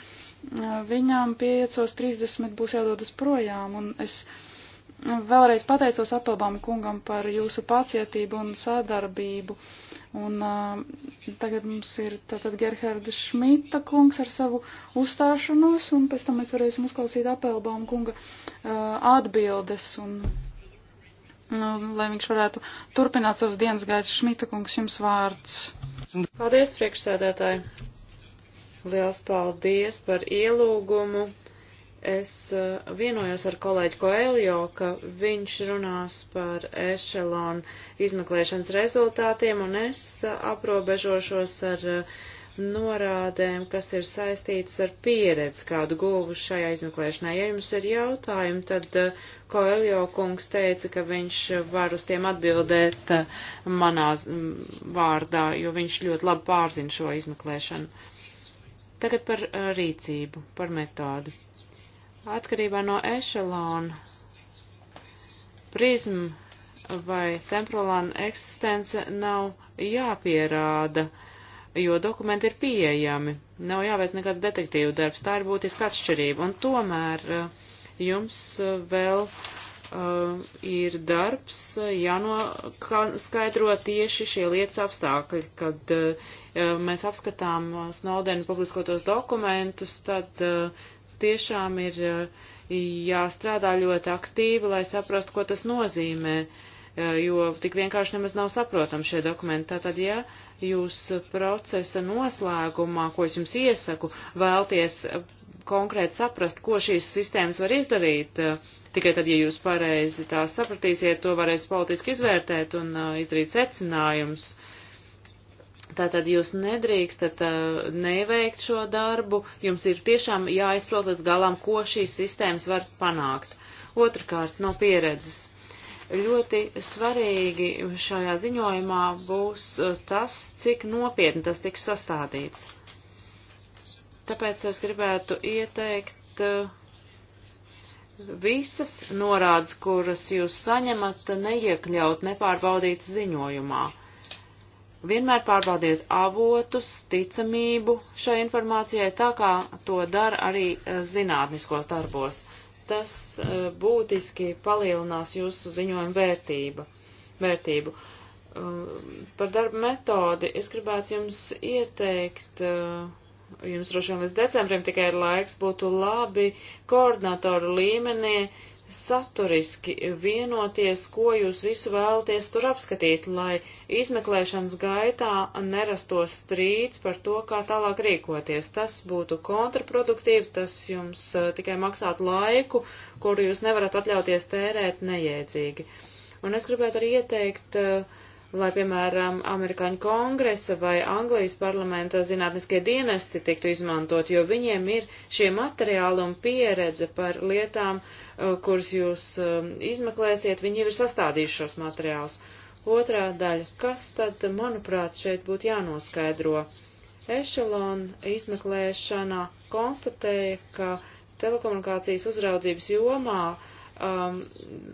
viņām 5.30 būs jādodas projām, un es Vēlreiz pateicos Appelbaum kungam par jūsu pacietību un sadarbību. Un uh, tagad mums ir tātad Gerharda Šmita kungs ar savu uzstāšanos, un pēc tam mēs varēsim uzklausīt Appelbaum kunga uh, atbildes, un, un nu, lai viņš varētu turpināt savus dienas gaitas. Šmita kungs, jums vārds. Paldies, priekšsēdētāji! Liels paldies par ielūgumu! Es eh, vienojos ar kolēģi Koeljo, ka viņš runās par ešelonu izmeklēšanas rezultātiem, un es eh, aprobežošos ar eh, norādēm, kas ir saistītas ar pieredzi, kādu guvu šajā izmeklēšanā. Ja jums ir jautājumi, tad Koeljo kungs teica, ka viņš var uz tiem atbildēt manā vārdā, jo viņš ļoti labi pārzina šo izmeklēšanu. Tagad par rīcību, par metodu atkarībā no ešalona. Prizm vai temporālāna eksistence nav jāpierāda, jo dokumenti ir pieejami. Nav jāveic nekāds detektīvu darbs, tā ir būtiska atšķirība. Un tomēr eh, jums eh, vēl uh, ir darbs, jānoskaidro tieši šie lietas apstākļi. Kad uh, mēs apskatām Snowdena publiskotos dokumentus, tad uh, tiešām ir eh, jāstrādā ļoti aktīvi, lai saprastu, ko tas nozīmē, eh, jo tik vienkārši nemaz nav saprotami šie dokumenti. Tātad, ja jūs procesa noslēgumā, ko es jums iesaku, vēlties eh, konkrēti saprast, ko šīs sistēmas var izdarīt, tikai tad, ja jūs pareizi tās sapratīsiet, to varēs politiski izvērtēt un izdarīt secinājumus. Uh, Tātad jūs nedrīkstat uh, neveikt šo darbu, jums ir tiešām jāizprot līdz galam, ko šīs sistēmas var panākt. Otrakārt, no pieredzes. Ļoti svarīgi šajā ziņojumā būs uh, tas, cik nopietni tas tiks sastādīts. Tāpēc es gribētu ieteikt uh, visas norādes, kuras jūs saņemat, neiekļaut nepārbaudītas ziņojumā. Uh, vienmēr pārbaudiet avotus, ticamību šai informācijai, tā kā to dara arī eh, zinātniskos darbos. Tas eh, būtiski palielinās jūsu ziņojumu vērtība, vērtību. Um, par darba metodi es gribētu jums ieteikt, eh, jums droši vien līdz decembrim tikai ir laiks, būtu labi koordinatoru līmenī saturiski vienoties, ko jūs visu vēlaties tur apskatīt, lai izmeklēšanas gaitā nerastos strīds par to, kā tālāk rīkoties. Tas būtu kontraproduktīvi, tas jums tikai maksātu laiku, kuru jūs nevarat atļauties tērēt nejēdzīgi. Un es gribētu arī ieteikt uh, lai, piemēram, amerikāņu kongresa vai Anglijas parlamenta zinātniskie dienesti tiktu izmantot, jo viņiem ir šie materiāli un pieredze par lietām, uh, kuras jūs um, izmeklēsiet, viņi jau ir sastādījuši šos materiālus. Otrā daļa, kas tad, manuprāt, šeit būtu jānoskaidro? Ešelon izmeklēšanā konstatēja, ka telekomunikācijas uzraudzības jomā uh, um,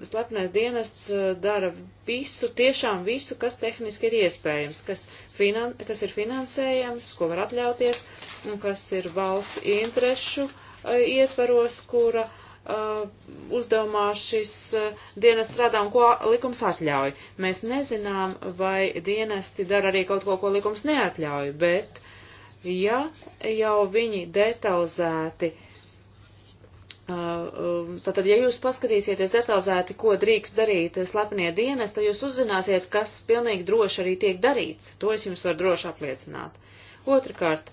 slepnais dienests uh, dara visu, tiešām visu, kas tehniski ir iespējams, kas, finan kas ir finansējams, ko var atļauties un kas ir valsts interešu uh, ietvaros, kura uh, uzdevumā šis uh, dienests strādā un ko likums atļauj. Mēs nezinām, vai dienesti dara arī kaut ko, ko likums neatļauj, bet ja jau viņi detalizēti uh, Uh, um, tātad, ja jūs paskatīsieties detalizēti, ko drīkst darīt slepenie dienas, tad jūs uzzināsiet, kas pilnīgi droši arī tiek darīts. To es jums varu droši apliecināt. Otrakārt,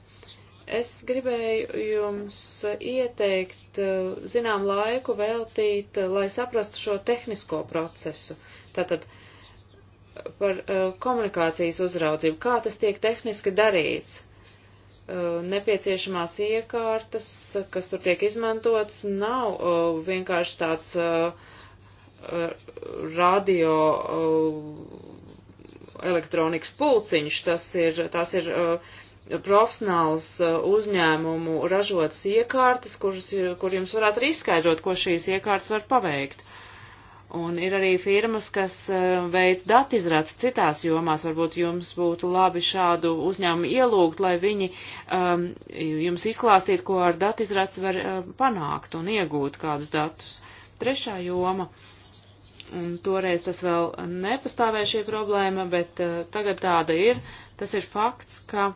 es gribēju jums ieteikt uh, zinām laiku veltīt, uh, lai saprastu šo tehnisko procesu. Tātad, par komunikācijas uzraudzību, kā tas tiek tehniski darīts, Eh, nepieciešamās iekārtas, kas tur tiek izmantotas, nav eh, vienkārši tāds eh, radio elektronikas pulciņš, tas ir, tas ir profesionāls uzņēmumu ražotas iekārtas, kuras, kur jums varētu arī izskaidrot, ko šīs iekārtas var paveikt. Un ir arī firmas, kas eh, veic datizrādes citās jomās. Varbūt jums būtu labi šādu uzņēmumu ielūgt, lai viņi um, jums izklāstītu, ko ar datizrādes var uh, panākt un iegūt kādus datus. Trešā joma. Un toreiz tas vēl nepastāvēja šī problēma, bet uh, tagad tāda ir. Tas ir fakts, ka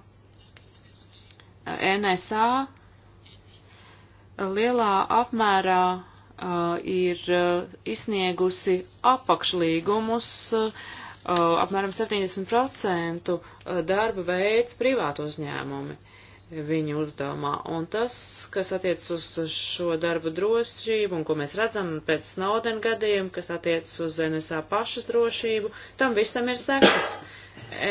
NSA lielā apmērā Uh, ir uh, izsniegusi apakšlīgumus uh, apmēram 70% darba veids privātu uzņēmumi viņu uzdevumā. Un tas, kas attiec uz šo darbu drošību un ko mēs redzam pēc Snowden gadījuma, kas attiec uz NSA pašas drošību, tam visam ir sekas.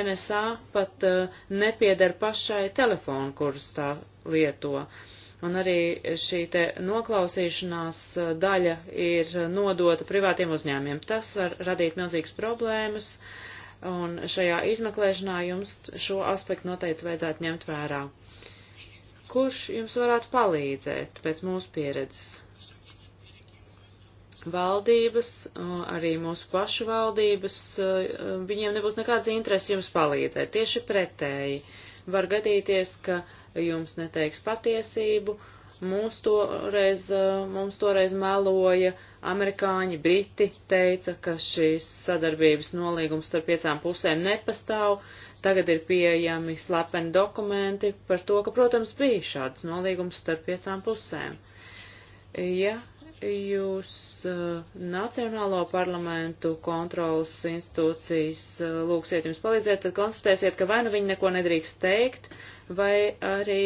NSA pat uh, nepiedara pašai telefonu, kurus tā lieto. Uh, Un arī šī te noklausīšanās eh, daļa ir nodota privātiem uzņēmiem. Tas var radīt milzīgas problēmas, un šajā izmeklēšanā jums šo aspektu noteikti vajadzētu ņemt vērā. Kurš jums varētu palīdzēt pēc mūsu pieredzes? valdības, eh, arī mūsu pašu valdības, eh, viņiem nebūs nekāds interesi jums palīdzēt. Tieši pretēji, var gadīties, ka jums neteiks patiesību. Mums toreiz, eh, mums toreiz meloja, amerikāņi, briti teica, ka šīs sadarbības nolīgums starp piecām pusēm nepastāv. Tagad ir pieejami slepeni dokumenti par to, ka, protams, bija šāds nolīgums starp piecām pusēm. Ja jūs uh, Nacionālo parlamentu kontrolas institūcijas uh, eh, lūksiet jums palīdzēt, tad konstatēsiet, ka vai nu viņi neko nedrīkst teikt, vai arī,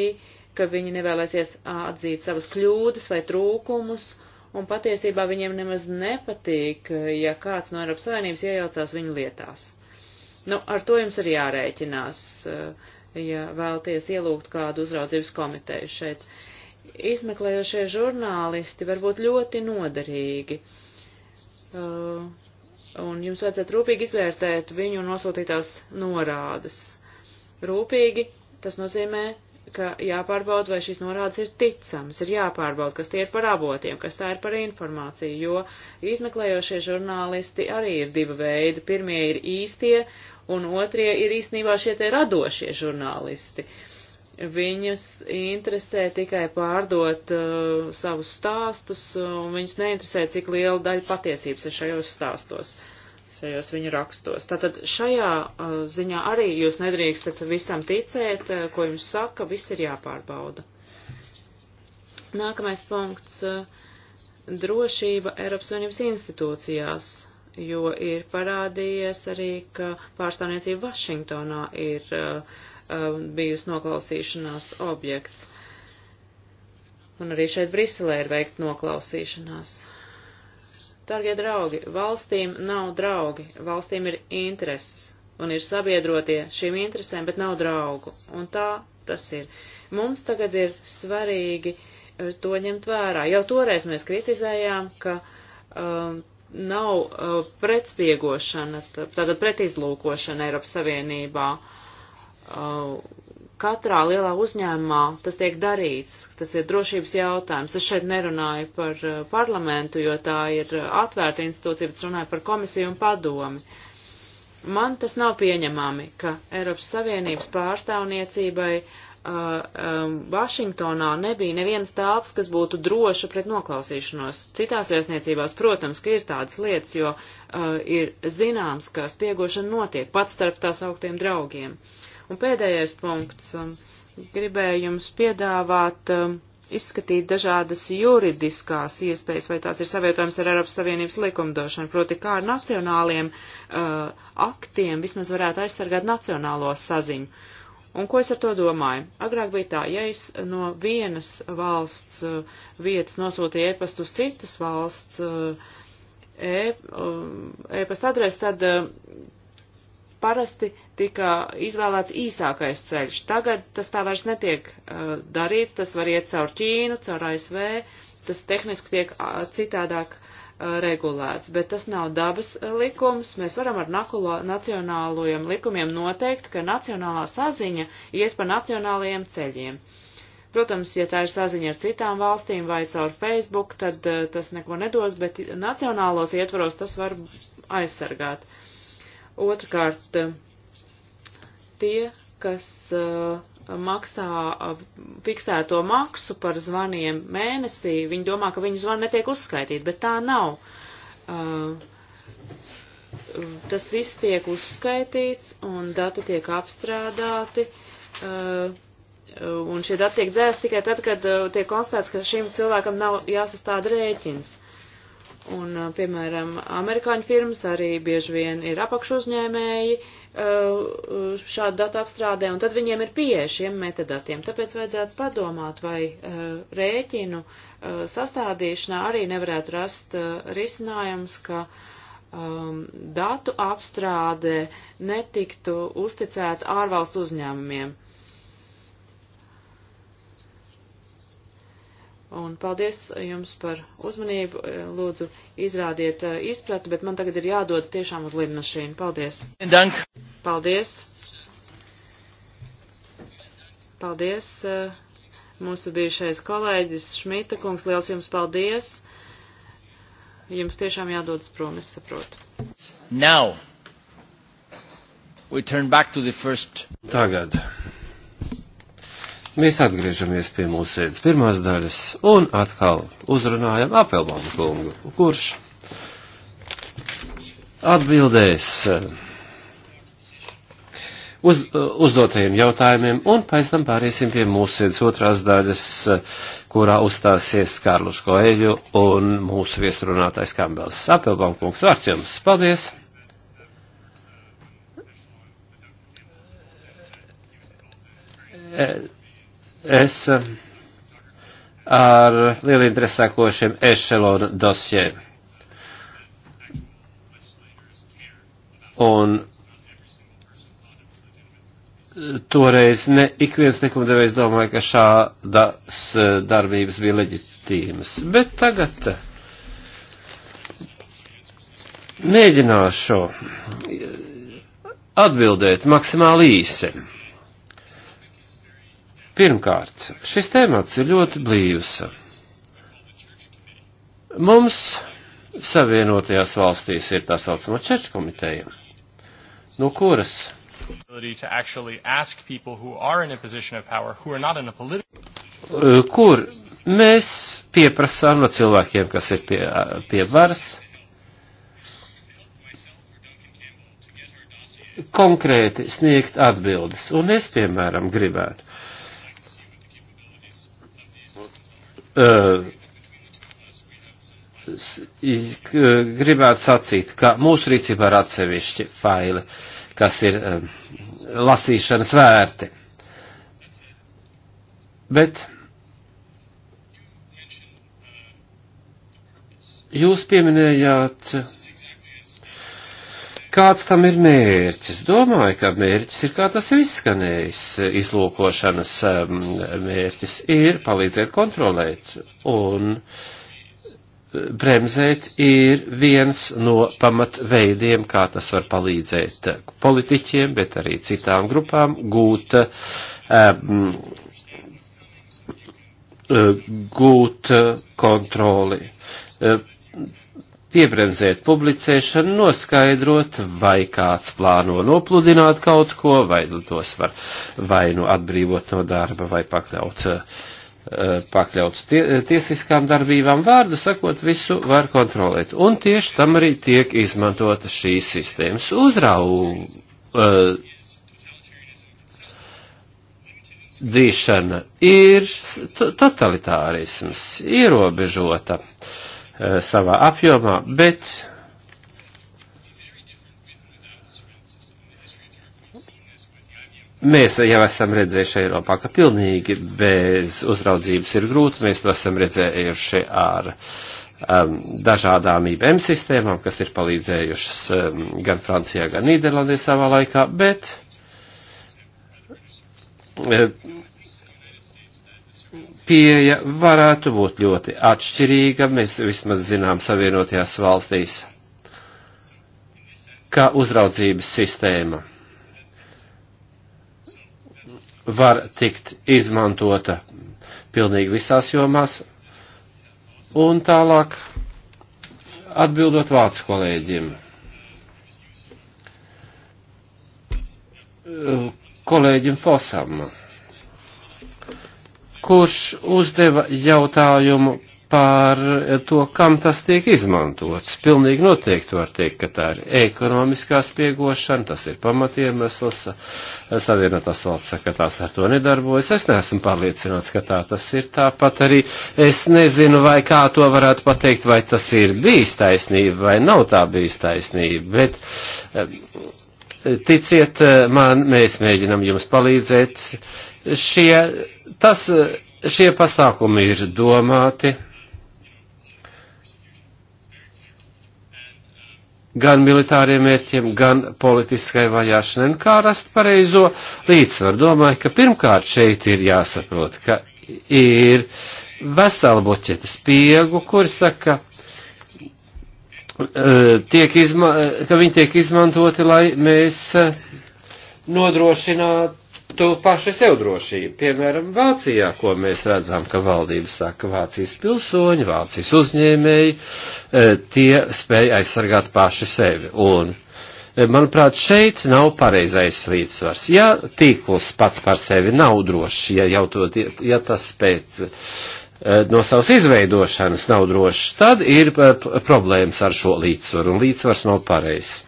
ka viņi nevēlēsies atzīt savas kļūdas vai trūkumus, un patiesībā viņiem nemaz nepatīk, eh, ja kāds no Eiropas Savienības iejaucās viņu lietās. Nu, ar to jums ir jārēķinās, ja vēlties ielūgt kādu uzraudzības komiteju šeit izmeklējošie žurnālisti var būt ļoti noderīgi. Uh, un jums vajadzētu rūpīgi izvērtēt viņu nosūtītās norādes. Rūpīgi tas nozīmē, ka jāpārbauda, vai šīs norādes ir ticamas, ir jāpārbauda, kas tie ir par avotiem, kas tā ir par informāciju, jo izmeklējošie žurnālisti arī ir divi veidi. Pirmie ir īstie, un otrie ir īstenībā šie te radošie žurnālisti. Uh, viņus interesē tikai pārdot uh, savus stāstus, uh, un viņus neinteresē, cik liela daļa patiesības ir šajos stāstos, šajos viņu rakstos. Tātad šajā uh, ziņā arī jūs nedrīkstat visam ticēt, uh, ko jums saka, viss ir jāpārbauda. Nākamais punkts uh, - drošība Eiropas Savienības institūcijās jo ir parādījies arī, ka pārstāvniecība Vašingtonā ir uh, Um, bijusi noklausīšanās objekts. Un arī šeit Briselē ir veikt noklausīšanās. Dargie draugi, valstīm nav draugi, valstīm ir intereses, un ir sabiedrotie šīm interesēm, bet nav draugu. Un tā tas ir. Mums tagad ir svarīgi uh, to ņemt vērā. Jau toreiz mēs kritizējām, ka um, nav uh, pretspiegošana, tātad pretizlūkošana Eiropas Savienībā. Uh, Uh, katrā lielā uzņēmumā tas tiek darīts, tas ir drošības jautājums. Es šeit nerunāju par uh, parlamentu, jo tā ir uh, atvērta institūcija, bet runāju par komisiju un padomi. Man tas nav pieņemami, ka Eiropas Savienības pārstāvniecībai uh, um, Vašingtonā nebija nevienas telpas, kas būtu droša pret noklausīšanos. Citās vēstniecībās, protams, ka ir tādas lietas, jo uh, ir zināms, ka spiegošana notiek pat starp tās augtiem draugiem. Uh, Un pēdējais punkts. Um, gribēju jums piedāvāt um, izskatīt dažādas juridiskās iespējas, vai tās ir savietojums ar Eiropas Savienības likumdošanu, proti kā ar nacionāliem uh, aktiem vismaz varētu aizsargāt nacionālo saziņu. Un ko es ar to domāju? Agrāk bija tā, ja es no vienas valsts uh, vietas nosūtīju e-pastu uz citas valsts uh, e, uh e-pasta e adresi, tad uh, parasti tika izvēlēts īsākais ceļš. Tagad tas tā vairs netiek uh, darīts, tas var iet caur Ķīnu, caur ASV, tas tehniski tiek uh, citādāk uh, regulēts, bet tas nav dabas uh, likums. Mēs varam ar nakulo, nacionālajiem likumiem noteikt, ka nacionālā saziņa iet pa nacionālajiem ceļiem. Protams, ja tā ir saziņa ar citām valstīm vai caur Facebook, tad uh, tas neko nedos, bet nacionālos ietvaros tas var aizsargāt. Uh, Otrakārt, tie, kas uh, maksā uh, fiksēto maksu par zvaniem mēnesī, viņi domā, ka viņu zvani netiek uzskaitīti, bet tā nav. Uh, tas viss tiek uzskaitīts un dati tiek apstrādāti. Un šie dati tiek dzēsti tikai tad, kad tiek konstatēts, ka šim cilvēkam nav jāsastāda rēķins. Un, piemēram, amerikāņu firmas arī bieži vien ir apakšuzņēmēji šādu datu apstrādē, un tad viņiem ir pieeja šiem metadatiem. Tāpēc vajadzētu padomāt, vai rēķinu sastādīšanā arī nevarētu rast risinājums, ka datu apstrāde netiktu uzticēta ārvalstu uzņēmumiem. Un paldies jums par uzmanību. Lūdzu, izrādiet eh, izpratni, bet man tagad ir jādodas tiešām uz lidmašīnu. Paldies. Dank. Paldies. Paldies. Eh, mūsu bijušais kolēģis Šmita kungs, liels jums paldies. Jums tiešām jādodas prom, es saprotu. Now, we turn back to the first. Tagad Mēs atgriežamies pie mūsu sēdes pirmās daļas un atkal uzrunājam Apelbānu kungu, kurš atbildēs uh, uz, uh, uzdotajiem jautājumiem un pēc tam pāriesim pie mūsu sēdes otrās daļas, uh, kurā uzstāsies Kārluš Koeļu un mūsu viesrunātais Kambels. Apelbānu kungs, vārds jums! Paldies! Uh, Es um, ar lielu interesēkošiem ešelonu dosjiem. Un toreiz ne ik viens likumdevējs domāja, ka šādas uh, darbības bija leģitīmas. Bet tagad uh, mēģināšu uh, atbildēt maksimāli īsi. Pirmkārt, šis temats ir ļoti blīvs. Mums Savienotajās valstīs ir tā saucama čeču komiteja, no kuras kur mēs pieprasām no cilvēkiem, kas ir pie, pie varas, konkrēti sniegt atbildes. Un es, piemēram, gribētu gribētu sacīt, ka mūsu rīcībā ir atsevišķi faili, kas ir lasīšanas vērti. Bet jūs pieminējāt Kāds tam ir mērķis? Domāju, ka mērķis ir, kā tas ir izskanējis, izlūkošanas mērķis ir palīdzēt kontrolēt un e, bremzēt ir viens no pamatveidiem, kā tas var palīdzēt politiķiem, bet arī citām grupām gūt, um, gūt kontroli e, piebremzēt publicēšanu, noskaidrot, vai kāds plāno nopludināt kaut ko, vai nu tos var vai nu atbrīvot no darba, vai pakļaut, eh, pakļaut tie, tiesiskām darbībām. Vārdu sakot, visu var kontrolēt. Un tieši tam arī tiek izmantota šīs sistēmas uzraugu. Uh, dzīšana ir totalitārisms, ierobežota uh, Eh, savā apjomā, bet Mēs jau esam redzējuši Eiropā, ka pilnīgi bez uzraudzības ir grūti. Mēs to esam redzējuši ar um, dažādām IBM sistēmām, kas ir palīdzējušas um, gan Francijā, gan Nīderlandē savā laikā, bet um, pieeja varētu būt ļoti atšķirīga. Mēs vismaz zinām savienotajās valstīs, kā uzraudzības sistēma var tikt izmantota pilnīgi visās jomās. Un tālāk atbildot vācu kolēģiem. Kolēģim Fosam kurš uzdeva jautājumu par to, kam tas tiek izmantots. Pilnīgi noteikti var teikt, ka tā ir ekonomiskā spiegošana, tas ir pamatiemesls, savienotās valsts saka, ka tās ar to nedarbojas. Es neesmu pārliecināts, ka tā tas ir tāpat arī. Es nezinu, vai kā to varētu pateikt, vai tas ir bijis taisnība vai nav tā bijis taisnība, bet eh, ticiet eh, man, mēs mēģinam jums palīdzēt Šie, tas, šie pasākumi ir domāti gan militāriem mērķiem, gan politiskai vajāšanai, un kā rast pareizo līdzsvaru. Domāju, ka pirmkārt šeit ir jāsaprot, ka ir vesela boķeta spiegu, kur saka, eh, tiek izma, ka viņi tiek izmantoti, lai mēs eh, nodrošinātu tu paši sev drošību. Piemēram, Vācijā, ko mēs redzam, ka valdība saka Vācijas pilsoņi, Vācijas uzņēmēji, e, tie spēj aizsargāt paši sevi. Un, e, manuprāt, šeit nav pareizais līdzsvars. Ja tīkls pats par sevi nav drošs, ja, jau to, ja tas pēc e, no savas izveidošanas nav drošs, tad ir problēmas ar šo līdzsvaru, un līdzsvars nav pareizs.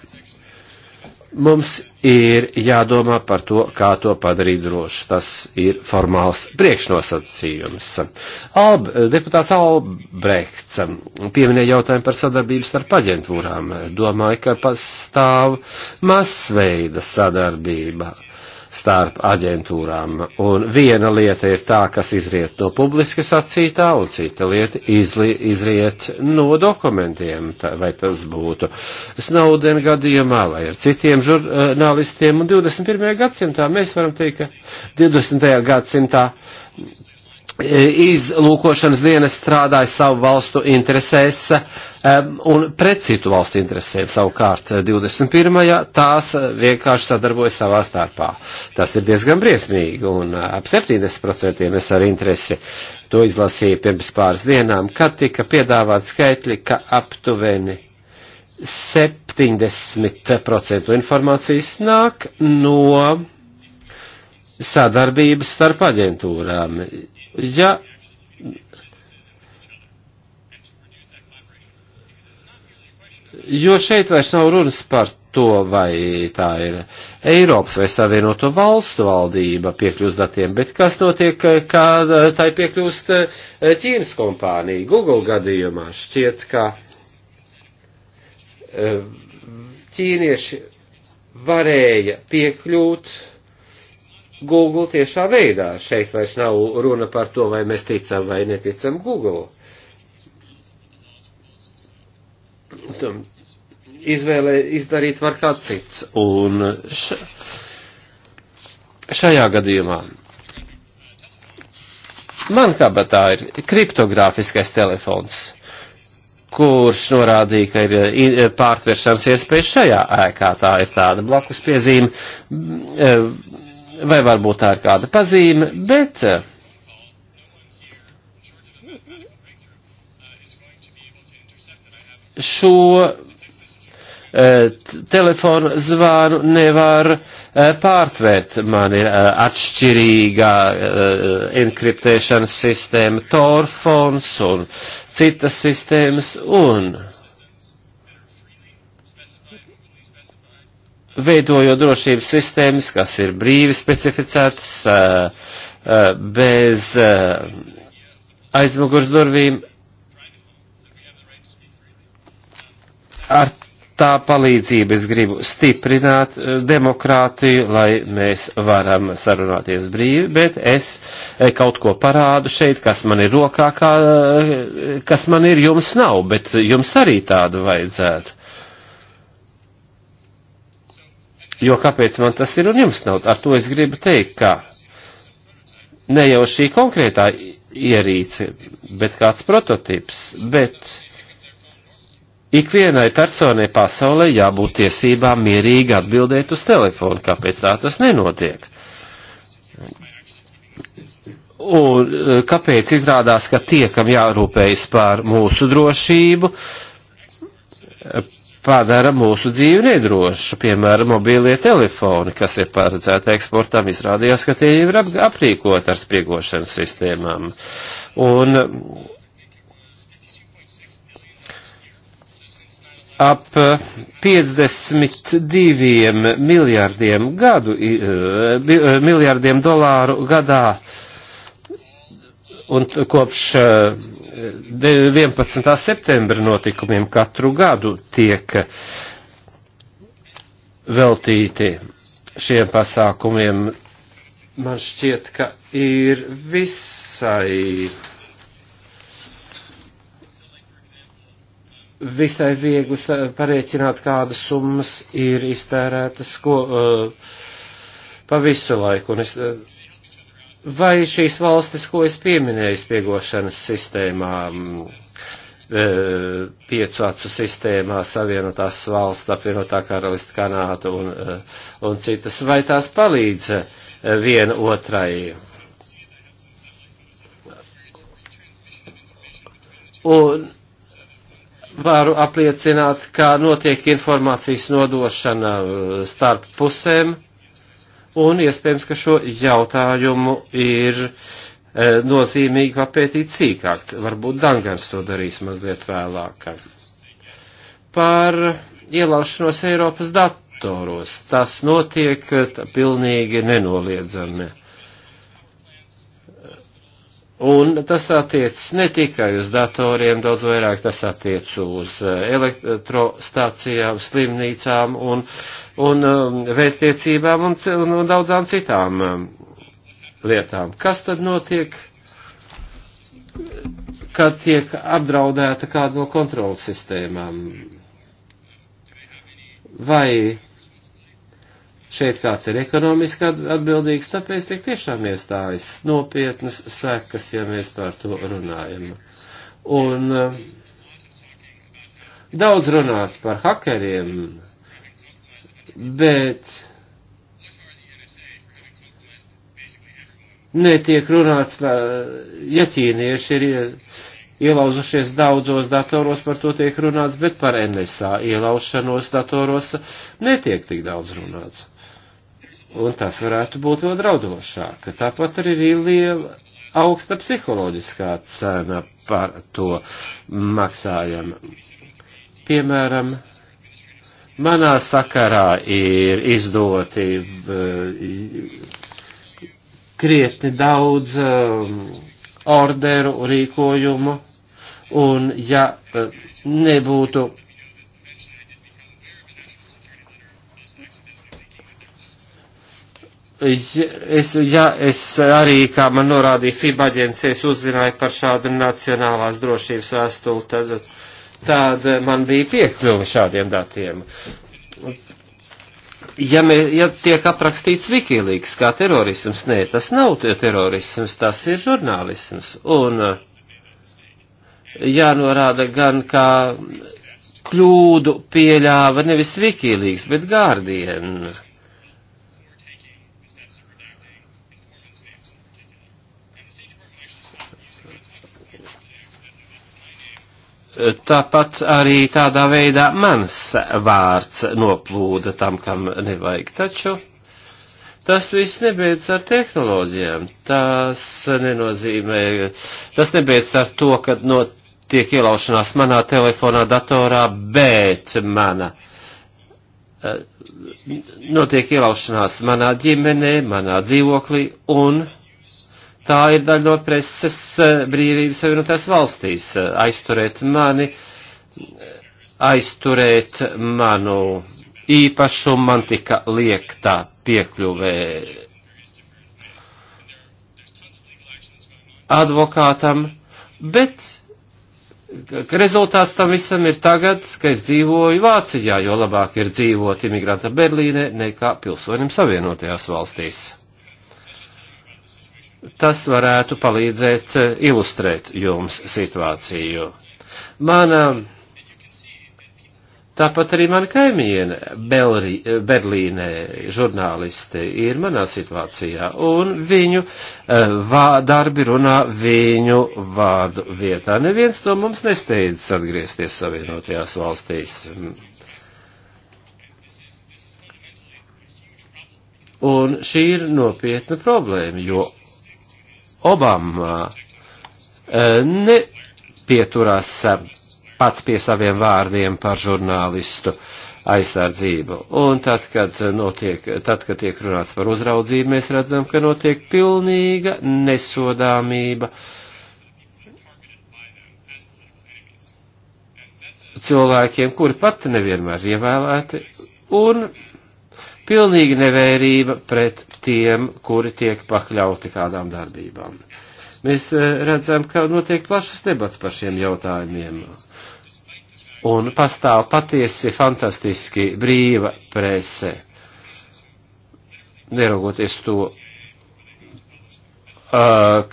Mums ir jādomā par to, kā to padarīt droši. Tas ir formāls priekšnosacījums. Alb, deputāts Albrechts pieminēja jautājumu par sadarbību starp aģentūrām. Domāju, ka pastāv masveida sadarbība starp aģentūrām. Un viena lieta ir tā, kas izriet no publiski sacītā, un cita lieta izli, izriet no dokumentiem, tā, vai tas būtu Snowden gadījumā vai ar citiem eh, žurnālistiem. Un 21. gadsimtā mēs varam teikt, ka 20. gadsimtā E, izlūkošanas dienas strādāja savu valstu interesēs e, un pret citu valstu interesēm savukārt 21. E, tās vienkārši sadarbojas savā starpā. Tas ir diezgan briesmīgi un ap 70% es ar interesi to izlasīju pirms pāris dienām, kad tika piedāvāt skaitļi, ka aptuveni 70% informācijas nāk no sadarbības starp aģentūrām ja Jo šeit vairs nav runas par to, vai tā ir Eiropas vai Savienoto valstu valdība piekļūst datiem, bet kas notiek, kad tai piekļūst eh, Ķīnas kompānija. Google gadījumā šķiet, ka eh, ķīnieši varēja piekļūt Google tiešā veidā. Šeit vairs nav runa par to, vai mēs ticam vai neticam Google. Tam izvēle izdarīt var kāds cits. Un š, šajā gadījumā man kabatā ir kriptogrāfiskais telefons, kurš norādīja, ka ir pārtveršanas iespēja šajā ēkā. Tā ir tāda blakus piezīme. Mm, e, vai varbūt tā ir kāda pazīme, bet eh, šo eh, telefonu zvānu nevar eh, pārtvērt. Man ir atšķirīgā enkriptēšanas sistēma, torfons un citas sistēmas, un veidojot drošības sistēmas, kas ir brīvi specificētas, eh, eh, bez eh, aizmugurs durvīm. Ar tā palīdzību es gribu stiprināt demokrātiju, lai mēs varam sarunāties brīvi, bet es kaut ko parādu šeit, kas man ir rokā, kā, kas man ir, jums nav, bet jums arī tādu vajadzētu. Jo kāpēc man tas ir un jums nav? Ar to es gribu teikt, ka ne jau šī konkrētā ierīce, bet kāds prototips, bet ikvienai personai pasaulē jābūt tiesībām mierīgi atbildēt uz telefonu, kāpēc tā tas nenotiek. Un eh, kāpēc izrādās, ka tie, kam jārūpējas par mūsu drošību, padara mūsu dzīvi nedrošu. Piemēram, mobilie telefoni, kas ir paredzēti eksportam, izrādījās, ka tie jau ir aprīkot ar spiegošanas sistēmām. Un ap 52 miljārdiem, gadu, eh, eh, miljārdiem dolāru gadā un kopš eh, 11. septembra notikumiem katru gadu tiek veltīti šiem pasākumiem. Man šķiet, ka ir visai, visai viegli parēķināt, kādas summas ir iztērētas ko, uh, pa visu laiku. Un es, uh, vai šīs valstis, ko es pieminēju spiegošanas sistēmām, e, piecu acu sistēmā savienotās valsts, apvienotā karalista Kanāta un, e, un citas, vai tās palīdz e, vien otrai. Un varu apliecināt, kā notiek informācijas nodošana starp pusēm un iespējams, ka šo jautājumu ir e, nozīmīgi papētīt sīkāk. Varbūt Dangans to darīs mazliet vēlāk. Par ielaušanos Eiropas datoros. Tas notiek e, pilnīgi nenoliedzami. Un tas attiec ne tikai uz datoriem, daudz vairāk tas attiec uz eh, elektrostācijām, slimnīcām un, un um, vēstniecībām un, un, un daudzām citām um, lietām. Kas tad notiek, kad tiek apdraudēta kāda no kontrolas sistēmām? Vai šeit kāds ir ekonomiski atbildīgs, tāpēc tik tiešām iestājas nopietnas sekas, ja mēs par to runājam. Un eh, daudz runāts par hakeriem, bet netiek runāts par, ja ķīnieši ir ielauzušies daudzos datoros, par to tiek runāts, bet par NSA ielaušanos datoros netiek tik daudz runāts un tas varētu būt vēl draudošāk. Tāpat arī ir liela augsta psiholoģiskā cena par to maksājumu. Piemēram, manā sakarā ir izdoti eh, krietni daudz eh, orderu rīkojumu, un ja eh, nebūtu es, ja es arī, kā man norādīja FIBA aģencies, uzzināju par šādu nacionālās drošības vēstuli, tad, tad man bija piekļuvi šādiem datiem. Ja, mē, ja tiek aprakstīts Wikileaks kā terorisms, nē, tas nav terorisms, tas ir žurnālisms. Un jānorāda gan, kā kļūdu pieļāva nevis Wikileaks, bet Guardian Tāpat arī tādā veidā mans vārds noplūda tam, kam nevajag. Taču tas viss nebeidz ar tehnoloģijām. Tas nenozīmē, tas nebeidz ar to, ka notiek ielaušanās manā telefonā, datorā, bet mana. Eh, notiek ielaušanās manā ģimenē, manā dzīvoklī un Tā ir daļa no preses eh, brīvības savienotās valstīs. Eh, aizturēt mani, eh, aizturēt manu īpašumu, man tika liekta piekļuvē advokātam, bet rezultāts tam visam ir tagad, ka es dzīvoju Vācijā, jo labāk ir dzīvot imigrantam Berlīnē nekā pilsonim savienotajās valstīs tas varētu palīdzēt eh, ilustrēt jums situāciju. Mana, tāpat arī mana kaimiene Belri, Berlīnē žurnālisti ir manā situācijā, un viņu eh, vā, darbi runā viņu vārdu vietā. Neviens to mums nesteidzas atgriezties Savienotajās valstīs. Un šī ir nopietna problēma, jo Obama eh, nepieturās eh, pats pie saviem vārdiem par žurnālistu aizsardzību. Un tad, kad, notiek, tad, kad tiek runāts par uzraudzību, mēs redzam, ka notiek pilnīga nesodāmība. cilvēkiem, kuri pat nevienmēr ir ievēlēti, un pilnīga nevērība pret tiem, kuri tiek pakļauti kādām darbībām. Mēs eh, redzam, ka notiek plašas debats par šiem jautājumiem. Un pastāv patiesi fantastiski brīva prese. Neraugoties to, eh,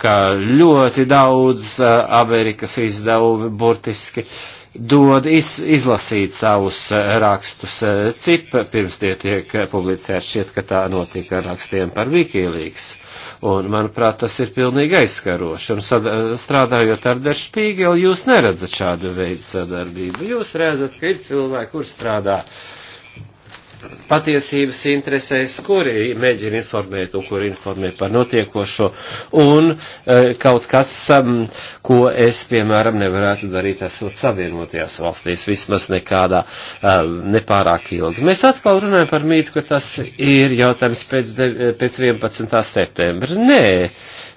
ka ļoti daudz eh, Amerikas izdevumi burtiski uh, dod iz, izlasīt savus eh, rakstus eh, cipa, pirms tie tiek eh, publicēti, šķiet, ka tā notika ar rakstiem par Wikileaks. Un, manuprāt, tas ir pilnīgi aizskaroši. Un sad, strādājot ar Der Spiegel, jūs neredzat šādu veidu sadarbību. Jūs redzat, ka ir cilvēki, kur strādā uh, patiesības interesēs, kuri mēģina informēt un kuri informē par notiekošo, un e, kaut kas, um, ko es, piemēram, nevarētu darīt esot savienotajās valstīs, vismaz nekādā um, nepārāk ilgi. Mēs atkal runājam par mītu, ka tas ir jautājums pēc, de, pēc 11. septembra. Nē.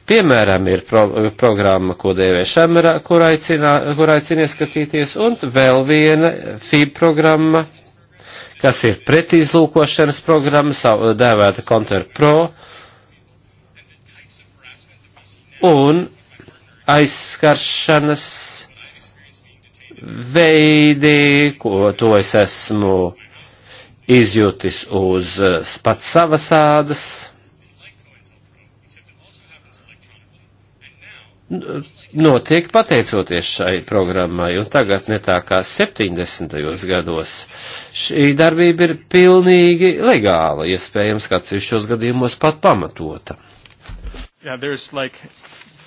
Piemēram, ir pro, programma, ko dēvē Šamera, kur, aicinā, kur aicina ieskatīties, un vēl viena FIB programma, kas ir pretizlūkošanas programma, dēvēta Counter Pro, un aizskaršanas veidi, ko to es esmu izjūtis uz eh, pats savas ādas. Nu, notiek pateicoties šai programmai, un tagad ne tā kā 70. gados. Šī darbība ir pilnīgi legāla, iespējams, kāds ir šos gadījumos pat pamatota. Yeah, like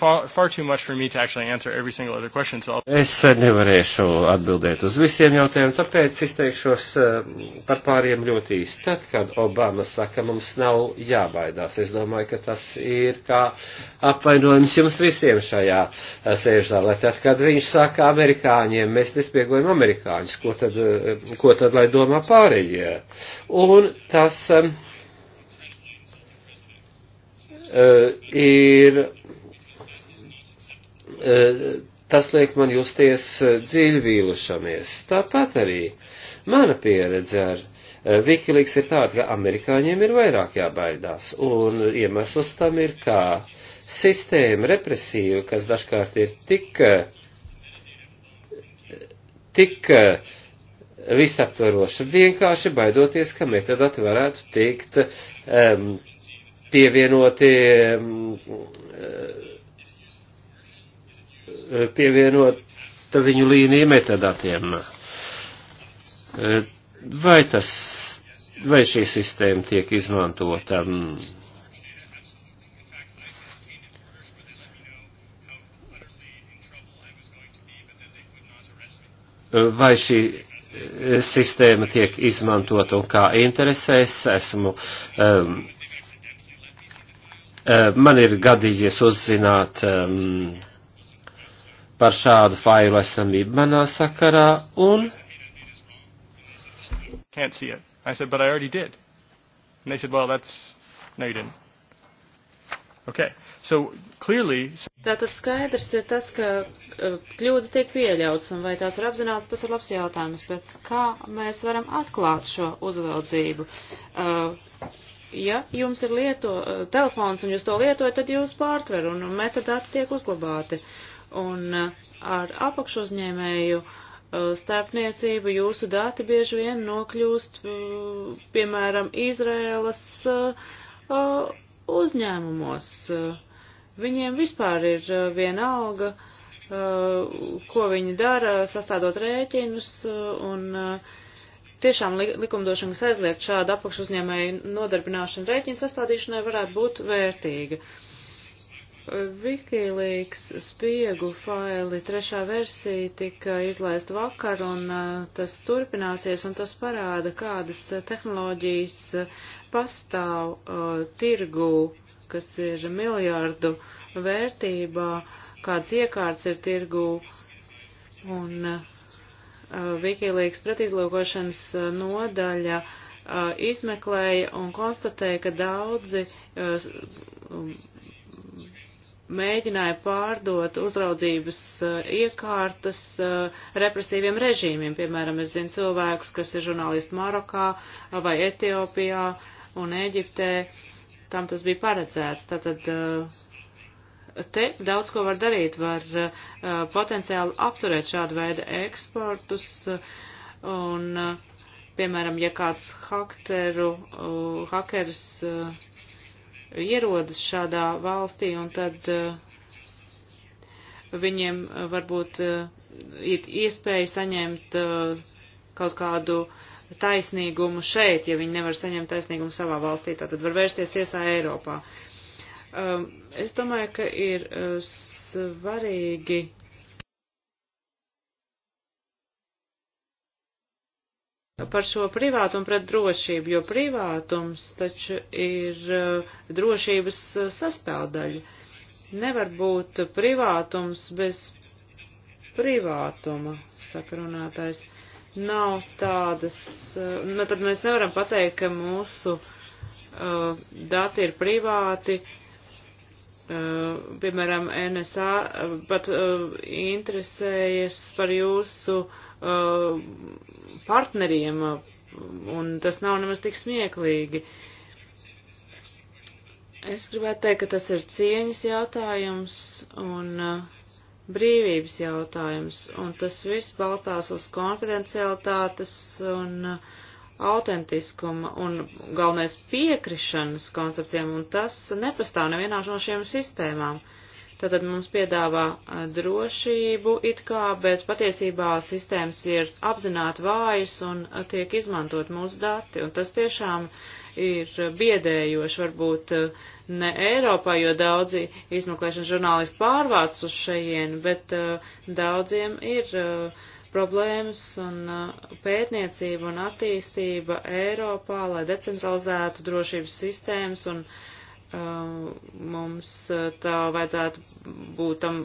far, far too much for me to actually answer every single other question. So I'll... es eh, nevarēšu atbildēt uz visiem jautājumiem, tāpēc izteikšos eh, par pāriem ļoti īsti. Tad, kad Obama saka, mums nav jābaidās, es domāju, ka tas ir kā apvainojums jums visiem šajā eh, sēžzālē. Tad, kad viņš saka amerikāņiem, mēs nespiegojam amerikāņus, ko tad, ko tad lai domā pārējie? Un tas uh, ir E, tas liek man justies e, dziļi vīlušamies. Tāpat arī mana pieredze ar e, Wikileaks ir tāda, ka amerikāņiem ir vairāk jābaidās, un iemesls tam ir, kā sistēma represīva, kas dažkārt ir tik, tik visaptvaroša, vienkārši baidoties, ka metadati varētu tikt um, pievienoti um, Eh, pievienota viņu līnija metadatiem. Eh, vai tas, vai šī sistēma tiek izmantota? Eh, vai šī sistēma tiek izmantota un kā interesēs. Esmu, um, um, man ir gadījies uzzināt um, par šādu failu esamību manā sakarā un. Can't see it. I said, but I already did. And they said, well, that's. No, you didn't. Okay. So clearly. Tātad skaidrs ir tas, ka e, kļūdas tiek pieļauts, un vai tās ir apzināts, tas ir labs jautājums, bet kā mēs varam atklāt šo uzraudzību? Uh, ja jums ir lieto, uh, telefons un jūs to lietojat, tad jūs pārtver, un metadati tiek uzglabāti. Uh, un uh, ar apakšuzņēmēju uh, starpniecību jūsu dati bieži vien nokļūst, uh, piemēram, Izrēlas uzņēmumos. Viņiem vispār ir viena alga, ko viņi dara, sastādot rēķinus un tiešām likumdošana, kas aizliegt šādu apakšuzņēmēju nodarbināšanu rēķinu sastādīšanai, varētu būt vērtīga. Uh, Wikileaks spiegu faili trešā versija tika izlaist vakar, un tas turpināsies, un tas parāda, kādas tehnoloģijas pastāv uh, tirgū, kas ir miljārdu vērtībā, kādas iekārts ir tirgū, un uh, Wikileaks pretizlūkošanas nodaļa uh, izmeklēja un konstatēja, ka daudzi uh, mēģināja pārdot uzraudzības eh, iekārtas eh, represīviem režīmiem. Piemēram, es zinu cilvēkus, kas ir žurnālisti Marokā eh, vai Etiopijā un Eģiptē. Tam tas bija paredzēts. Tātad te daudz ko var darīt. Var potenciāli apturēt šādu veidu eksportus un, piemēram, ja kāds hakteru, hakers ierodas šādā valstī un tad eh, viņiem eh, varbūt eh, ir iespēja saņemt kaut kādu taisnīgumu šeit, ja viņi nevar saņemt taisnīgumu savā valstī, tātad var vērsties tiesā Eiropā. Es domāju, ka ir svarīgi par šo privātumu pret drošību, jo privātums taču ir eh, drošības eh, sastāvdaļa. Nevar būt privātums bez privātuma, saka runātājs. Nav tādas, eh, nu tad mēs nevaram pateikt, ka mūsu uh, dati ir privāti, uh, piemēram, NSA pat uh, interesējas par jūsu uh, Uh, partneriem, uh, un tas nav nemaz tik smieklīgi. Es gribētu teikt, ka tas ir cieņas jautājums un uh, brīvības jautājums, un tas viss balstās uz konfidencialitātes un autentiskuma un galvenais piekrišanas koncepcijām, un tas nepastāv nevienā no šiem sistēmām. Uh, Tātad mums piedāvā drošību it kā, bet patiesībā sistēmas ir apzināti vājas un tiek izmantot mūsu dati. Un tas tiešām ir biedējoši varbūt ne Eiropā, jo daudzi izmeklēšanas žurnālisti pārvāc uz šajien, bet daudziem ir problēmas un pētniecība un attīstība Eiropā, lai decentralizētu drošības sistēmas un uh, Uh, mums uh, tā vajadzētu būt tam,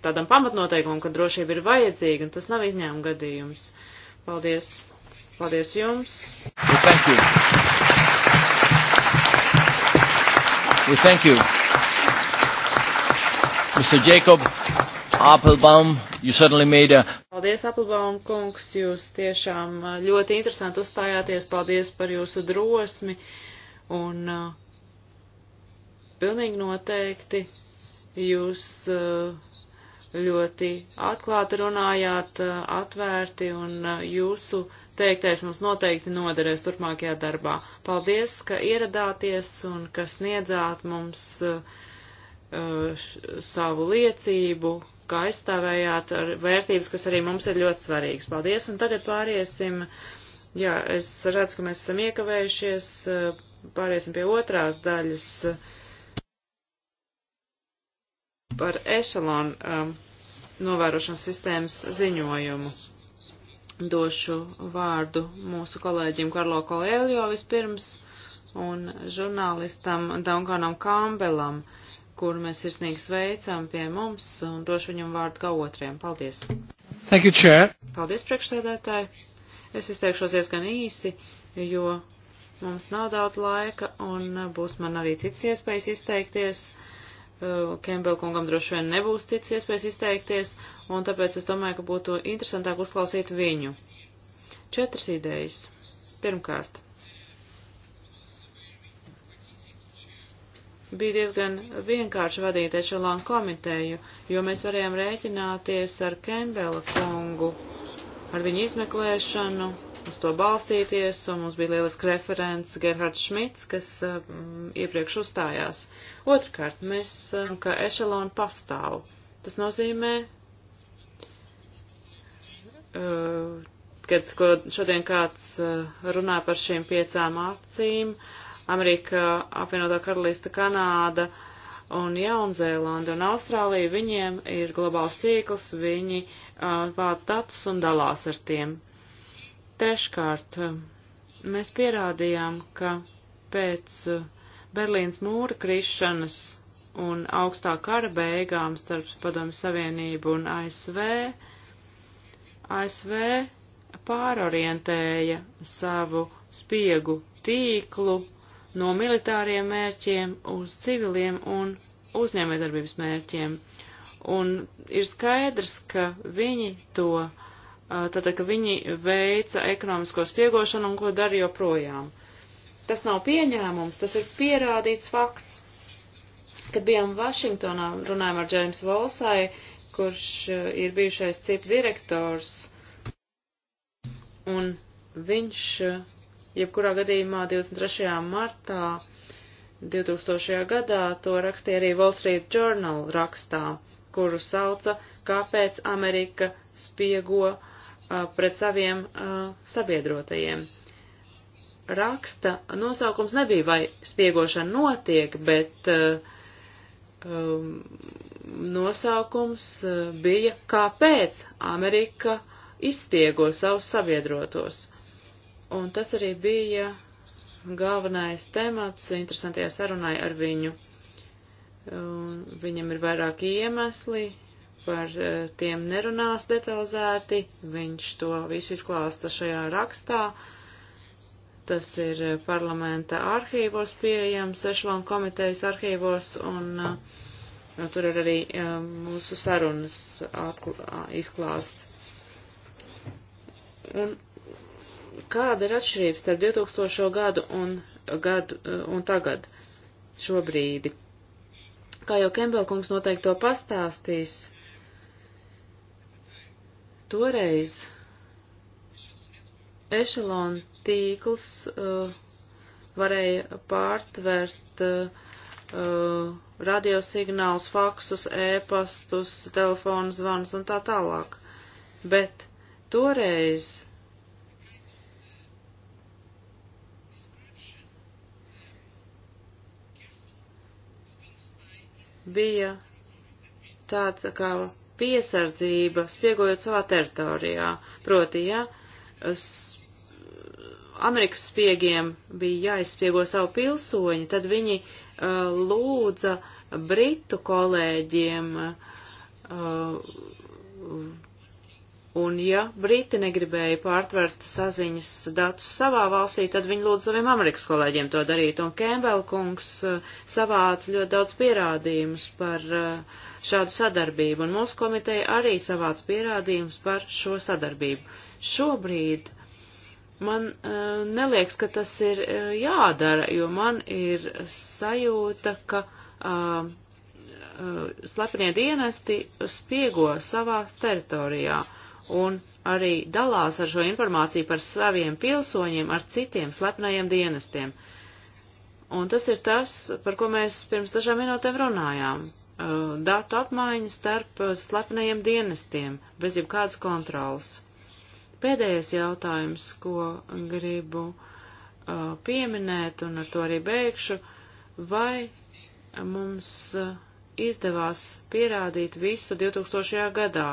tādam pamatnoteikumam, ka drošība ir vajadzīga, un tas nav izņēmuma gadījums. Paldies! Paldies jums! Well, thank you. Well, thank you. Mr. Jacob Applebaum, you certainly made a... Paldies, Applebaum kungs, jūs tiešām uh, ļoti interesanti uzstājāties. Paldies par jūsu drosmi. Un, uh, Pilnīgi noteikti jūs uh, ļoti atklāti runājāt, uh, atvērti, un uh, jūsu teiktais mums noteikti noderēs turpmākajā darbā. Paldies, ka ieradāties un ka sniedzāt mums savu liecību, kā aizstāvējāt vērtības, kas arī mums ir ļoti svarīgas. Paldies, un tagad pāriesim. Jā, es redzu, ka mēs esam iekavējušies. Pāriesim pie otrās daļas par ešalonu um, novērošanas sistēmas ziņojumu. Došu vārdu mūsu kolēģim Karlo Kolēļo vispirms un žurnālistam Daunganam Kambelam, kur mēs sirsnīgi sveicam pie mums un došu viņam vārdu kā otriem. Paldies! Thank you, Chair! Paldies, priekšsēdētāji! Es izteikšos diezgan īsi, jo mums nav daudz laika un būs man arī citas iespējas izteikties. Kembelkungam uh, droši vien nebūs cits iespējas izteikties, un tāpēc es domāju, ka būtu interesantāk uzklausīt viņu. Četras idejas. Pirmkārt, bija diezgan vienkārši vadīt ešalonu komiteju, jo mēs varējām rēķināties ar Kembela kungu, ar viņu izmeklēšanu, uz to balstīties, un mums bija lielisks referents Gerhards Šmits, kas um, iepriekš uzstājās. Otrkārt, mēs, um, ka ešalona pastāv. Tas nozīmē, uh, kad ko šodien kāds uh, runā par šīm piecām acīm, Amerika, apvienotā karalista Kanāda un Jaunzēlanda un Austrālija, viņiem ir globāls tīkls, viņi uh, vāc datus un dalās ar tiem. Treškārt, mēs pierādījām, ka pēc eh, Berlīnas mūra krišanas un augstā kara beigām starp Padomu Savienību un ASV, ASV pārorientēja savu spiegu tīklu no militāriem mērķiem uz civiliem un uzņēmējdarbības mērķiem. Un ir skaidrs, ka viņi to tātad, ka viņi veica ekonomisko spiegošanu un ko dara joprojām. Tas nav pieņēmums, tas ir pierādīts fakts. Kad bijām Vašingtonā, runājām ar Džēms Volsai, kurš ir bijušais CIP direktors, un viņš, jebkurā gadījumā 23. martā 2000. gadā, to rakstīja arī Wall Street Journal rakstā, kuru sauca Kāpēc Amerika spiego uh, pret saviem sabiedrotajiem. Raksta nosaukums nebija, vai spiegošana notiek, bet um, nosaukums bija, kāpēc Amerika izspiego savus sabiedrotos. Un tas arī bija galvenais temats interesantajā sarunai ar viņu. Un viņam ir vairāki iemesli, par e, tiem nerunās detalizēti, viņš to visu izklāsta šajā rakstā. Tas ir e, parlamenta arhīvos pieejams, Sešlon komitejas arhīvos, un e, nu, tur ir arī mūsu sarunas izklāsts. Un kāda ir atšķirība starp 2000. gadu un, gadu, un tagad, šobrīd? Kā jau Kembelkungs noteikti to pastāstīs, Toreiz ešalon tīkls uh, varēja pārtvert uh, uh, radiosignāls, faksus, ēpastus, e telefonu zvanus un tā tālāk. Bet toreiz bija tāds kā piesardzība, spiegojot savā teritorijā. Proti, ja Amerikas spiegiem bija jāizspiego savu pilsoņu, tad viņi uh, lūdza Britu kolēģiem, uh, un ja Briti negribēja pārtvert saziņas datus savā valstī, tad viņi lūdza saviem Amerikas kolēģiem to darīt, un Kembelkungs uh, savāca ļoti daudz pierādījumus par uh, šādu sadarbību, un mūsu komiteja arī savāc pierādījumus par šo sadarbību. Šobrīd man uh, neliekas, ka tas ir uh, jādara, jo man ir sajūta, ka uh, uh, slepenie dienesti spiego savās teritorijā un arī dalās ar šo informāciju par saviem pilsoņiem ar citiem slepenajiem dienestiem. Un tas ir tas, par ko mēs pirms dažām minūtēm runājām. Uh, datu apmaiņa starp uh, slepenajiem dienestiem, bez jebkādas kontrolas. Pēdējais jautājums, ko gribu uh, pieminēt, un ar to arī beigšu, vai mums uh, izdevās pierādīt visu 2000. gadā?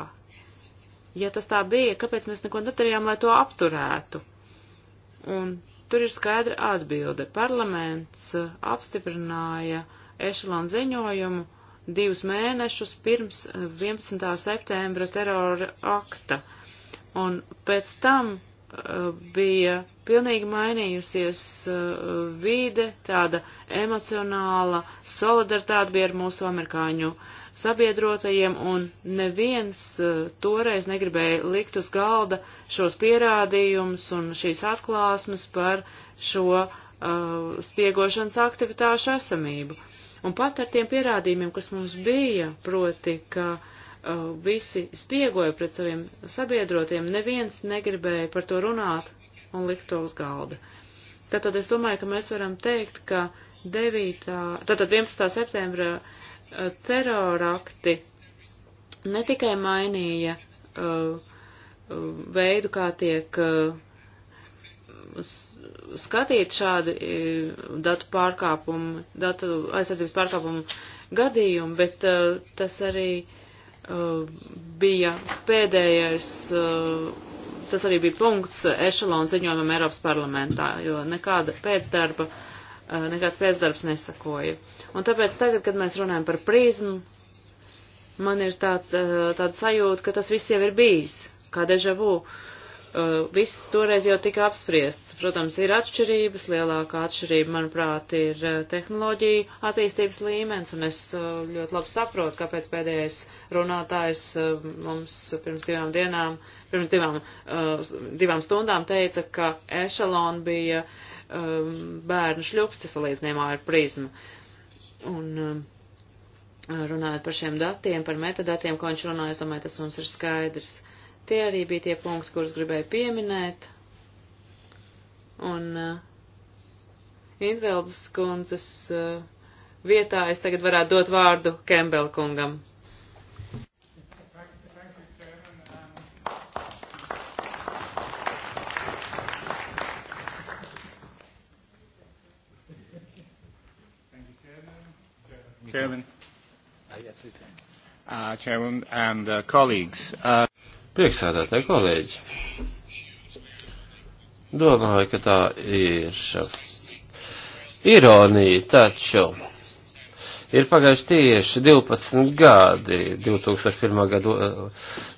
Ja tas tā bija, kāpēc mēs neko nedarījām, lai to apturētu? Un tur ir skaidra atbilde. Parlaments uh, apstiprināja ešalonu ziņojumu, divus mēnešus pirms 11. Eh, septembra terora akta. Un pēc tam eh, bija pilnīgi mainījusies eh, vide, tāda emocionāla solidaritāte bija ar mūsu amerikāņu sabiedrotajiem, un neviens toreiz negribēja likt uz galda šos pierādījumus un šīs atklāsmes par šo uh, spiegošanas aktivitāšu esamību. Un pat ar tiem pierādījumiem, kas mums bija, proti, ka uh, visi spiegoja pret saviem sabiedrotiem, neviens negribēja par to runāt un likt to uz galda. Tātad es domāju, ka mēs varam teikt, ka 9. tātad 11. septembra uh, terorakti ne tikai mainīja uh, uh veidu, kā tiek uh, skatīt šādi e, datu pārkāpumu, datu aizsardzības pārkāpumu gadījumu, bet uh, tas arī uh, bija pēdējais, uh, tas arī bija punkts ešalona ziņojumam Eiropas parlamentā, jo nekāda pēcdarba, uh, nekāds pēcdarbs nesakoja. Un tāpēc tagad, kad mēs runājam par prizmu, man ir tāds, uh, tāda sajūta, ka tas viss jau ir bijis, kā deja vu. Uh, Uh, viss toreiz jau tika apspriests. Protams, ir atšķirības, lielākā atšķirība, manuprāt, ir uh, tehnoloģija attīstības līmenis, un es uh, ļoti labi saprotu, kāpēc pēdējais runātājs mums pirms divām dienām, pirms divām, divām stundām teica, ka ešalon bija um, bērnu šļupstis salīdzinājumā ar prizmu. Un, um, Runājot par šiem datiem, par metadatiem, ko viņš runāja, es domāju, tas mums ir skaidrs. Uh, Tie arī bija tie punkti, kurus gribēju pieminēt. Un uh, Indveldes kundzes uh, vietā es tagad varētu dot vārdu Kembel kungam. Chairman, ah, uh, Chairman and uh, colleagues. Uh, Priekšsēdētāji kolēģi, domāju, ka tā ir ironija, taču ir pagājuši tieši 12 gadi, 2001. gada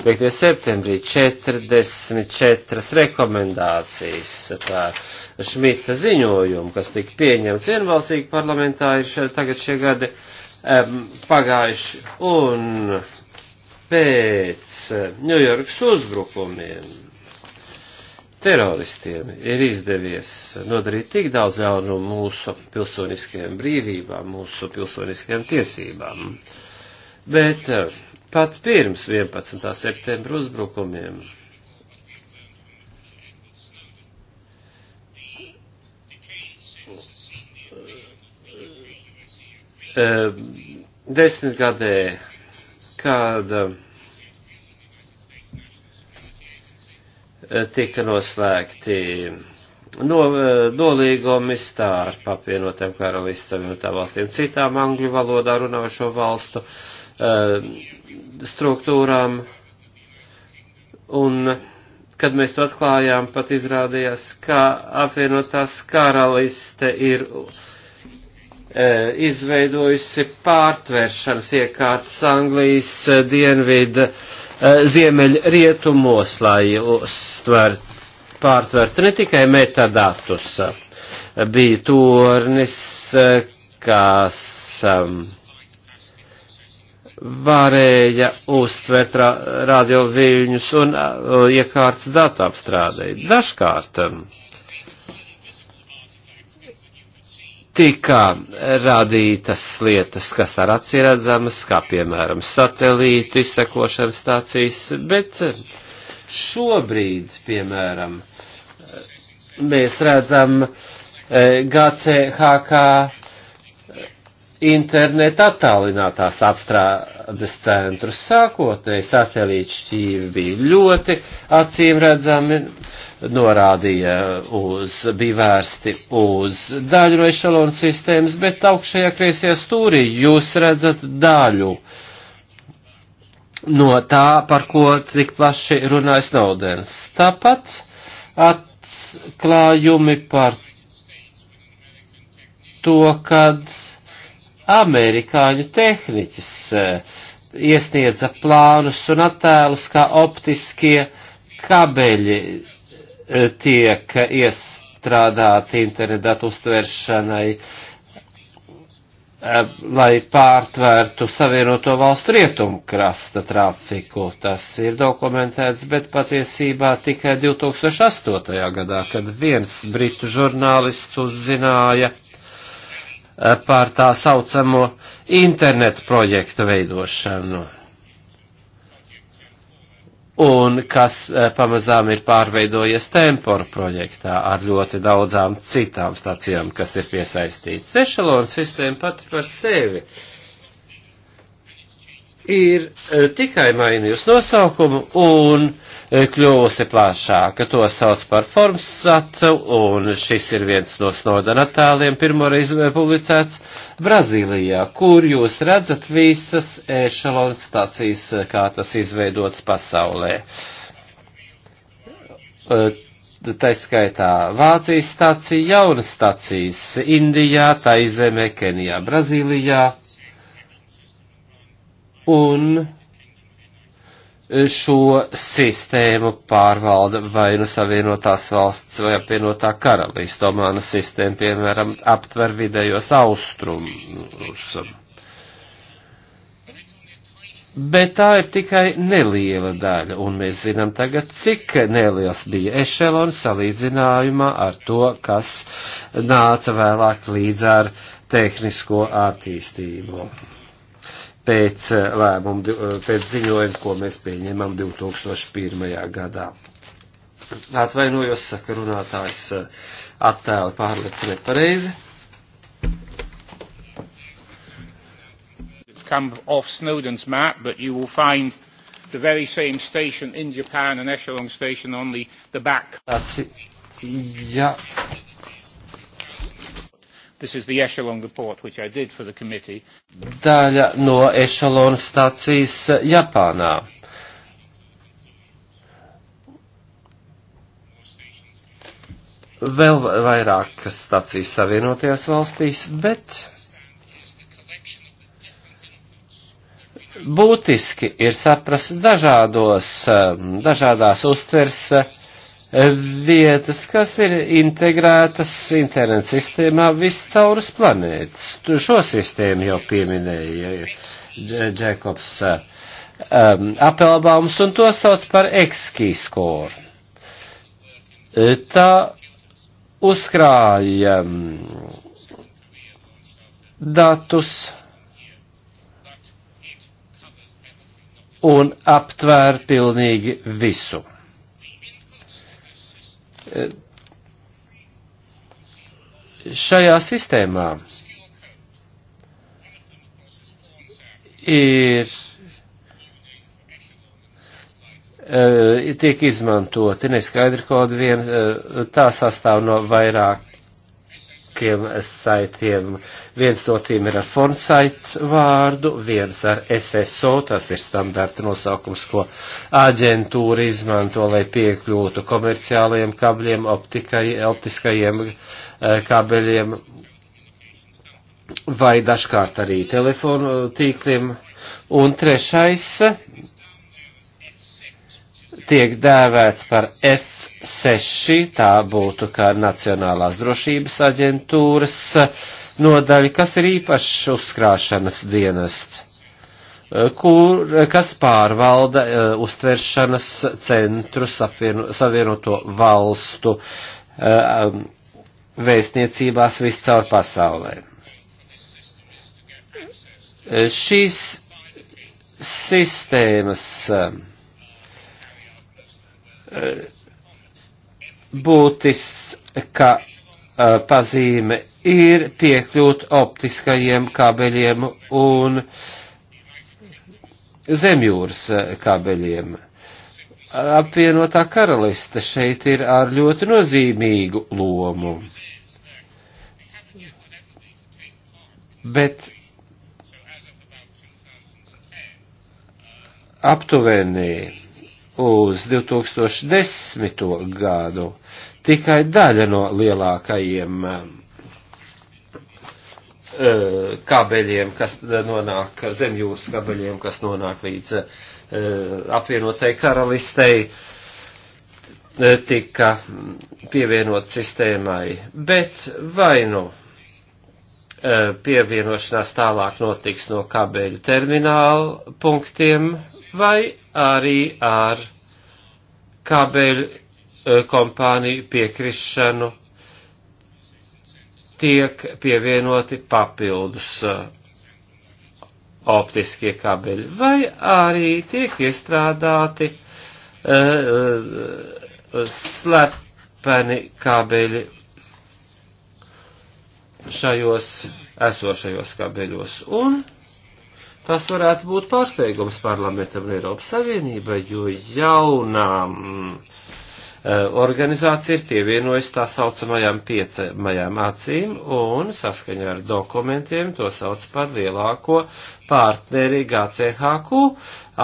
5. septembrī 44 rekomendācijas par Šmita ziņojumu, kas tika pieņemts vienbalsīgi parlamentā, ir tagad šie gadi um, pagājuši un pēc Ņujorkas eh, uzbrukumiem teroristiem ir izdevies nodarīt tik daudz ļaunumu mūsu pilsoniskajām brīvībām, mūsu pilsoniskajām tiesībām. Bet eh, pat pirms 11. septembra uzbrukumiem eh, desmitgadē kad tika noslēgti no, nolīgumi starp apvienotiem karalistiem un tā valstīm citām angļu valodā runājošo valstu eh, struktūrām. Un, kad mēs to atklājām, pat izrādījās, ka apvienotās karaliste ir E, izveidojusi pārtvēršanas iekārtas Anglijas e, dienvida e, ziemeļrietumos, lai uztver, pārtvertu ne tikai metadatus. Bija tornis, kas um, varēja uztvert radioviļņus un iekārtas datu apstrādē. Dažkārt um, tika radītas lietas, kas ar acī redzamas, kā piemēram satelīti, izsekošanas stācijas, bet šobrīd, piemēram, mēs redzam e, GCHK interneta attālinātās apstrādes centrus sākotnēji satelīti šķīvi bija ļoti acīm redzami norādīja uz, bija vērsti uz daļu no ešalonu sistēmas, bet augšējā kreisajā stūrī jūs redzat daļu no tā, par ko tik plaši runāja Snowdens. Tāpat atklājumi par to, kad amerikāņu tehniķis eh, iesniedza plānus un attēlus, kā optiskie kabeļi tiek iestrādāti internetdatu uztveršanai, eh, lai pārtvērtu savienoto valstu rietumu krasta trafiku. Tas ir dokumentēts, bet patiesībā tikai 2008. gadā, kad viens britu žurnālists uzzināja eh, par tā saucamo internetu projektu veidošanu un kas e, pamazām ir pārveidojies temporu projektā ar ļoti daudzām citām stacijām, kas ir piesaistītas. Ešalona sistēma pati par sevi ir e, tikai mainījusi nosaukumu un uh, E, kļuvusi plašāka. To sauc par formsatu, un šis ir viens no Snowdena attēliem, pirmoreiz publicēts Brazīlijā, kur jūs redzat visas ešalons stācijas, kā tas izveidots pasaulē. E, tā skaitā Vācijas stācija, jaunas stācijas Indijā, Taizemē, Kenijā, Brazīlijā. Un šo sistēmu pārvalda vai nu savienotās valsts vai apvienotā karalista. Omāna sistēma, piemēram, aptver vidējos austrumus. Bet tā ir tikai neliela daļa, un mēs zinām tagad, cik neliels bija ešelons salīdzinājumā ar to, kas nāca vēlāk līdz ar tehnisko attīstību pēc eh, lēmumu, eh, pēc ziņojuma, ko mēs pieņemam 2001. gadā. Atvainojos, saka runātājs, eh, attēli pārlec nepareizi. come off Snowden's map, but you will find the very same station in Japan, an echelon station on the, the back. That's it. Ja This is the echelon report which I did for the committee. Daļa no echelon stācijas uh, Japānā. Vēl vairākas stācijas savienotajās valstīs, bet būtiski ir saprast dažādos, um, dažādās uztvers uh, vietas, kas ir integrētas internet sistēmā viscaur uz planētas. Tu šo sistēmu jau pieminēja Džekobs um, apelbāms un to sauc par ekskīskoru. E, tā uzkrāja um, datus un aptvēra pilnīgi visu Eh, šajā sistēmā ir eh, tiek izmantoti neskaidri kodi vien, eh, tā sastāv no vairāk vairākiem saitiem. Viens no tiem ir ar fonsait vārdu, viens ar SSO, tas ir standarta nosaukums, ko aģentūra izmanto, lai piekļūtu komerciālajiem kabļiem, optikai, optiskajiem eh, kabeļiem vai dažkārt arī telefonu tīkliem. Un trešais tiek dēvēts par F seši, tā būtu kā Nacionālās drošības aģentūras nodaļa, kas ir īpašs uzkrāšanas dienests, kur, kas pārvalda uh, uztveršanas centrus apvieno, savienoto valstu uh, vēstniecībās viscaur pasaulē. Uh, šīs sistēmas uh, būtiska uh, pazīme ir piekļūt optiskajiem kabeļiem un zemjūras uh, kabeļiem. Apvienotā karaliste šeit ir ar ļoti nozīmīgu lomu. Bet aptuveni uz 2010. gadu tikai daļa no lielākajiem eh, kabeļiem, kas eh, nonāk, zemjūras kabeļiem, kas nonāk līdz eh, apvienotai karalistei, tika pievienot sistēmai. Bet vai nu pievienošanās tālāk notiks no kabeļu termināla punktiem vai arī ar kabeļu Eh, kompāniju piekrišanu tiek pievienoti papildus eh, optiskie kabeļi, vai arī tiek iestrādāti uh, slepeni kabeļi šajos esošajos kabeļos. Un tas varētu būt pārsteigums parlamentam un Eiropas Savienībai, jo jaunām uh, Eh, organizācija ir pievienojusi tā saucamajām piecamajām acīm un saskaņā ar dokumentiem to sauc par lielāko partneri GCHQ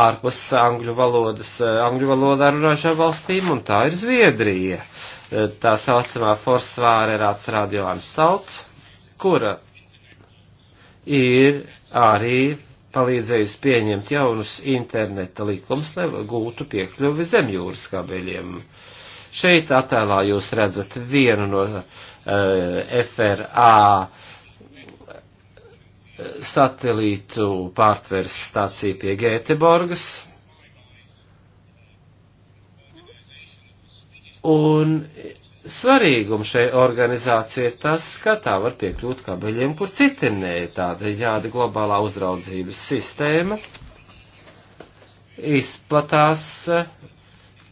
ārpus angļu valodas, eh, angļu valodā runāšām valstīm un tā ir Zviedrija. Eh, tā saucamā Forsvārerāts Radio Amstauts, kura ir arī palīdzējusi pieņemt jaunus interneta likums, lai gūtu piekļuvi zemjūras kabeļiem. Uh, Šeit attēlā jūs redzat vienu no uh, eh, FRA eh, satelītu pārtveres stāciju pie Gēteborgas. Un svarīgums šai organizācijai ir tas, ka tā var piekļūt kabeļiem, kur citi nē. Tādējādi globālā uzraudzības sistēma izplatās eh,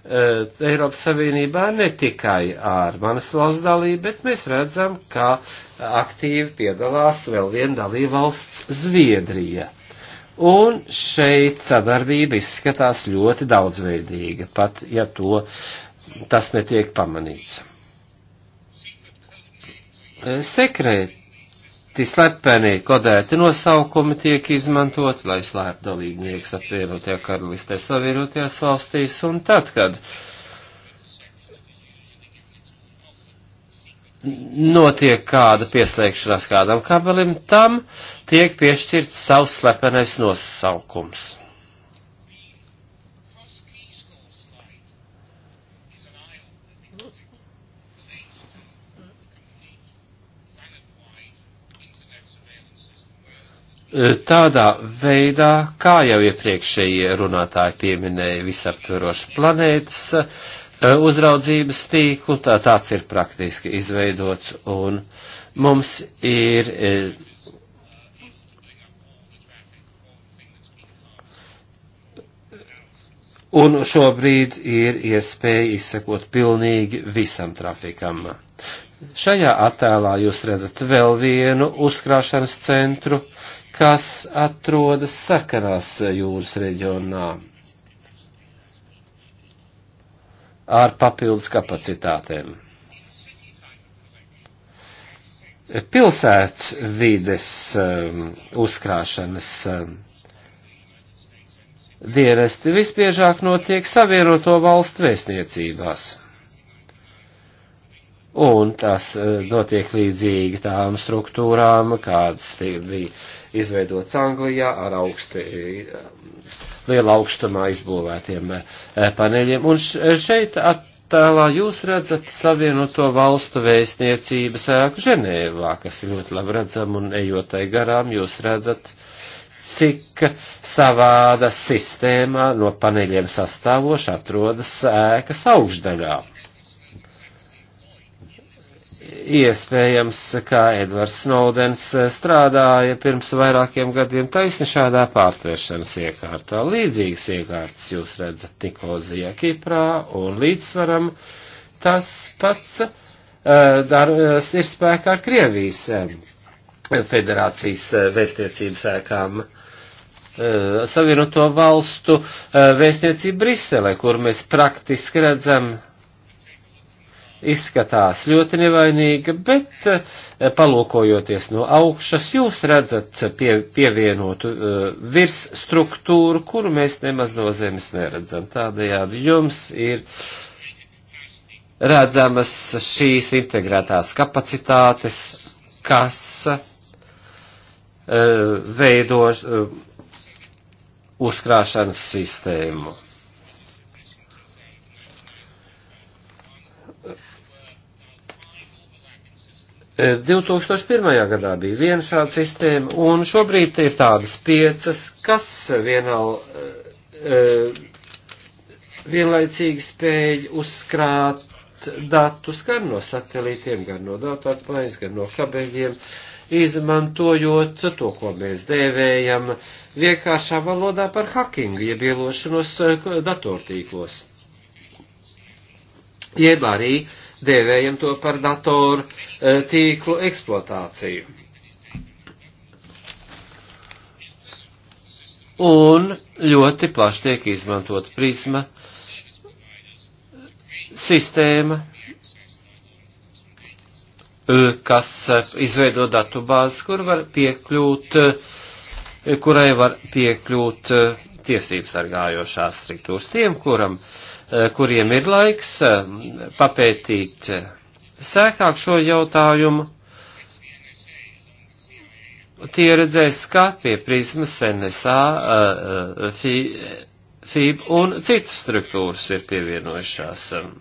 Eh, Eiropas Savienībā ne tikai ar manas valsts dalību, bet mēs redzam, ka aktīvi piedalās vēl viena dalībvalsts Zviedrija. Un šeit sadarbība izskatās ļoti daudzveidīga, pat ja to tas netiek pamanīts. Eh, sekret, citi slepeni kodēti nosaukumi tiek izmantoti, lai slēptu dalībnieks apvienotajā karalistē savienotajās valstīs, un tad, kad notiek kāda pieslēgšanās kādam kabelim, tam tiek piešķirts savs slepenais nosaukums. E, tādā veidā, kā jau iepriekšējie runātāji pieminēja visaptverošu planētas e, uzraudzības tīklu, tā, tāds ir praktiski izveidots, un mums ir e, Un šobrīd ir iespēja izsekot pilnīgi visam trafikam. Šajā attēlā jūs redzat vēl vienu uzkrāšanas centru, uh, kas atrodas sarkanās jūras reģionā ar papildus kapacitātēm. Pilsētvides um, uzkrāšanas um, dienesti visbiežāk notiek savienoto valstu vēstniecībās. Un tas uh, notiek līdzīgi tām struktūrām, kādas bija izveidots Anglijā ar augsti, liela augstumā izbūvētiem eh, paneļiem. Un šeit attēlā jūs redzat savienoto valstu vēstniecības ēku Ženēvā, kas ir ļoti labi redzam, un ejotai garām jūs redzat cik savāda sistēmā no paneļiem sastāvoša atrodas ēkas augšdaļā iespējams, kā Edvards Snowdens eh, strādāja pirms vairākiem gadiem taisni šādā pārtvēršanas iekārtā. Līdzīgas iekārtas jūs redzat Nikozijā, Kiprā un līdzsvaram tas pats uh, dar, uh, ir spēkā Krievijas uh, federācijas uh, vēstniecības ēkām. Uh, Savienoto valstu vēstniecību Briselē, kur mēs praktiski redzam izskatās ļoti nevainīga, bet eh, palūkojoties no augšas, jūs redzat pie, pievienotu uh, virsstruktūru, kuru mēs nemaz no zemes neredzam. Tādējādi jums ir redzamas šīs integrētās kapacitātes, kas uh, veido uh, uzkrāšanas sistēmu. 2001. gadā bija viena šāda sistēma, un šobrīd ir tādas piecas, kas vienal, eh, vienlaicīgi spēj uzkrāt datus gan no satelītiem, gan no datorpājas, gan no kabeļiem, izmantojot to, ko mēs dēvējam vienkāršā valodā par hakingu, jeb ielošanos eh, datortīklos. Jeb arī uh, dēvējam to par datoru eh, tīklu eksploatāciju. Un ļoti plaši tiek izmantot prisma sistēma, eh, kas eh, izveido datu bāzi, kur var piekļūt, kurai var piekļūt tiesības sargājošās struktūras tiem, kuram uh, Eh, kuriem ir laiks eh, papētīt eh, sēkāk šo jautājumu, tie redzēs, kā pie prizmas NSA, FIB un citas struktūras ir pievienojušās. Um,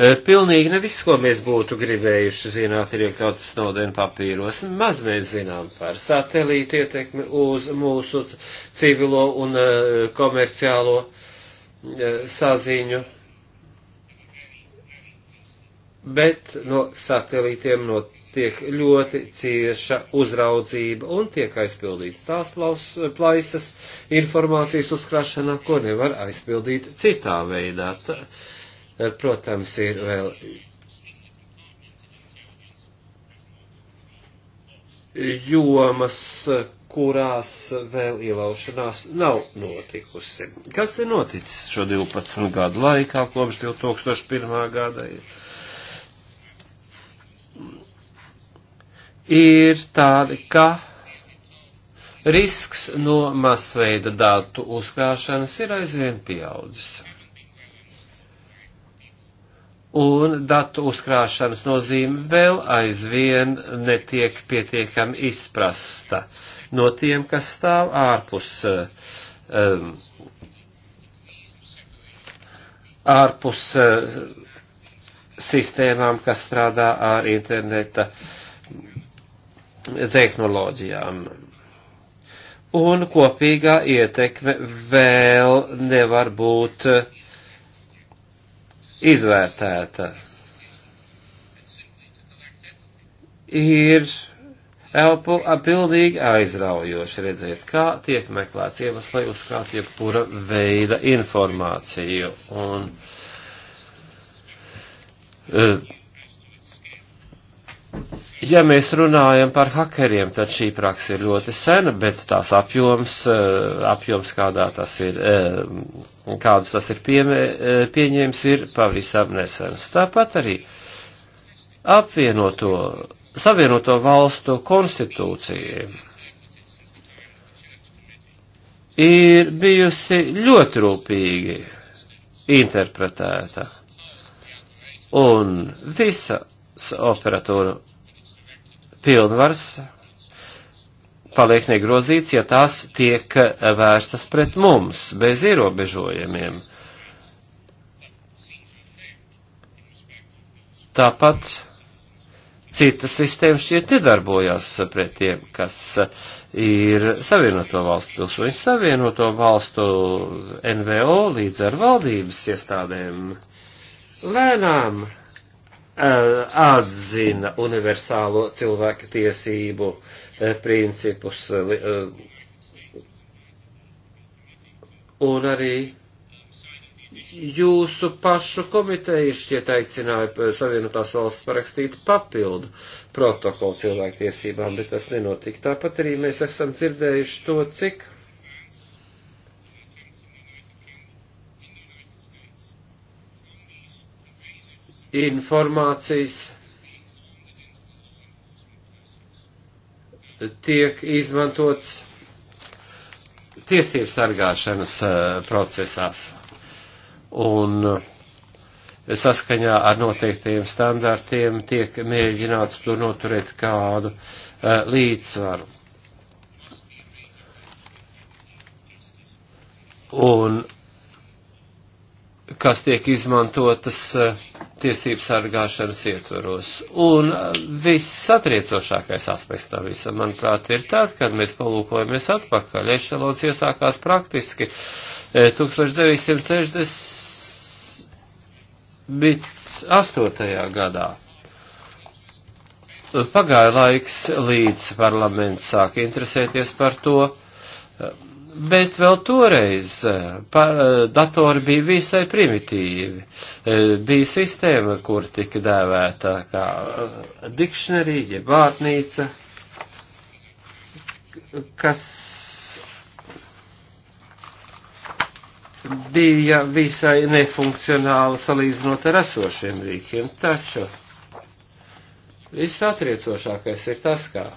E, pilnīgi ne viss, ko mēs būtu gribējuši zināt, ir iekļauts Snowden papīros. Maz mēs zinām par satelītu ietekmi uz mūsu civilo un e, komerciālo e, saziņu. Bet no satelītiem notiek ļoti cieša uzraudzība un tiek aizpildīts tās plaisas informācijas uzkrašanā, ko nevar aizpildīt citā veidā. Tā protams, ir vēl jomas, kurās vēl ielaušanās nav notikusi. Kas ir noticis šo 12 gadu laikā, kopš 2001. gada ir? Ir tādi, ka risks no masveida datu uzkrāšanas ir aizvien pieaudzis un datu uzkrāšanas nozīme vēl aizvien netiek pietiekami izprasta no tiem, kas stāv ārpus, um, ārpus uh, sistēmām, kas strādā ar interneta tehnoloģijām. Un kopīgā ietekme vēl nevar būt uh, izvērtēta. Ir elpu pilnīgi aizraujoši redzēt, kā tiek meklēts iemesls, lai uzkrāt jebkura veida informāciju. Un, uh, Ja mēs runājam par hakeriem, tad šī praksa ir ļoti sena, bet tās apjoms, eh, apjoms kādā tas ir, eh, kādus tas ir piemē, eh, pieņēmis, ir pavisam nesens. Tāpat arī apvienoto, savienoto valstu konstitūcija ir bijusi ļoti rūpīgi interpretēta. Un visa operatoru pilnvars paliek negrozīts, ja tās tiek vērstas pret mums bez ierobežojumiem. Tāpat citas sistēmas šķiet nedarbojās pret tiem, kas ir savienoto valstu pilsoņi, savienoto valstu NVO līdz ar valdības iestādēm lēnām Eh, atzina universālo cilvēku tiesību eh, principus eh, un arī jūsu pašu komiteja šķiet aicināja Savienotās valsts parakstīt papildu protokolu cilvēktiesībām, bet tas nenotika. Tāpat arī mēs esam dzirdējuši to, cik informācijas tiek izmantots tiesību sargāšanas eh, procesās. Un eh, saskaņā ar noteiktajiem standartiem tiek mēģināts to noturēt kādu eh, līdzsvaru. Un kas tiek izmantotas eh, tiesību sargāšanas ietvaros. Un eh, viss satriecošākais aspekts tam visam, manuprāt, ir tad, kad mēs palūkojamies atpakaļ. Ešalons iesākās praktiski 1968. Eh, gadā. Pagāja laiks, līdz parlaments sāka interesēties par to, Bet vēl toreiz eh, par, eh, datori bija visai primitīvi. Eh, bija sistēma, kur tika dēvēta kā dikšnerija, jeb vārtnīca, kas bija visai nefunkcionāla salīdzinot ar esošiem rīkiem. Taču visatriecošākais ir tas, kā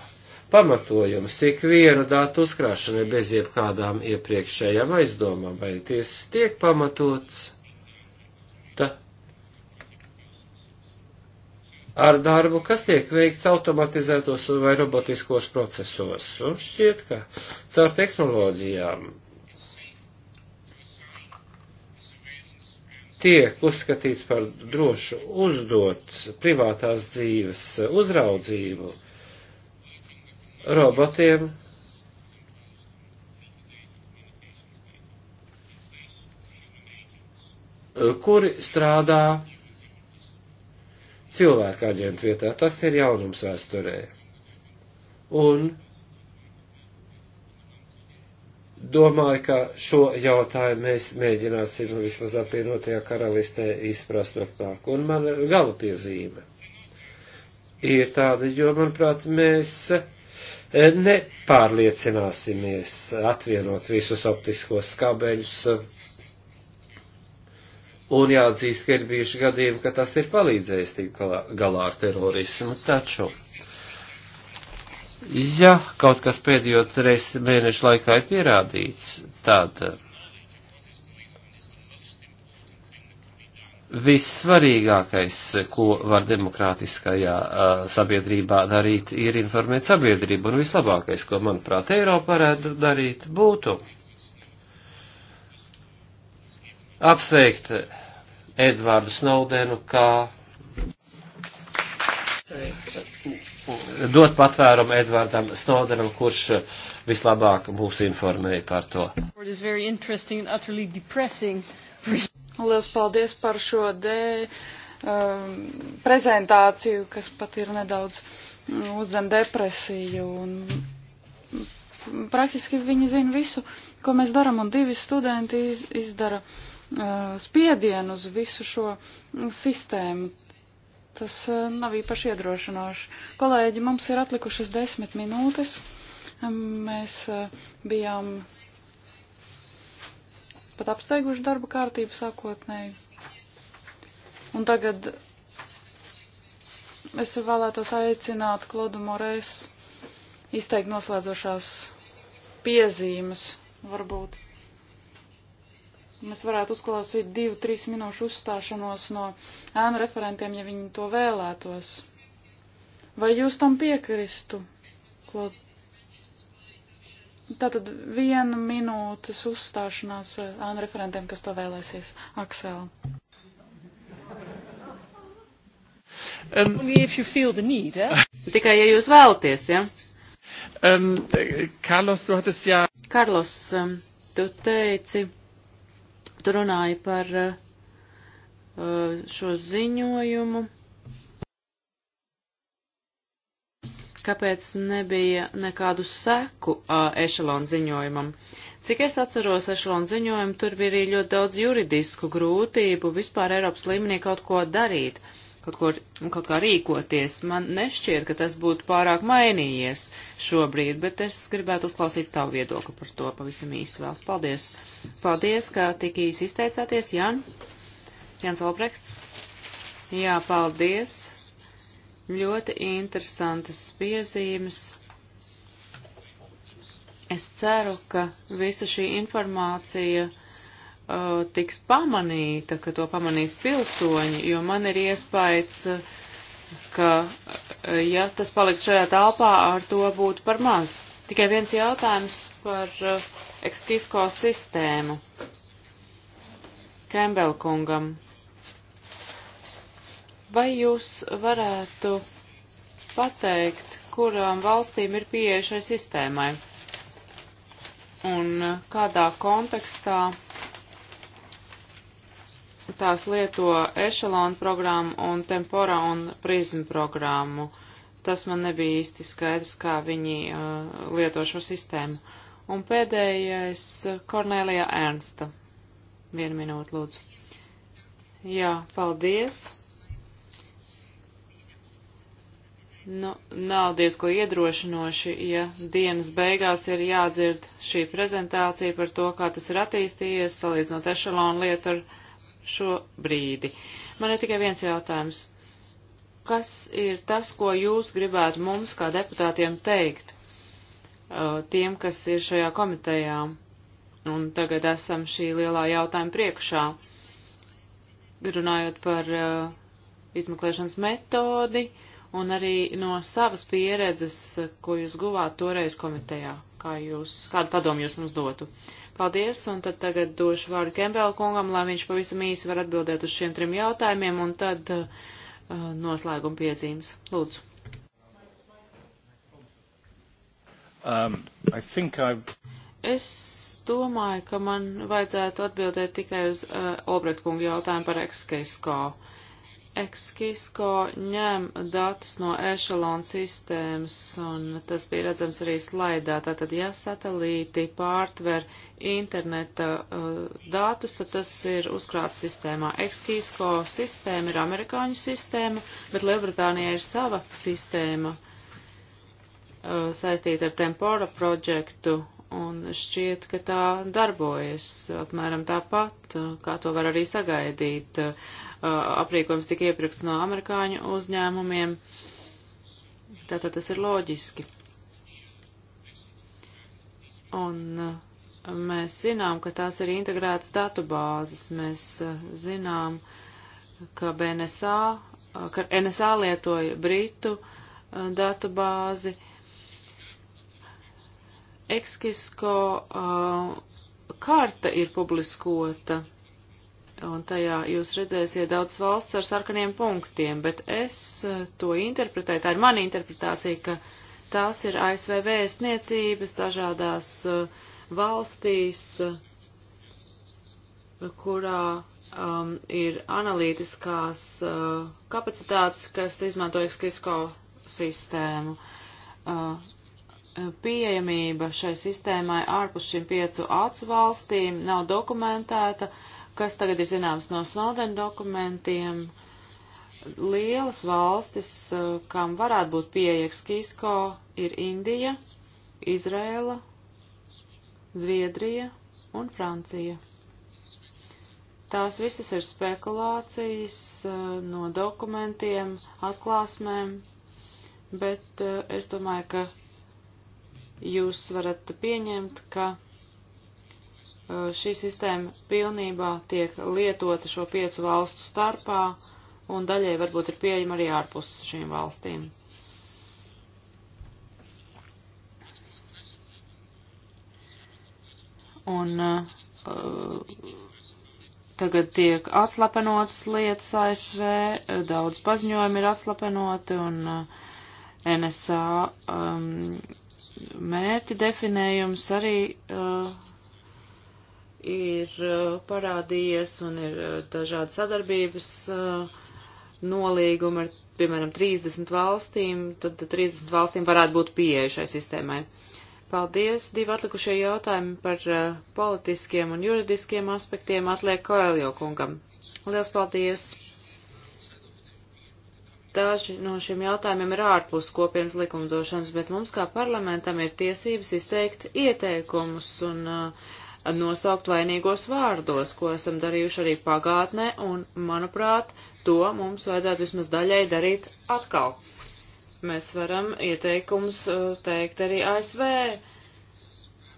pamatojums ikvienu datu uzkrāšanai bez jebkādām iepriekšējām aizdomām, vai tiesas tiek pamatots ta, ar darbu, kas tiek veikts automatizētos vai robotiskos procesos. Un šķiet, ka caur tehnoloģijām tiek uzskatīts par drošu uzdot privātās dzīves uzraudzību robotiem. kuri strādā cilvēka aģentu vietā. Tas ir jaunums vēsturē. Un domāju, ka šo jautājumu mēs mēģināsim vismaz apvienotajā karalistē izprast labāk. Un man gala piezīme ir tāda, jo, manuprāt, mēs nepārliecināsimies atvienot visus optiskos skabeļus. Un jāatzīst, ka ir bijuši gadījumi, ka tas ir palīdzējis tik galā, galā ar terorismu. Taču, ja kaut kas pēdējo trīs mēnešu laikā ir pierādīts, tad Vissvarīgākais, ko var demokrātiskajā sabiedrībā darīt, ir informēt sabiedrību, un vislabākais, ko, manuprāt, Eiropa varētu darīt, būtu apsveikt Edvardu Snowdenu kā dot patvērumu Edvardam Snowdenam, kurš vislabāk mūs informēja par to. Lielas paldies par šo dē, um, prezentāciju, kas pat ir nedaudz mm, uzdem depresiju. Un, praktiski viņi zina visu, ko mēs daram, un divi studenti iz, izdara uh, spiedienu uz visu šo mm, sistēmu. Tas uh, nav īpaši iedrošinoši. Kolēģi, mums ir atlikušas desmit minūtes. Mēs uh, bijām pat apsteiguši darba kārtību sākotnēji. Un tagad es vēlētos aicināt Klodu Moreisu izteikt noslēdzošās piezīmes, varbūt. Mēs varētu uzklausīt divu, trīs minūšu uzstāšanos no ēnu referentiem, ja viņi to vēlētos. Vai jūs tam piekristu, Klod? Tātad viena minūtes uzstāšanās ānu eh, referentiem, kas to vēlēsies. Aksel. Um, need, eh? Tikai, ja jūs vēlaties, ja? Um, Carlos, tu hattest ja... Carlos, um, tu teici, tu runāji par uh, uh šo ziņojumu. kāpēc nebija nekādu seku uh, ešalonu ziņojumam. Cik es atceros ešalonu ziņojumu, tur bija arī ļoti daudz juridisku grūtību vispār Eiropas līmenī kaut ko darīt, kaut, ko, kaut kā rīkoties. Man nešķiet, ka tas būtu pārāk mainījies šobrīd, bet es gribētu uzklausīt tavu viedokli par to pavisam īsi vēl. Paldies! Paldies, ka tik īsi izteicāties, Jan. Jans Albrechts. Jā, paldies! ļoti interesantas piezīmes. Es ceru, ka visa šī informācija uh, tiks pamanīta, ka to pamanīs pilsoņi, jo man ir iespējas, uh, ka, uh, ja tas palikt šajā telpā, ar to būtu par maz. Tikai viens jautājums par uh, ekskisko sistēmu. Kembelkungam. Vai jūs varētu pateikt, kurām valstīm ir pieeja šai sistēmai un kādā kontekstā tās lieto ešalonu programmu un tempora un prizmu programmu? Tas man nebija īsti skaidrs, kā viņi uh, lieto šo sistēmu. Un pēdējais Kornēlijā Ernsta. Vienu minūtu, lūdzu. Jā, paldies. Nu, nav diezko iedrošinoši, ja dienas beigās ir jādzird šī prezentācija par to, kā tas ir attīstījies, salīdzinot ešalonu lietu ar šo brīdi. Man ir tikai viens jautājums. Kas ir tas, ko jūs gribētu mums, kā deputātiem, teikt? Uh, tiem, kas ir šajā komitejā, un tagad esam šī lielā jautājuma priekšā, runājot par uh, izmeklēšanas metodi, uh, un arī no savas pieredzes, ko jūs guvāt toreiz komitejā, kā jūs, kādu padomu jūs mums dotu. Paldies, un tad tagad došu vārdu Kembēla kungam, lai viņš pavisam īsi var atbildēt uz šiem trim jautājumiem, un tad uh, uh, noslēguma piezīmes. Lūdzu. Um, I think I've... Es domāju, ka man vajadzētu atbildēt tikai uz uh, Obrecht kungu jautājumu par ekskeisko. Uh, Ekskisko ņem datus no ešalona sistēmas, un tas bija redzams arī slaidā. Tātad, ja satelīti pārtver interneta uh, datus, tad tas ir uzkrāts sistēmā. Ekskisko sistēma ir amerikāņu sistēma, bet Lielbritānijā ir sava sistēma uh, saistīta ar Tempora projektu, un šķiet, ka tā darbojas apmēram tāpat, kā to var arī sagaidīt. Aprīkojums tika iepirkts no amerikāņu uzņēmumiem, tātad tas ir loģiski. Un mēs zinām, ka tās ir integrētas datubāzes, mēs zinām, ka BNSA, ka NSA lietoja Britu datubāzi, bāzi, Ekskisko uh, karta ir publiskota, un tajā jūs redzēsiet daudz valsts ar sarkaniem punktiem, bet es uh, to interpretēju, tā ir mana interpretācija, ka tās ir ASV vēstniecības dažādās uh, valstīs, uh, kurā um, ir analītiskās uh, kapacitātes, kas izmanto ekskisko sistēmu. Uh, Eh, pieejamība šai sistēmai ārpus šīm piecu acu valstīm nav dokumentēta, kas tagad ir zināms no Snowden dokumentiem. Lielas valstis, eh, kam varētu būt pieejams Kisko, ir Indija, Izrēla, Zviedrija un Francija. Tās visas ir spekulācijas eh, no dokumentiem, atklāsmēm, bet es domāju, ka jūs varat pieņemt, ka e, šī sistēma pilnībā tiek lietota šo piecu valstu starpā un daļai varbūt ir pieejama arī ārpus šīm valstīm. Un uh, tagad tiek atslapenotas lietas ASV, daudz paziņojumi ir atslapenoti un uh, NSA um, mērķi definējums arī uh, ir uh, parādījies un ir uh, dažādi sadarbības uh, nolīgumi ar, piemēram, 30 valstīm, tad 30 valstīm varētu būt pieeja šai sistēmai. Paldies! Divi atlikušie jautājumi par uh, politiskiem un juridiskiem aspektiem atliek Koeljo kungam. Lielas paldies! daži no šiem jautājumiem ir ārpus kopienas likumdošanas, bet mums kā parlamentam ir tiesības izteikt ieteikumus un uh, nosaukt vainīgos vārdos, ko esam darījuši arī pagātnē, un, manuprāt, to mums vajadzētu vismaz daļai darīt atkal. Mēs varam ieteikums uh, teikt arī ASV,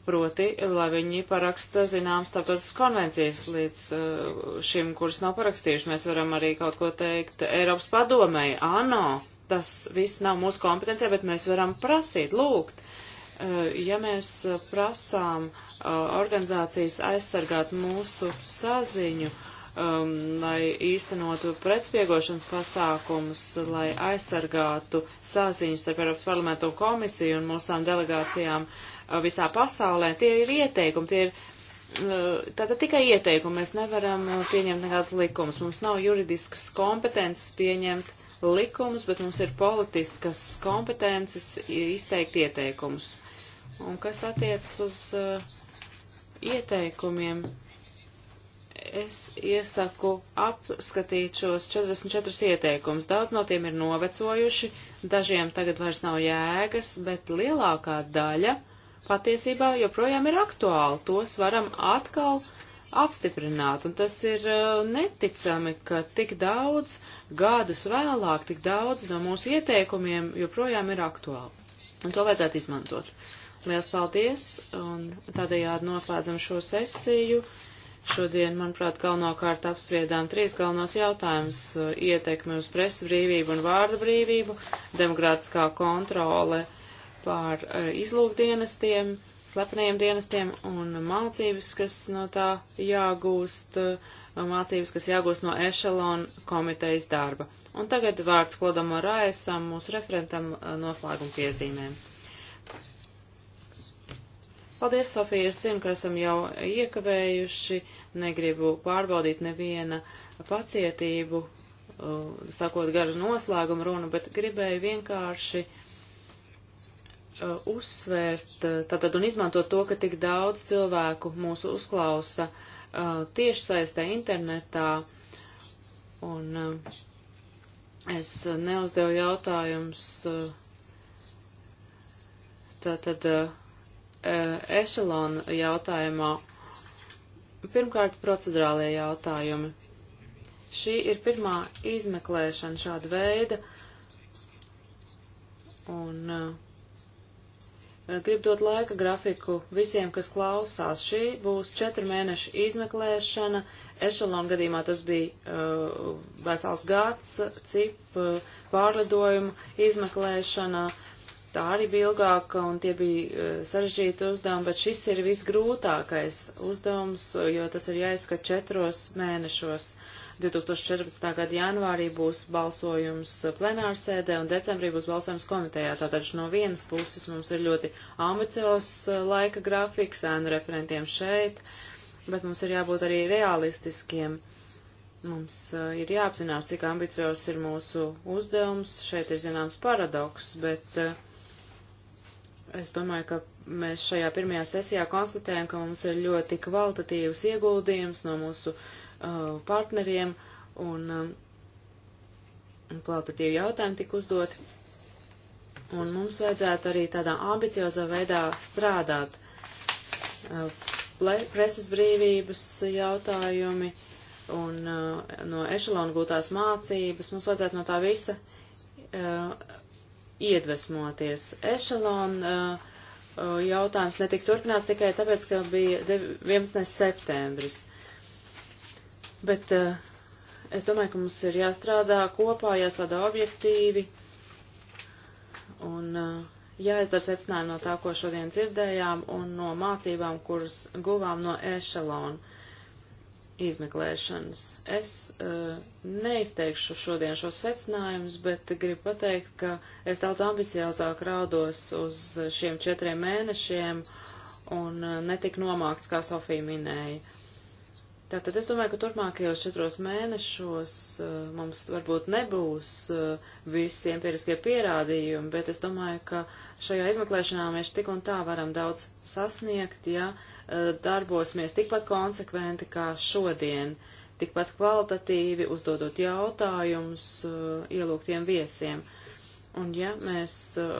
proti, lai viņi paraksta zināmas starptautiskas konvencijas līdz uh, šim, kuras nav parakstījuši. Mēs varam arī kaut ko teikt Eiropas padomēji, ANO, tas viss nav mūsu kompetencija, bet mēs varam prasīt, lūgt. Uh, ja mēs prasām uh, organizācijas aizsargāt mūsu saziņu, um, lai īstenotu pretspiegošanas pasākumus, lai aizsargātu sāziņus starp Eiropas parlamentu komisiju un mūsām delegācijām Uh, visā pasaulē. Tie ir ieteikumi, tie ir uh, tātad tikai ieteikumi. Mēs nevaram uh, pieņemt nekādas likumus. Mums nav juridiskas kompetences pieņemt likumus, bet mums ir politiskas kompetences izteikt ieteikumus. Un kas attiecas uz uh, ieteikumiem, es iesaku apskatīt šos 44 ieteikumus. Daudz no tiem ir novecojuši, dažiem tagad vairs nav jēgas, bet lielākā daļa uh, patiesībā joprojām ir aktuāli. Tos varam atkal apstiprināt, un tas ir uh, neticami, ka tik daudz gadus vēlāk, tik daudz no mūsu ieteikumiem joprojām ir aktuāli. Un to vajadzētu izmantot. Liels paldies, un tādējādi noslēdzam šo sesiju. Šodien, manuprāt, galvenokārt apspriedām trīs galvenos jautājumus - ietekmi uz presas brīvību un vārda brīvību, demokrātiskā kontrole par e, izlūkdienestiem, slepeniem dienestiem un mācības, kas no tā jāgūst, e, mācības, kas jāgūst no ešalona komitejas darba. Un tagad vārds Klodam Raesam, mūsu referentam e, noslēguma piezīmēm. Paldies, Sofija, es zinu, ka esam jau iekavējuši, negribu pārbaudīt neviena pacietību, sakot garu noslēgumu runu, bet gribēju vienkārši uh, Uh, uzsvērt uh, tātad un izmantot to, ka tik daudz cilvēku mūsu uzklausa uh, tiešsaistē internetā. Un es neuzdevu jautājumus tātad ešalona jautājumā. Pirmkārt, procedurālie jautājumi. Šī ir pirmā izmeklēšana šāda veida. Un uh, Eh, gribu dot laika grafiku visiem, kas klausās. Šī būs četru mēnešu izmeklēšana. Ešalon gadījumā tas bija uh, vesels gads, cip uh, pārlidojumu izmeklēšana. Tā arī bija ilgāka un tie bija uh, sarežģīti uzdevumi, bet šis ir visgrūtākais uzdevums, jo tas ir jāizskat četros mēnešos. Uh, 2014. gada janvārī būs balsojums plenārsēdē un decembrī būs balsojums komitejā. Tātad no vienas puses mums ir ļoti ambiciozs uh, laika grafiks, ēnu referentiem šeit, bet mums ir jābūt arī realistiskiem. Mums uh, ir jāapzinās, cik ambiciozs ir mūsu uzdevums. Šeit ir zināms paradoks, bet uh, es domāju, ka mēs šajā pirmajā sesijā konstatējam, ka mums ir ļoti kvalitatīvs ieguldījums no mūsu uh, Uh, partneriem, un um, kvalitatīvi jautājumi tika uzdoti. Un mums vajadzētu arī tādā ambiciozā veidā strādāt. Uh, preses brīvības jautājumi un uh, no ešalona gūtās mācības, mums vajadzētu no tā visa iedvesmoties. Ešalona jautājums netika turpināts tikai tāpēc, ka bija 11. septembris bet uh, es domāju, ka mums ir jāstrādā kopā, jāsādā objektīvi un uh, jāizdara secinājumi no tā, ko šodien dzirdējām un no mācībām, kuras guvām no ešalona izmeklēšanas. Es uh, neizteikšu šodien šos secinājumus, bet gribu pateikt, ka es daudz ambiciozāk rādos uz šiem četriem mēnešiem un uh, netik nomākts, kā Sofija minēja. Tātad es domāju, ka turpmākajos četros mēnešos uh, mums varbūt nebūs uh, visi empiriskie pierādījumi, bet es domāju, ka šajā izmeklēšanā mēs tik un tā varam daudz sasniegt, ja uh, darbosimies tikpat konsekventi kā šodien, tikpat kvalitatīvi uzdodot jautājumus uh, ielūgtiem viesiem. Un ja mēs uh,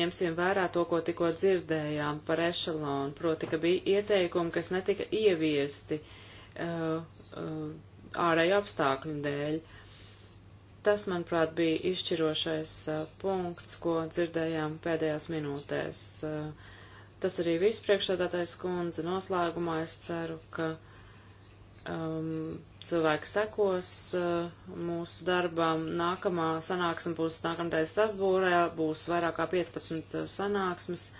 ņemsim vērā to, ko tikko dzirdējām par ešalonu, proti, ka bija ieteikumi, kas netika ieviesti, uh, Uh, uh, ārēju apstākļu dēļ. Tas, manuprāt, bija izšķirošais uh, punkts, ko dzirdējām pēdējās minūtēs. Tas arī viss priekšsēdātais kundze noslēgumā. Es ceru, ka um, cilvēki sekos uh, mūsu darbam. Nākamā sanāksme būs nākamreiz Strasbūrē, būs vairāk kā 15 sanāksmes.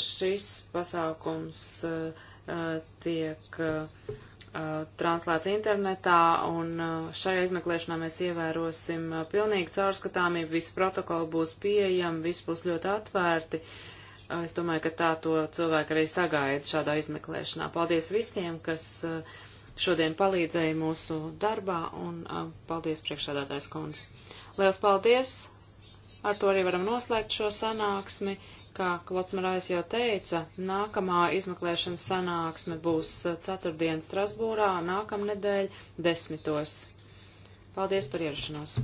Šis pasākums uh, tiek. Uh, Uh, translēts internetā, un uh, šajā izmeklēšanā mēs ievērosim uh, pilnīgi caurskatāmību, visi protokoli būs pieejami, viss būs ļoti atvērti. Es domāju, ka tā to cilvēki arī sagaida šādā izmeklēšanā. Paldies visiem, kas šodien palīdzēja mūsu darbā, un paldies priekšādātājs kundze. Liels paldies! Ar to arī varam noslēgt šo sanāksmi. Kā Klots Marais jau teica, nākamā izmeklēšanas sanāksme būs uh, ceturtdien Strasbūrā, nākamnedēļ desmitos. Paldies par ierašanos!